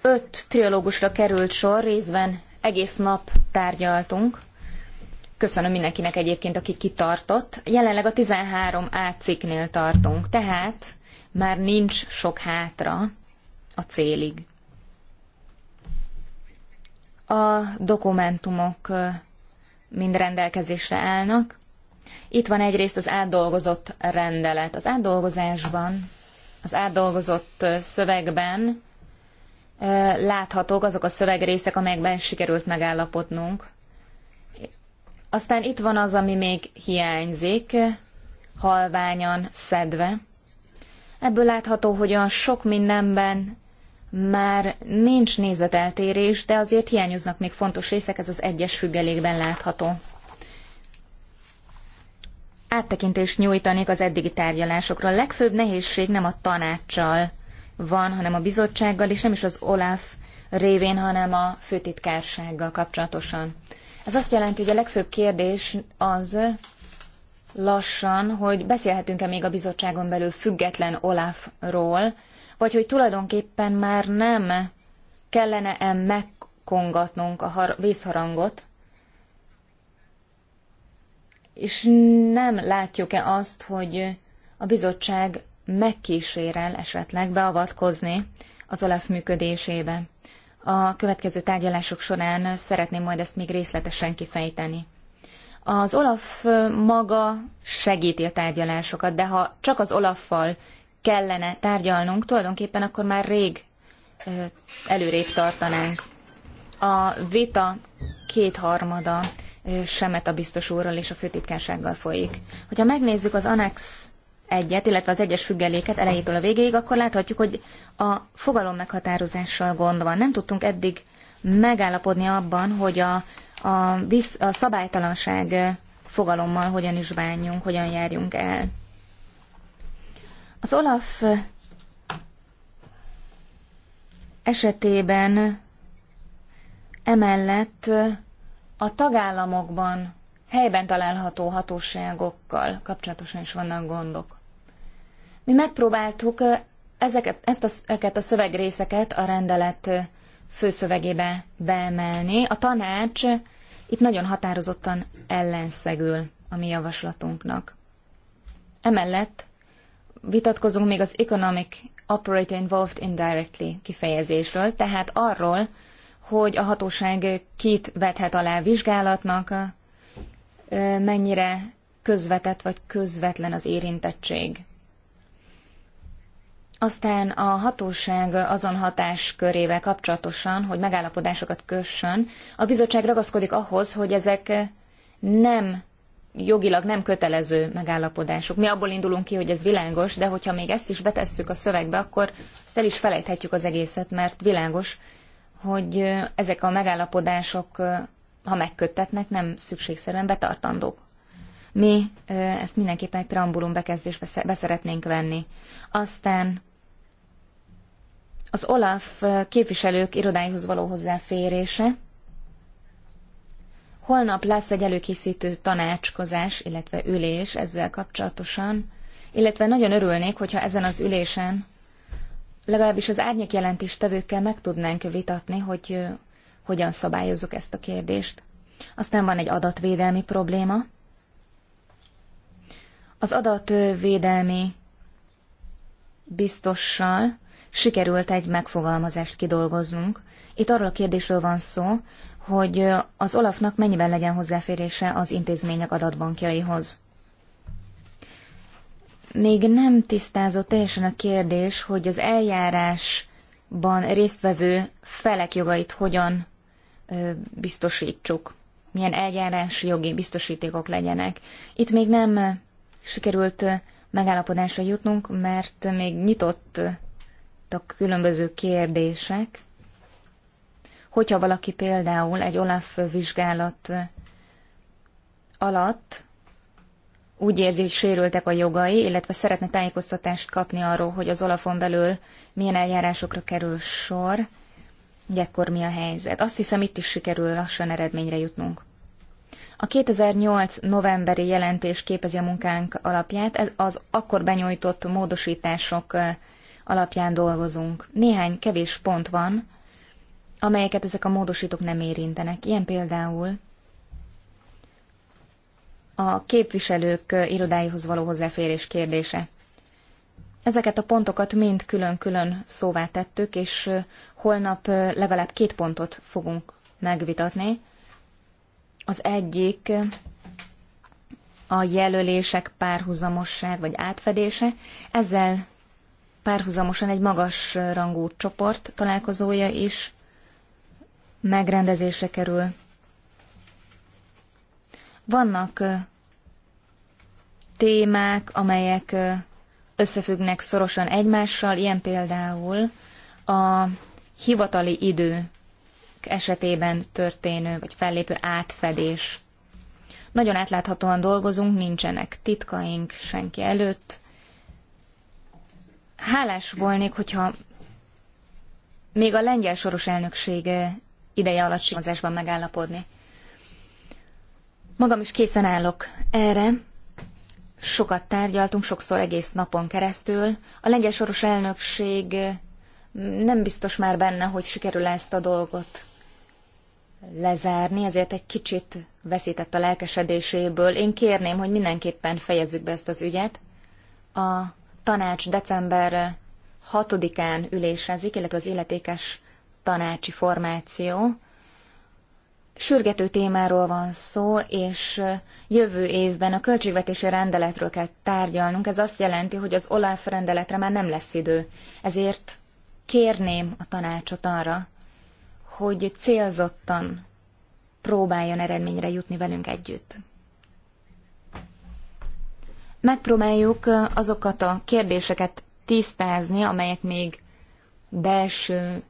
Öt triológusra került sor, részben egész nap tárgyaltunk. Köszönöm mindenkinek egyébként, aki kitartott. Jelenleg a 13A cikknél tartunk, tehát már nincs sok hátra a célig a dokumentumok mind rendelkezésre állnak. Itt van egyrészt az átdolgozott rendelet. Az átdolgozásban, az átdolgozott szövegben láthatók azok a szövegrészek, amelyekben sikerült megállapodnunk. Aztán itt van az, ami még hiányzik, halványan szedve. Ebből látható, hogy olyan sok mindenben már nincs nézeteltérés, de azért hiányoznak még fontos részek, ez az egyes függelékben látható. Áttekintést nyújtanék az eddigi tárgyalásokra. A legfőbb nehézség nem a tanácssal van, hanem a bizottsággal, és nem is az OLAF révén, hanem a főtitkársággal kapcsolatosan. Ez azt jelenti, hogy a legfőbb kérdés az lassan, hogy beszélhetünk-e még a bizottságon belül független Olafról, vagy hogy tulajdonképpen már nem kellene-e megkongatnunk a har- vészharangot, és nem látjuk-e azt, hogy a bizottság megkísérel esetleg beavatkozni az OLAF működésébe. A következő tárgyalások során szeretném majd ezt még részletesen kifejteni. Az Olaf maga segíti a tárgyalásokat, de ha csak az Olaffal kellene tárgyalnunk, tulajdonképpen akkor már rég előrébb tartanánk. A vita kétharmada Semet a biztos úrral és a főtitkársággal folyik. Hogyha megnézzük az Annex egyet, illetve az egyes függeléket elejétől a végéig, akkor láthatjuk, hogy a fogalom meghatározással gond van. Nem tudtunk eddig megállapodni abban, hogy a, a, visz, a szabálytalanság fogalommal hogyan is bánjunk, hogyan járjunk el. Az Olaf esetében emellett a tagállamokban helyben található hatóságokkal kapcsolatosan is vannak gondok. Mi megpróbáltuk ezeket, ezt a, ezeket a szövegrészeket a rendelet főszövegébe beemelni. A tanács itt nagyon határozottan ellenszegül a mi javaslatunknak. Emellett vitatkozunk még az Economic Operator Involved Indirectly kifejezésről, tehát arról, hogy a hatóság kit vethet alá vizsgálatnak, mennyire közvetett vagy közvetlen az érintettség. Aztán a hatóság azon hatáskörével kapcsolatosan, hogy megállapodásokat kössön, a bizottság ragaszkodik ahhoz, hogy ezek nem jogilag nem kötelező megállapodások. Mi abból indulunk ki, hogy ez világos, de hogyha még ezt is betesszük a szövegbe, akkor ezt el is felejthetjük az egészet, mert világos, hogy ezek a megállapodások, ha megköttetnek, nem szükségszerűen betartandók. Mi ezt mindenképpen egy preambulum bekezdésbe beszeretnénk venni. Aztán az OLAF képviselők irodáihoz való hozzáférése, Holnap lesz egy előkészítő tanácskozás, illetve ülés ezzel kapcsolatosan, illetve nagyon örülnék, hogyha ezen az ülésen legalábbis az árnyék tevőkkel meg tudnánk vitatni, hogy hogyan szabályozzuk ezt a kérdést. Aztán van egy adatvédelmi probléma. Az adatvédelmi biztossal sikerült egy megfogalmazást kidolgoznunk. Itt arról a kérdésről van szó, hogy az Olafnak mennyiben legyen hozzáférése az intézmények adatbankjaihoz. Még nem tisztázott teljesen a kérdés, hogy az eljárásban résztvevő felek jogait hogyan ö, biztosítsuk, milyen eljárási jogi biztosítékok legyenek. Itt még nem sikerült megállapodásra jutnunk, mert még nyitott a különböző kérdések, hogyha valaki például egy Olaf vizsgálat alatt úgy érzi, hogy sérültek a jogai, illetve szeretne tájékoztatást kapni arról, hogy az Olafon belül milyen eljárásokra kerül sor, hogy ekkor mi a helyzet. Azt hiszem, itt is sikerül lassan eredményre jutnunk. A 2008 novemberi jelentés képezi a munkánk alapját, az akkor benyújtott módosítások alapján dolgozunk. Néhány kevés pont van, amelyeket ezek a módosítók nem érintenek. Ilyen például a képviselők irodáihoz való hozzáférés kérdése. Ezeket a pontokat mind külön-külön szóvá tettük, és holnap legalább két pontot fogunk megvitatni. Az egyik a jelölések párhuzamosság vagy átfedése. Ezzel párhuzamosan egy magas rangú csoport találkozója is megrendezésre kerül. Vannak témák, amelyek összefüggnek szorosan egymással, ilyen például a hivatali idő esetében történő vagy fellépő átfedés. Nagyon átláthatóan dolgozunk, nincsenek titkaink senki előtt. Hálás volnék, hogyha még a lengyel soros elnöksége ideje alatt simozásban megállapodni. Magam is készen állok erre. Sokat tárgyaltunk, sokszor egész napon keresztül. A lengyel soros elnökség mm, nem biztos már benne, hogy sikerül ezt a dolgot lezárni, ezért egy kicsit veszített a lelkesedéséből. Én kérném, hogy mindenképpen fejezzük be ezt az ügyet. A tanács december 6-án ülésezik, illetve az illetékes tanácsi formáció. Sürgető témáról van szó, és jövő évben a költségvetési rendeletről kell tárgyalnunk. Ez azt jelenti, hogy az OLAF rendeletre már nem lesz idő. Ezért kérném a tanácsot arra, hogy célzottan próbáljon eredményre jutni velünk együtt. Megpróbáljuk azokat a kérdéseket tisztázni, amelyek még belső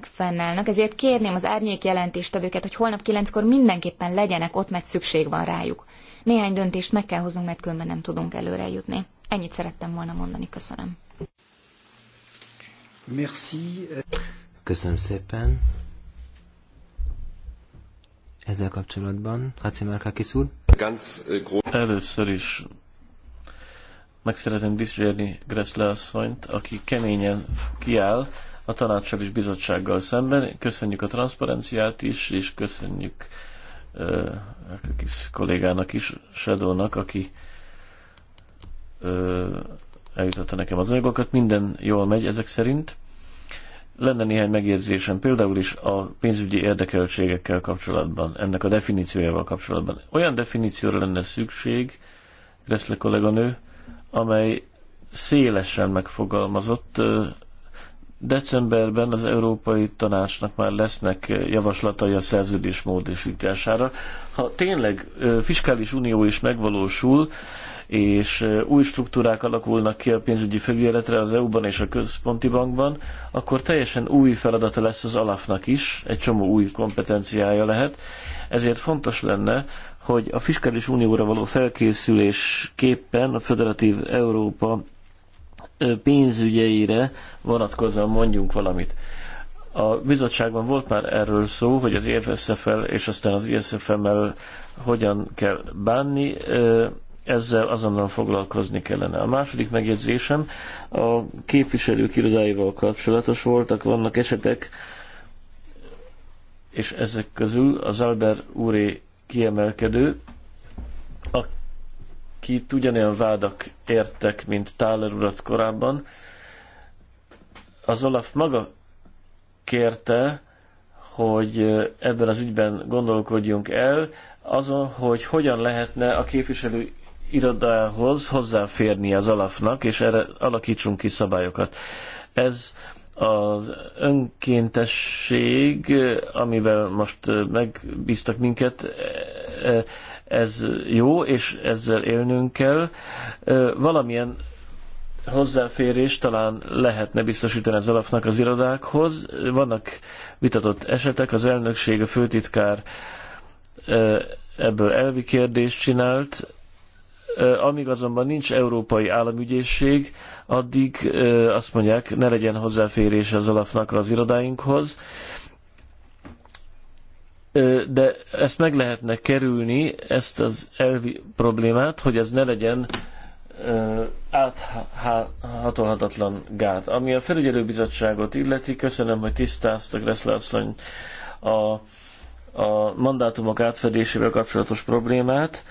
fennállnak. Ezért kérném az árnyék jelentéstevőket, hogy holnap kilenckor mindenképpen legyenek ott, mert szükség van rájuk. Néhány döntést meg kell hoznunk, mert különben nem tudunk előre jutni. Ennyit szerettem volna mondani. Köszönöm. Merci. Köszönöm szépen. Ezzel kapcsolatban Haci Márkákis kiszúr. Eh, Először is meg szeretném dicsérni Gressle asszonyt, aki keményen kiáll a tanácssal és bizottsággal szemben. Köszönjük a transzparenciát is, és köszönjük uh, a kis kollégának is, Shadownak, aki uh, eljutotta nekem az anyagokat. Minden jól megy ezek szerint. Lenne néhány megjegyzésem, például is a pénzügyi érdekeltségekkel kapcsolatban, ennek a definíciójával kapcsolatban. Olyan definícióra lenne szükség, Reszle kolléganő, amely szélesen megfogalmazott, Decemberben az Európai Tanácsnak már lesznek eh, javaslatai a szerződés módosítására. Ha tényleg eh, fiskális unió is megvalósul, és eh, új struktúrák alakulnak ki a pénzügyi felügyeletre az EU-ban és a központi bankban, akkor teljesen új feladata lesz az alapnak is, egy csomó új kompetenciája lehet. Ezért fontos lenne, hogy a fiskális unióra való felkészülés képpen a Föderatív Európa pénzügyeire vonatkozóan mondjunk valamit. A bizottságban volt már erről szó, hogy az EFSF-el és aztán az ISF-mel hogyan kell bánni, ezzel azonnal foglalkozni kellene. A második megjegyzésem a képviselők irodáival kapcsolatos voltak, vannak esetek, és ezek közül az Albert úré kiemelkedő, akit ugyanilyen vádak értek, mint Tyler urat korábban. Az Olaf maga kérte, hogy ebben az ügyben gondolkodjunk el, azon, hogy hogyan lehetne a képviselő irodához hozzáférni az alapnak, és erre alakítsunk ki szabályokat. Ez az önkéntesség, amivel most megbíztak minket, ez jó, és ezzel élnünk kell. Valamilyen hozzáférés talán lehetne biztosítani az alapnak az irodákhoz. Vannak vitatott esetek, az elnökség, a főtitkár ebből elvi kérdést csinált, amíg azonban nincs európai államügyészség, addig azt mondják, ne legyen hozzáférés az alapnak az irodáinkhoz de ezt meg lehetne kerülni, ezt az elvi problémát, hogy ez ne legyen áthatolhatatlan gát. Ami a felügyelőbizottságot illeti, köszönöm, hogy tisztáztak, Greszle asszony a, a mandátumok átfedésével kapcsolatos problémát.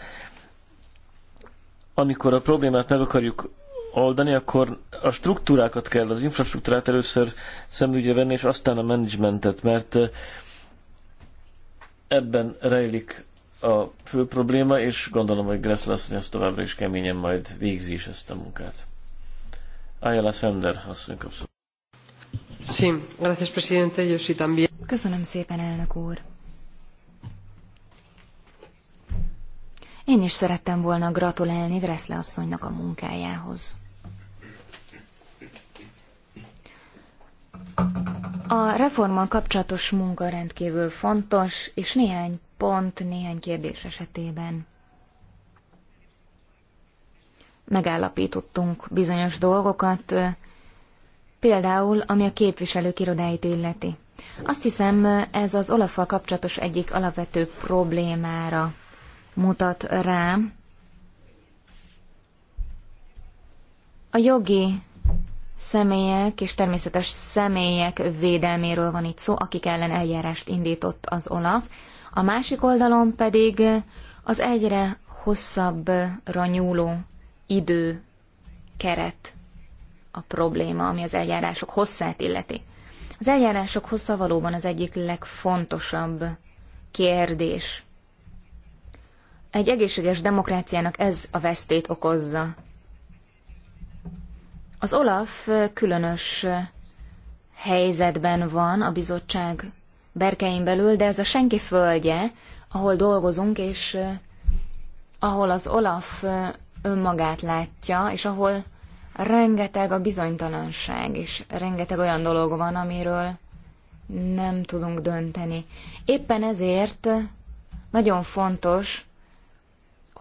Amikor a problémát meg akarjuk oldani, akkor a struktúrákat kell, az infrastruktúrát először szemügyre venni, és aztán a menedzsmentet, mert uh, Ebben rejlik a fő probléma, és gondolom, hogy lesz, hogy ezt továbbra is keményen majd végzi is ezt a munkát. Ayala Sender asszony kapszol. Sí, gracias, presidente. Yo sí también. Köszönöm szépen, elnök úr. Én is szerettem volna gratulálni Gressle asszonynak a munkájához. A reformmal kapcsolatos munka rendkívül fontos, és néhány pont, néhány kérdés esetében megállapítottunk bizonyos dolgokat, például ami a képviselők irodáit illeti. Azt hiszem, ez az olaf kapcsolatos egyik alapvető problémára mutat rá. A jogi személyek és természetes személyek védelméről van itt szó, akik ellen eljárást indított az OLAF. A másik oldalon pedig az egyre hosszabbra nyúló idő keret a probléma, ami az eljárások hosszát illeti. Az eljárások hossza valóban az egyik legfontosabb kérdés. Egy egészséges demokráciának ez a vesztét okozza. Az Olaf különös helyzetben van a bizottság berkein belül, de ez a senki földje, ahol dolgozunk, és ahol az Olaf önmagát látja, és ahol rengeteg a bizonytalanság, és rengeteg olyan dolog van, amiről nem tudunk dönteni. Éppen ezért nagyon fontos,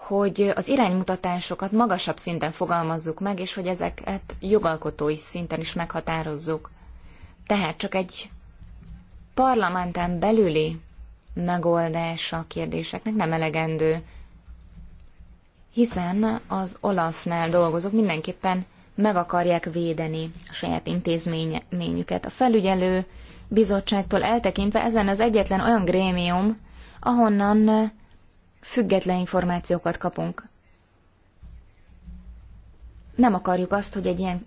hogy az iránymutatásokat magasabb szinten fogalmazzuk meg, és hogy ezeket jogalkotói szinten is meghatározzuk. Tehát csak egy parlamenten belüli megoldása a kérdéseknek nem elegendő, hiszen az Olafnál dolgozók mindenképpen meg akarják védeni a saját intézményüket. A felügyelő bizottságtól eltekintve ezen az egyetlen olyan grémium, ahonnan független információkat kapunk. Nem akarjuk azt, hogy egy ilyen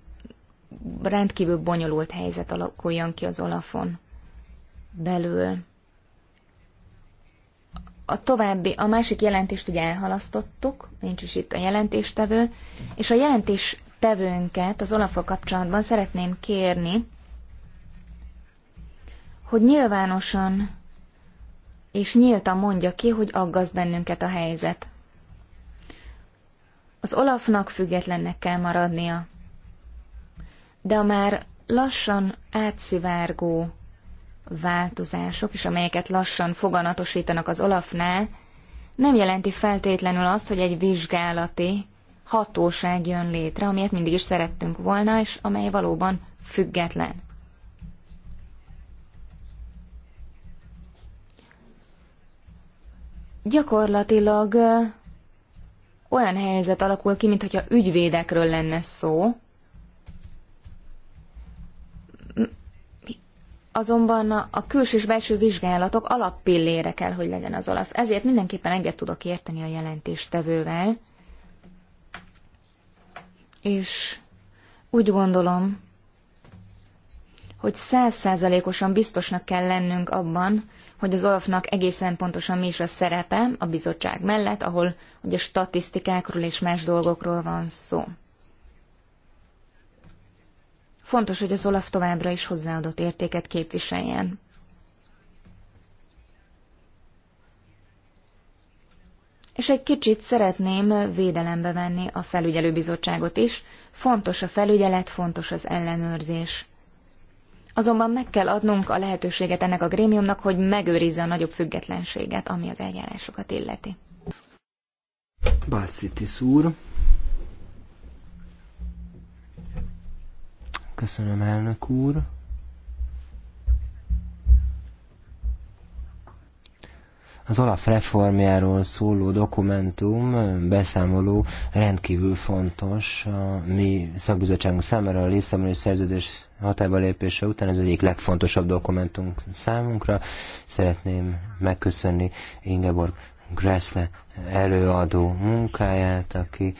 rendkívül bonyolult helyzet alakuljon ki az Olafon belül. A további, a másik jelentést ugye elhalasztottuk, nincs is itt a jelentéstevő, és a jelentés az olaf kapcsolatban szeretném kérni, hogy nyilvánosan és nyíltan mondja ki, hogy aggaszt bennünket a helyzet. Az Olafnak függetlennek kell maradnia. De a már lassan átszivárgó változások, és amelyeket lassan foganatosítanak az Olafnál, nem jelenti feltétlenül azt, hogy egy vizsgálati hatóság jön létre, amilyet mindig is szerettünk volna, és amely valóban független. gyakorlatilag olyan helyzet alakul ki, mintha ügyvédekről lenne szó, azonban a külső és belső vizsgálatok alappillére kell, hogy legyen az alap. Ezért mindenképpen egyet tudok érteni a jelentéstevővel, és úgy gondolom, hogy százszázalékosan biztosnak kell lennünk abban, hogy az Olafnak egészen pontosan mi is a szerepe a bizottság mellett, ahol ugye statisztikákról és más dolgokról van szó. Fontos, hogy az Olaf továbbra is hozzáadott értéket képviseljen. És egy kicsit szeretném védelembe venni a felügyelőbizottságot is. Fontos a felügyelet, fontos az ellenőrzés. Azonban meg kell adnunk a lehetőséget ennek a grémiumnak, hogy megőrizze a nagyobb függetlenséget, ami az eljárásokat illeti. Basszitis úr. Köszönöm, elnök úr. Az Olaf reformjáról szóló dokumentum, beszámoló rendkívül fontos a mi szakbizottságunk számára a Lisszaboni szerződés hatályba lépése után ez egyik legfontosabb dokumentum számunkra. Szeretném megköszönni Ingeborg Gressle előadó munkáját, aki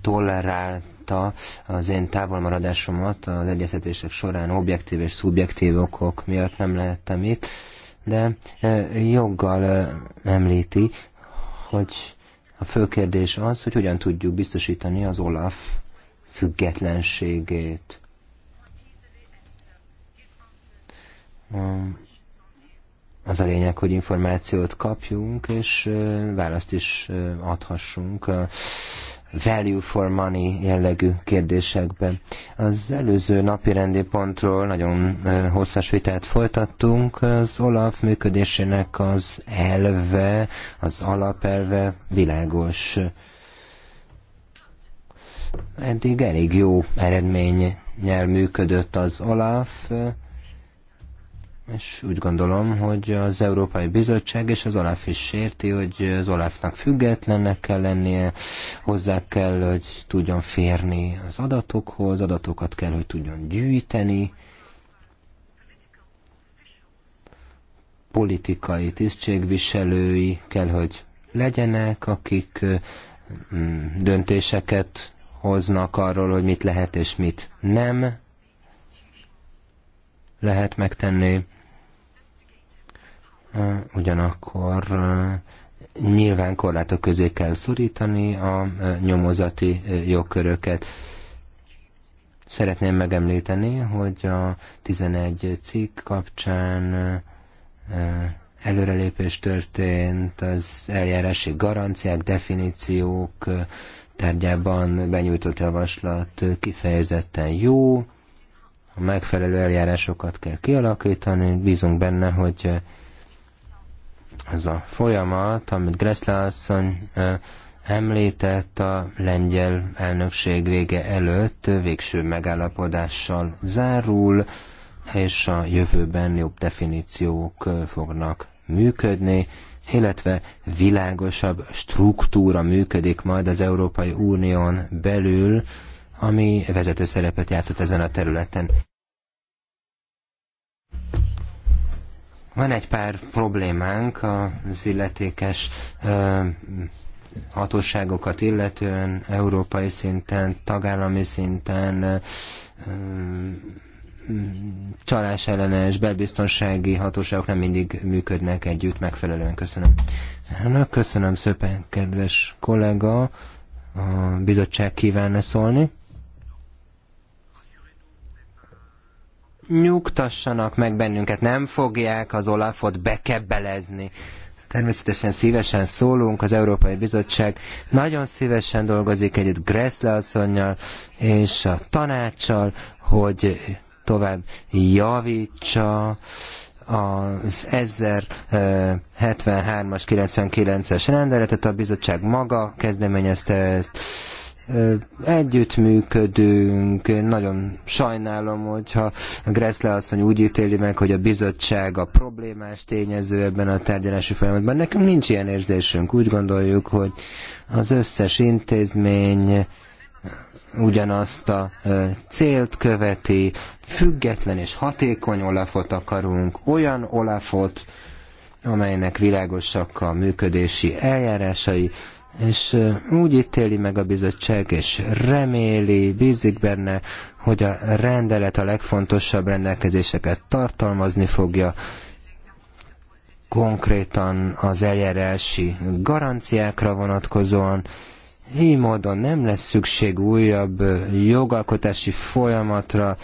tolerálta az én távolmaradásomat az egyeztetések során objektív és szubjektív okok miatt nem lehettem itt de e, joggal e, említi, hogy a fő kérdés az, hogy hogyan tudjuk biztosítani az Olaf függetlenségét. Az a lényeg, hogy információt kapjunk, és e, választ is adhassunk value for money jellegű kérdésekben. Az előző napi rendi pontról nagyon hosszas vitát folytattunk. Az OLAF működésének az elve, az alapelve világos. Eddig elég jó eredménnyel működött az OLAF és úgy gondolom, hogy az Európai Bizottság és az OLAF is sérti, hogy az Olafnak függetlennek kell lennie, hozzá kell, hogy tudjon férni az adatokhoz, adatokat kell, hogy tudjon gyűjteni, politikai tisztségviselői kell, hogy legyenek, akik mm, döntéseket hoznak arról, hogy mit lehet és mit nem lehet megtenni ugyanakkor nyilván korlátok közé kell szorítani a nyomozati jogköröket. Szeretném megemlíteni, hogy a 11 cikk kapcsán előrelépés történt, az eljárási garanciák, definíciók tárgyában benyújtott javaslat kifejezetten jó, a megfelelő eljárásokat kell kialakítani, bízunk benne, hogy ez a folyamat, amit Gressle asszony említett a lengyel elnökség vége előtt végső megállapodással zárul, és a jövőben jobb definíciók fognak működni, illetve világosabb struktúra működik majd az Európai Unión belül, ami vezető szerepet játszott ezen a területen. Van egy pár problémánk az illetékes hatóságokat illetően, európai szinten, tagállami szinten, csalás ellenes belbiztonsági hatóságok nem mindig működnek együtt megfelelően. Köszönöm. Na, köszönöm szépen, kedves kollega. A bizottság kívánna szólni. nyugtassanak meg bennünket, nem fogják az Olafot bekebelezni. Természetesen szívesen szólunk, az Európai Bizottság nagyon szívesen dolgozik együtt Gressle asszonynal és a tanácssal, hogy tovább javítsa az 1073-as 99-es rendeletet, a bizottság maga kezdeményezte ezt, együttműködünk. Én nagyon sajnálom, hogyha Gressle asszony úgy ítéli meg, hogy a bizottság a problémás tényező ebben a tárgyalási folyamatban. Nekünk nincs ilyen érzésünk. Úgy gondoljuk, hogy az összes intézmény ugyanazt a célt követi, független és hatékony olafot akarunk, olyan olafot, amelynek világosak a működési eljárásai, és úgy ítéli meg a bizottság, és reméli, bízik benne, hogy a rendelet a legfontosabb rendelkezéseket tartalmazni fogja, konkrétan az eljárási garanciákra vonatkozóan, így módon nem lesz szükség újabb jogalkotási folyamatra,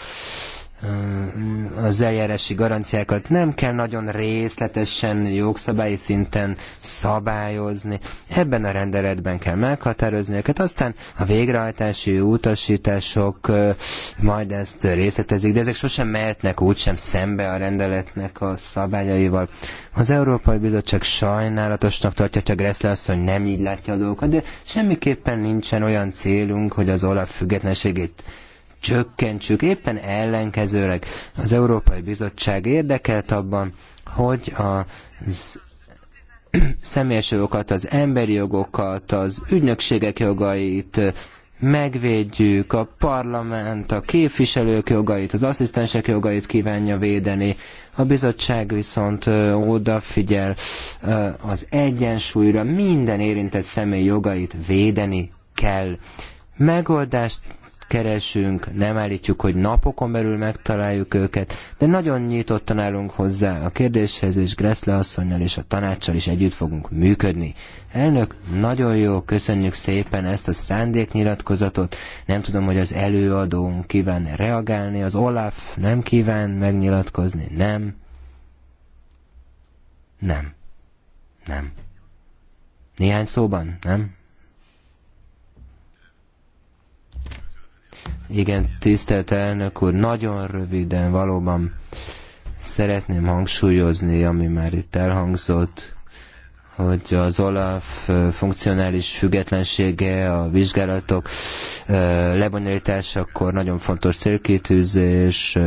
az eljárási garanciákat nem kell nagyon részletesen jogszabályi szinten szabályozni. Ebben a rendeletben kell meghatározni őket, aztán a végrehajtási utasítások majd ezt részletezik, de ezek sosem mehetnek úgysem szembe a rendeletnek a szabályaival. Az Európai Bizottság sajnálatosnak tartja, hogy a Gressler nem így látja a dolgokat, de semmiképpen nincsen olyan célunk, hogy az olaf függetlenségét csökkentsük, éppen ellenkezőleg az Európai Bizottság érdekelt abban, hogy a személyes jogokat, az emberi jogokat, az ügynökségek jogait megvédjük, a parlament, a képviselők jogait, az asszisztensek jogait kívánja védeni, a bizottság viszont odafigyel az egyensúlyra, minden érintett személy jogait védeni kell. Megoldást keresünk, nem állítjuk, hogy napokon belül megtaláljuk őket, de nagyon nyitottan állunk hozzá a kérdéshez, és Gressle asszonynal és a tanácssal is együtt fogunk működni. Elnök, nagyon jó, köszönjük szépen ezt a szándéknyilatkozatot. Nem tudom, hogy az előadón kíván reagálni, az Olaf nem kíván megnyilatkozni, nem. Nem. Nem. Néhány szóban, nem? Igen, tisztelt elnök úr, nagyon röviden valóban szeretném hangsúlyozni, ami már itt elhangzott, hogy az OLAF funkcionális függetlensége, a vizsgálatok lebonyolításakor nagyon fontos célkitűzés,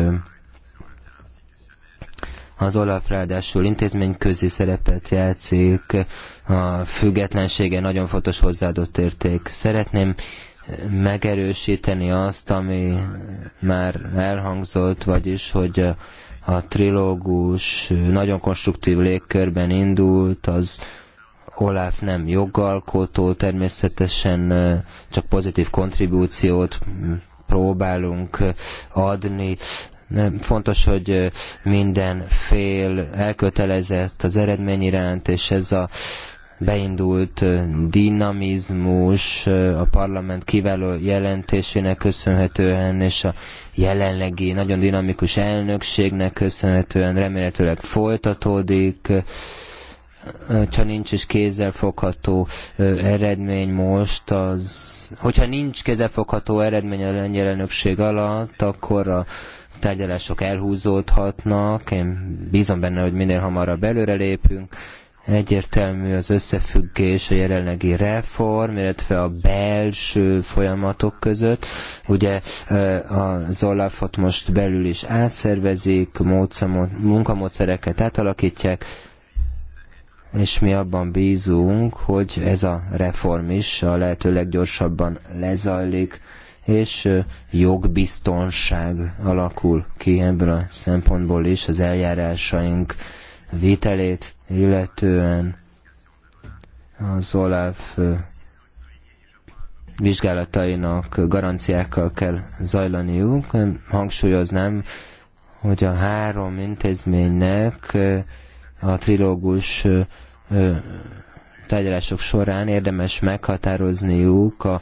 az OLAF ráadásul intézményközi szerepet játszik, a függetlensége nagyon fontos hozzáadott érték. Szeretném megerősíteni azt, ami már elhangzott, vagyis, hogy a trilógus nagyon konstruktív légkörben indult, az Olaf nem jogalkotó, természetesen csak pozitív kontribúciót próbálunk adni. Fontos, hogy minden fél elkötelezett az eredmény iránt, és ez a beindult dinamizmus a parlament kiváló jelentésének köszönhetően, és a jelenlegi nagyon dinamikus elnökségnek köszönhetően remélhetőleg folytatódik, hogyha nincs is kézzelfogható eredmény most, az, hogyha nincs kézzelfogható eredmény a lengyel elnökség alatt, akkor a tárgyalások elhúzódhatnak, én bízom benne, hogy minél hamarabb előrelépünk, Egyértelmű az összefüggés a jelenlegi reform, illetve a belső folyamatok között. Ugye az Olafot most belül is átszervezik, munkamódszereket átalakítják, és mi abban bízunk, hogy ez a reform is a lehető leggyorsabban lezajlik, és jogbiztonság alakul ki ebből a szempontból is az eljárásaink vételét illetően az OLAF vizsgálatainak garanciákkal kell zajlaniuk. Hangsúlyoznám, hogy a három intézménynek a trilógus tárgyalások során érdemes meghatározniuk a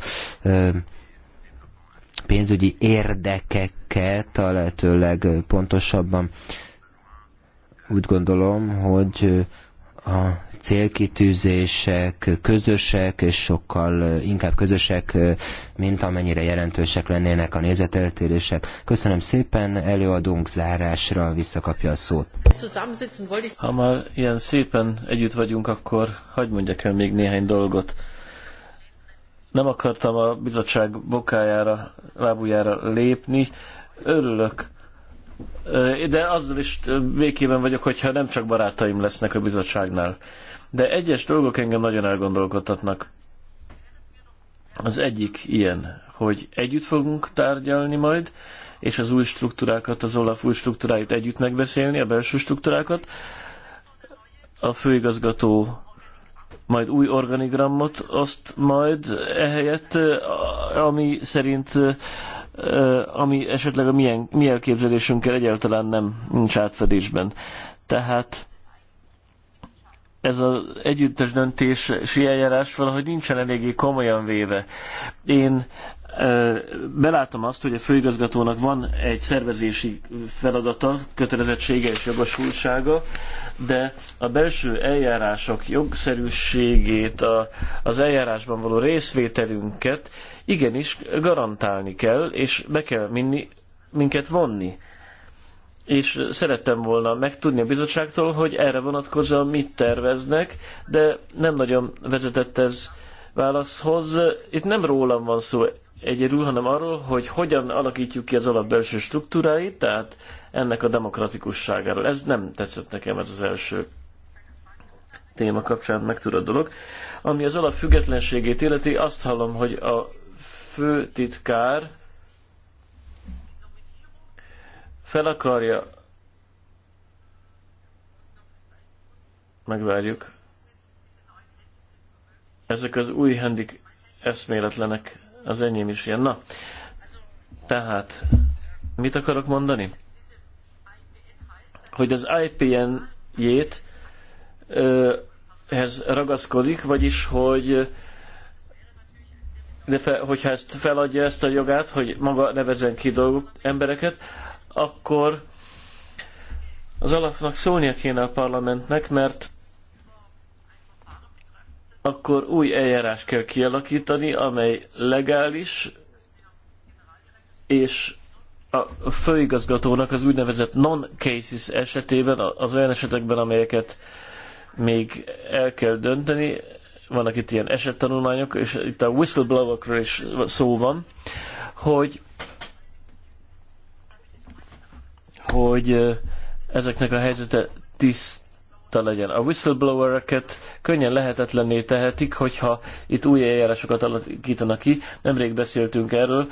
pénzügyi érdekeket a lehető legpontosabban. Úgy gondolom, hogy a célkitűzések közösek, és sokkal inkább közösek, mint amennyire jelentősek lennének a nézeteltérések. Köszönöm szépen, előadunk zárásra visszakapja a szót. Ha már ilyen szépen együtt vagyunk, akkor hagyd mondjak el még néhány dolgot. Nem akartam a bizottság bokájára, lábujára lépni. Örülök de azzal is békében vagyok, hogyha nem csak barátaim lesznek a bizottságnál. De egyes dolgok engem nagyon elgondolkodtatnak. Az egyik ilyen, hogy együtt fogunk tárgyalni majd, és az új struktúrákat, az Olaf új struktúráit együtt megbeszélni, a belső struktúrákat. A főigazgató majd új organigramot oszt majd ehelyett, ami szerint ami esetleg a milyen, mi elképzelésünkkel egyáltalán nem nincs átfedésben. Tehát ez az együttes döntési eljárás valahogy nincsen eléggé komolyan véve. Én belátom azt, hogy a főigazgatónak van egy szervezési feladata, kötelezettsége és jogosultsága, de a belső eljárások jogszerűségét, a, az eljárásban való részvételünket igenis garantálni kell, és be kell minni, minket vonni. És szerettem volna megtudni a bizottságtól, hogy erre vonatkozóan mit terveznek, de nem nagyon vezetett ez válaszhoz. Itt nem rólam van szó egyedül, hanem arról, hogy hogyan alakítjuk ki az belső struktúráit, tehát ennek a demokratikusságáról. Ez nem tetszett nekem, ez az első téma kapcsán megtudott dolog. Ami az alap függetlenségét illeti, azt hallom, hogy a főtitkár fel akarja megvárjuk ezek az új hendik eszméletlenek az enyém is ilyen. Na, tehát mit akarok mondani? Hogy az IPN-jét ehhez ragaszkodik, vagyis, hogy de fe, hogyha ezt feladja ezt a jogát, hogy maga nevezzen ki dolgok, embereket, akkor az alapnak szólnia kéne a parlamentnek, mert akkor új eljárás kell kialakítani, amely legális, és a főigazgatónak az úgynevezett non-cases esetében, az olyan esetekben, amelyeket még el kell dönteni, vannak itt ilyen esettanulmányok, és itt a whistleblowerkről is szó van, hogy hogy ezeknek a helyzete tiszt legyen. A whistleblowereket könnyen lehetetlenné tehetik, hogyha itt új eljárásokat alakítanak ki. Nemrég beszéltünk erről.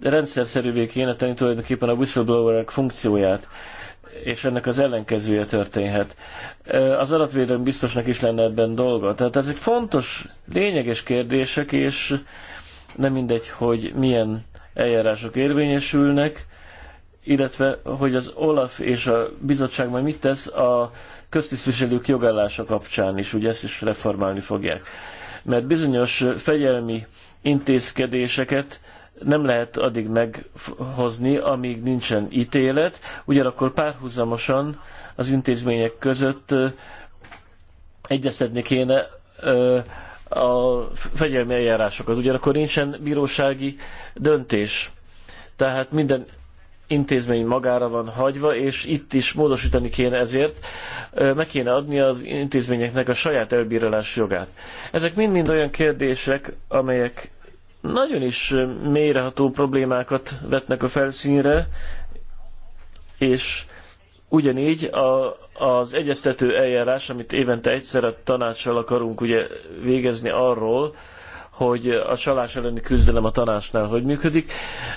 Rendszer szerűvé kéne tenni tulajdonképpen a whistleblowerek funkcióját és ennek az ellenkezője történhet. Az adatvédelem biztosnak is lenne ebben dolga. Tehát ezek fontos, lényeges kérdések, és nem mindegy, hogy milyen eljárások érvényesülnek, illetve hogy az OLAF és a bizottság majd mit tesz a köztisztviselők jogállása kapcsán is, ugye ezt is reformálni fogják. Mert bizonyos fegyelmi intézkedéseket nem lehet addig meghozni, amíg nincsen ítélet, ugyanakkor párhuzamosan az intézmények között egyeztetni kéne a fegyelmi eljárásokat, ugyanakkor nincsen bírósági döntés. Tehát minden intézmény magára van hagyva, és itt is módosítani kéne ezért, meg kéne adni az intézményeknek a saját elbírálás jogát. Ezek mind-mind olyan kérdések, amelyek nagyon is mélyreható problémákat vetnek a felszínre, és ugyanígy a, az egyeztető eljárás, amit évente egyszer a tanácssal akarunk ugye végezni arról, hogy a csalás elleni küzdelem a tanácsnál hogy működik.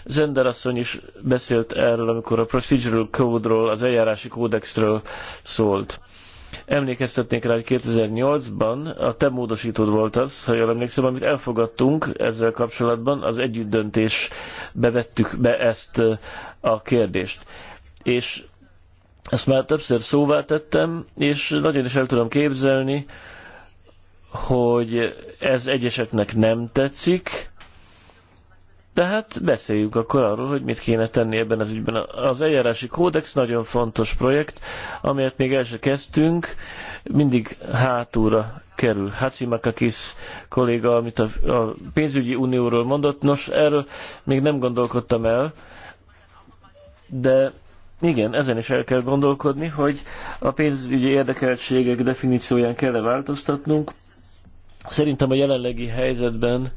Zender asszony is beszélt erről, amikor a Procedural Code-ról, az eljárási kódexről szólt. Emlékeztetnék rá, hogy 2008-ban a te módosítód volt az, ha jól emlékszem, amit elfogadtunk ezzel kapcsolatban, az együtt döntés bevettük be ezt eh, a kérdést. És ezt már többször szóvá tettem, és nagyon is el tudom képzelni, hogy ez egyeseknek nem tetszik, Tehát beszéljük beszéljünk akkor arról, hogy mit kéne tenni ebben az ügyben. Az eljárási kódex nagyon fontos projekt, amelyet még el se kezdtünk, mindig hátúra kerül. Makakis kolléga, amit a, a pénzügyi unióról mondott, nos, erről még nem gondolkodtam el, de igen, ezen is el kell gondolkodni, hogy a pénzügyi érdekeltségek definícióján kell -e változtatnunk, Szerintem a jelenlegi helyzetben eh,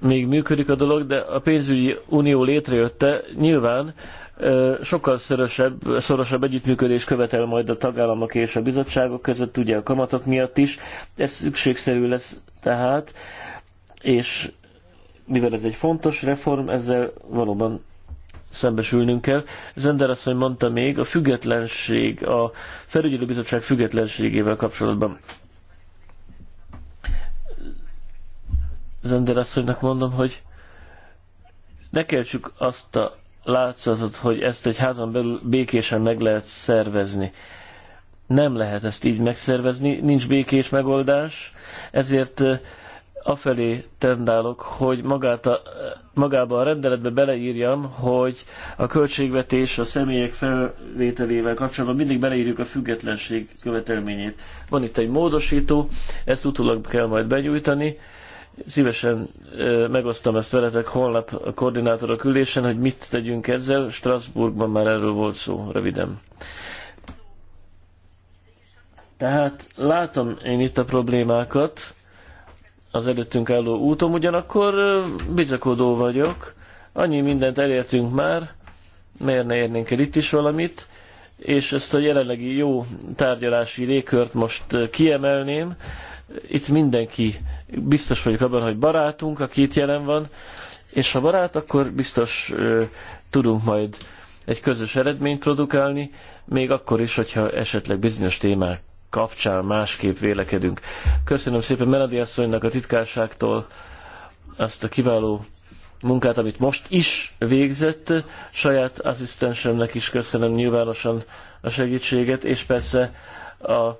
még működik a dolog, de a pénzügyi unió létrejötte nyilván eh, sokkal szörösebb, szorosabb együttműködés követel majd a tagállamok és a bizottságok között, ugye a kamatok miatt is. Ez szükségszerű lesz tehát, és mivel ez egy fontos reform, ezzel valóban szembesülnünk kell. Zender asszony mondta még a függetlenség, a felügyelőbizottság függetlenségével kapcsolatban. asszonynak mondom, hogy ne keltsük azt a látszatot, hogy ezt egy házon belül békésen meg lehet szervezni. Nem lehet ezt így megszervezni, nincs békés megoldás, ezért eh, afelé tendálok, hogy magát a, eh, magába a rendeletbe beleírjam, hogy a költségvetés a személyek felvételével kapcsolatban mindig beleírjuk a függetlenség követelményét. Van itt egy módosító, ezt utólag kell majd begyújtani, Szívesen megosztom ezt veletek holnap a koordinátorok ülésen, hogy mit tegyünk ezzel. Strasbourgban már erről volt szó, röviden. Tehát látom én itt a problémákat az előttünk álló úton, ugyanakkor bizakodó vagyok. Annyi mindent elértünk már, miért ne érnénk el itt is valamit, és ezt a jelenlegi jó tárgyalási rékört most kiemelném, itt mindenki biztos vagyok abban, hogy barátunk, aki itt jelen van, és ha barát, akkor biztos ö, tudunk majd egy közös eredményt produkálni, még akkor is, hogyha esetleg bizonyos témák kapcsán másképp vélekedünk. Köszönöm szépen Menadi asszonynak a titkárságtól azt a kiváló munkát, amit most is végzett. Saját asszisztensemnek is köszönöm nyilvánosan a segítséget, és persze a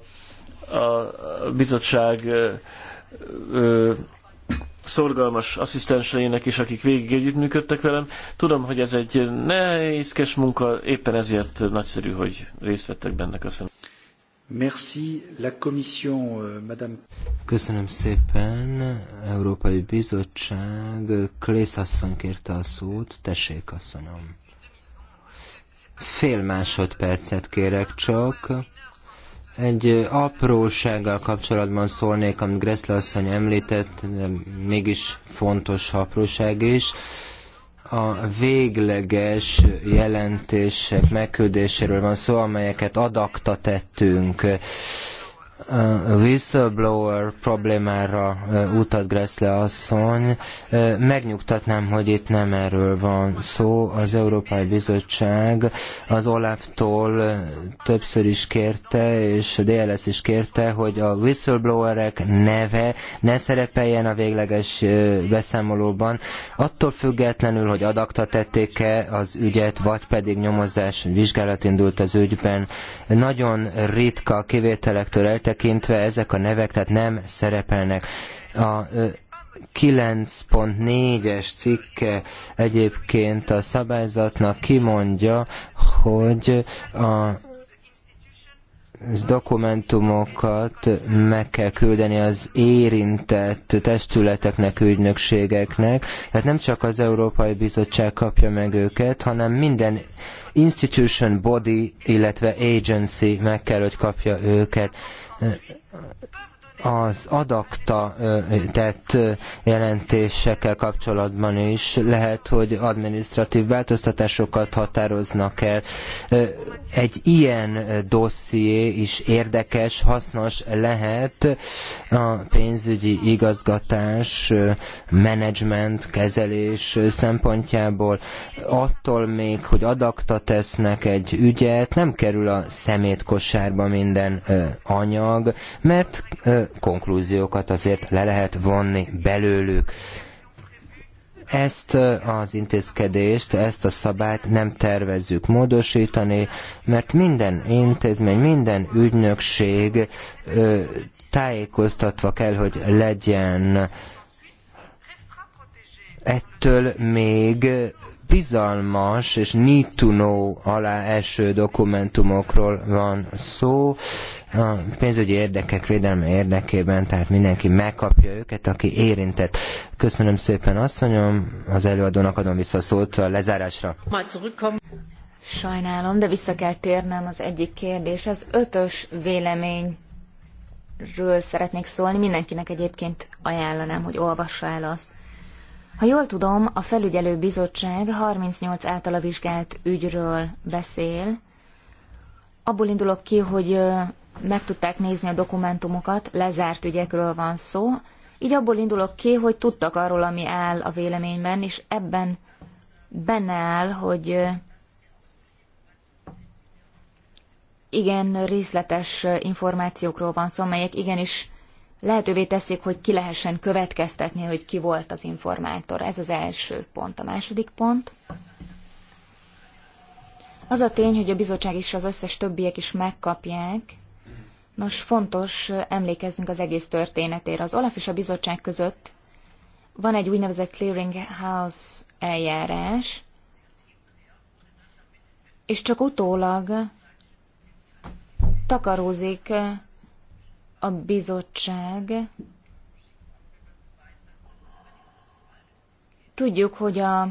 a bizottság szorgalmas asszisztenseinek is, akik végig együttműködtek velem. Tudom, hogy ez egy nehézkes munka, éppen ezért nagyszerű, hogy részt vettek benne. Köszönöm. Merci, la commission, euh, madame. Köszönöm szépen, Európai Bizottság, Klész asszony kérte a szót, tessék asszonyom. Fél másodpercet kérek csak egy aprósággal kapcsolatban szólnék, amit Gressle asszony említett, de mégis fontos apróság is. A végleges jelentések megküldéséről van szó, amelyeket adakta tettünk whistleblower problémára utat Gressle asszony. Megnyugtatnám, hogy itt nem erről van szó. Az Európai Bizottság az olap-tól többször is kérte, és a DLS is kérte, hogy a whistleblowerek neve ne szerepeljen a végleges beszámolóban, attól függetlenül, hogy adakta tették-e az ügyet, vagy pedig nyomozás, vizsgálat indult az ügyben. Nagyon ritka kivételektől eltek tekintve ezek a nevek tehát nem szerepelnek. A 9.4-es cikke egyébként a szabályzatnak kimondja, hogy a dokumentumokat meg kell küldeni az érintett testületeknek, ügynökségeknek. Tehát nem csak az Európai Bizottság kapja meg őket, hanem minden institution, body, illetve agency meg kell, hogy kapja őket az adakta tett jelentésekkel kapcsolatban is lehet, hogy administratív változtatásokat határoznak el. Egy ilyen dosszié is érdekes, hasznos lehet a pénzügyi igazgatás, menedzsment, kezelés szempontjából. Attól még, hogy adakta tesznek egy ügyet, nem kerül a szemétkosárba minden anyag, mert konklúziókat azért le lehet vonni belőlük. Ezt az intézkedést, ezt a szabályt nem tervezzük módosítani, mert minden intézmény, minden ügynökség tájékoztatva kell, hogy legyen ettől még bizalmas és need to know alá eső dokumentumokról van szó, a pénzügyi érdekek védelme érdekében, tehát mindenki megkapja őket, aki érintett. Köszönöm szépen, asszonyom, az előadónak adom vissza a szót a lezárásra. Sajnálom, de vissza kell térnem az egyik kérdés. Az ötös véleményről szeretnék szólni. Mindenkinek egyébként ajánlanám, hogy olvassa el azt. Ha jól tudom, a felügyelő bizottság 38 általa vizsgált ügyről beszél. Abból indulok ki, hogy meg tudták nézni a dokumentumokat, lezárt ügyekről van szó, így abból indulok ki, hogy tudtak arról, ami áll a véleményben, és ebben benne áll, hogy igen részletes információkról van szó, amelyek igenis lehetővé teszik, hogy ki lehessen következtetni, hogy ki volt az informátor. Ez az első pont. A második pont. Az a tény, hogy a bizottság és az összes többiek is megkapják Nos, fontos emlékezzünk az egész történetére. Az Olaf és a bizottság között van egy úgynevezett House eljárás, és csak utólag takarózik a bizottság. Tudjuk, hogy a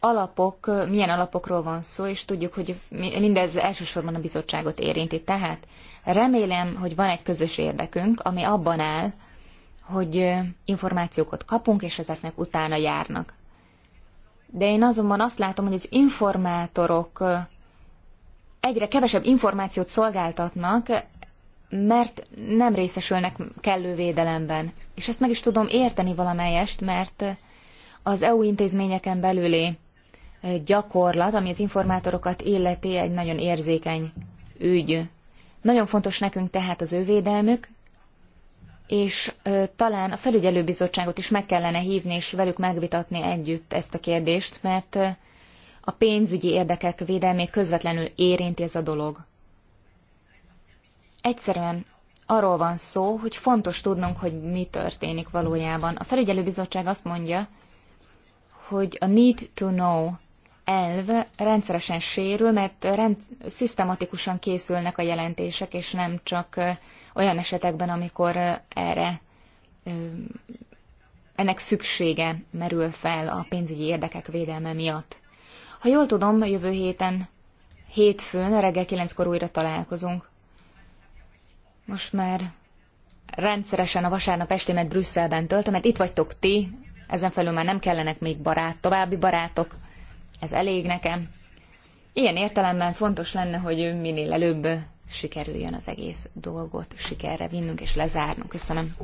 alapok, milyen alapokról van szó, és tudjuk, hogy mindez elsősorban a bizottságot érinti. Tehát remélem, hogy van egy közös érdekünk, ami abban áll, hogy információkat kapunk, és ezeknek utána járnak. De én azonban azt látom, hogy az informátorok egyre kevesebb információt szolgáltatnak, mert nem részesülnek kellő védelemben. És ezt meg is tudom érteni valamelyest, mert az EU intézményeken belüli eh, gyakorlat, ami az informátorokat illeti, egy nagyon érzékeny ügy. Nagyon fontos nekünk tehát az ő védelmük, és ö, eh, talán a felügyelőbizottságot is meg kellene hívni, és velük megvitatni együtt ezt a kérdést, mert ö, eh, a pénzügyi érdekek védelmét közvetlenül érinti ez a dolog. Egyszerűen arról van szó, hogy fontos tudnunk, hogy mi történik valójában. A felügyelőbizottság azt mondja, hogy a need to know elv rendszeresen sérül, mert rend, szisztematikusan készülnek a jelentések, és nem csak olyan esetekben, amikor erre ennek szüksége merül fel a pénzügyi érdekek védelme miatt. Ha jól tudom, jövő héten, hétfőn, reggel kilenckor újra találkozunk. Most már rendszeresen a vasárnap estémet Brüsszelben töltöm, mert itt vagytok ti, ezen felül már nem kellenek még barát, további barátok, ez elég nekem. Ilyen értelemben fontos lenne, hogy minél előbb sikerüljön az egész dolgot sikerre vinnünk és lezárnunk. Köszönöm.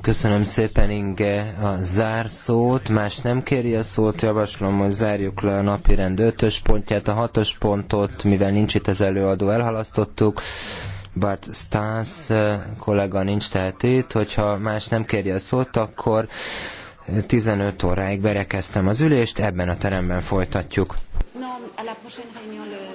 Köszönöm szépen, Inge, a zárszót. Más nem kéri a szót, javaslom, hogy zárjuk le a napi rend ötös pontját, a hatos pontot, mivel nincs itt az előadó, elhalasztottuk. Bart Stans eh, kollega nincs tehát itt, hogyha más nem kéri a szót, akkor 15 eh, óráig berekeztem az ülést, ebben a teremben folytatjuk. No,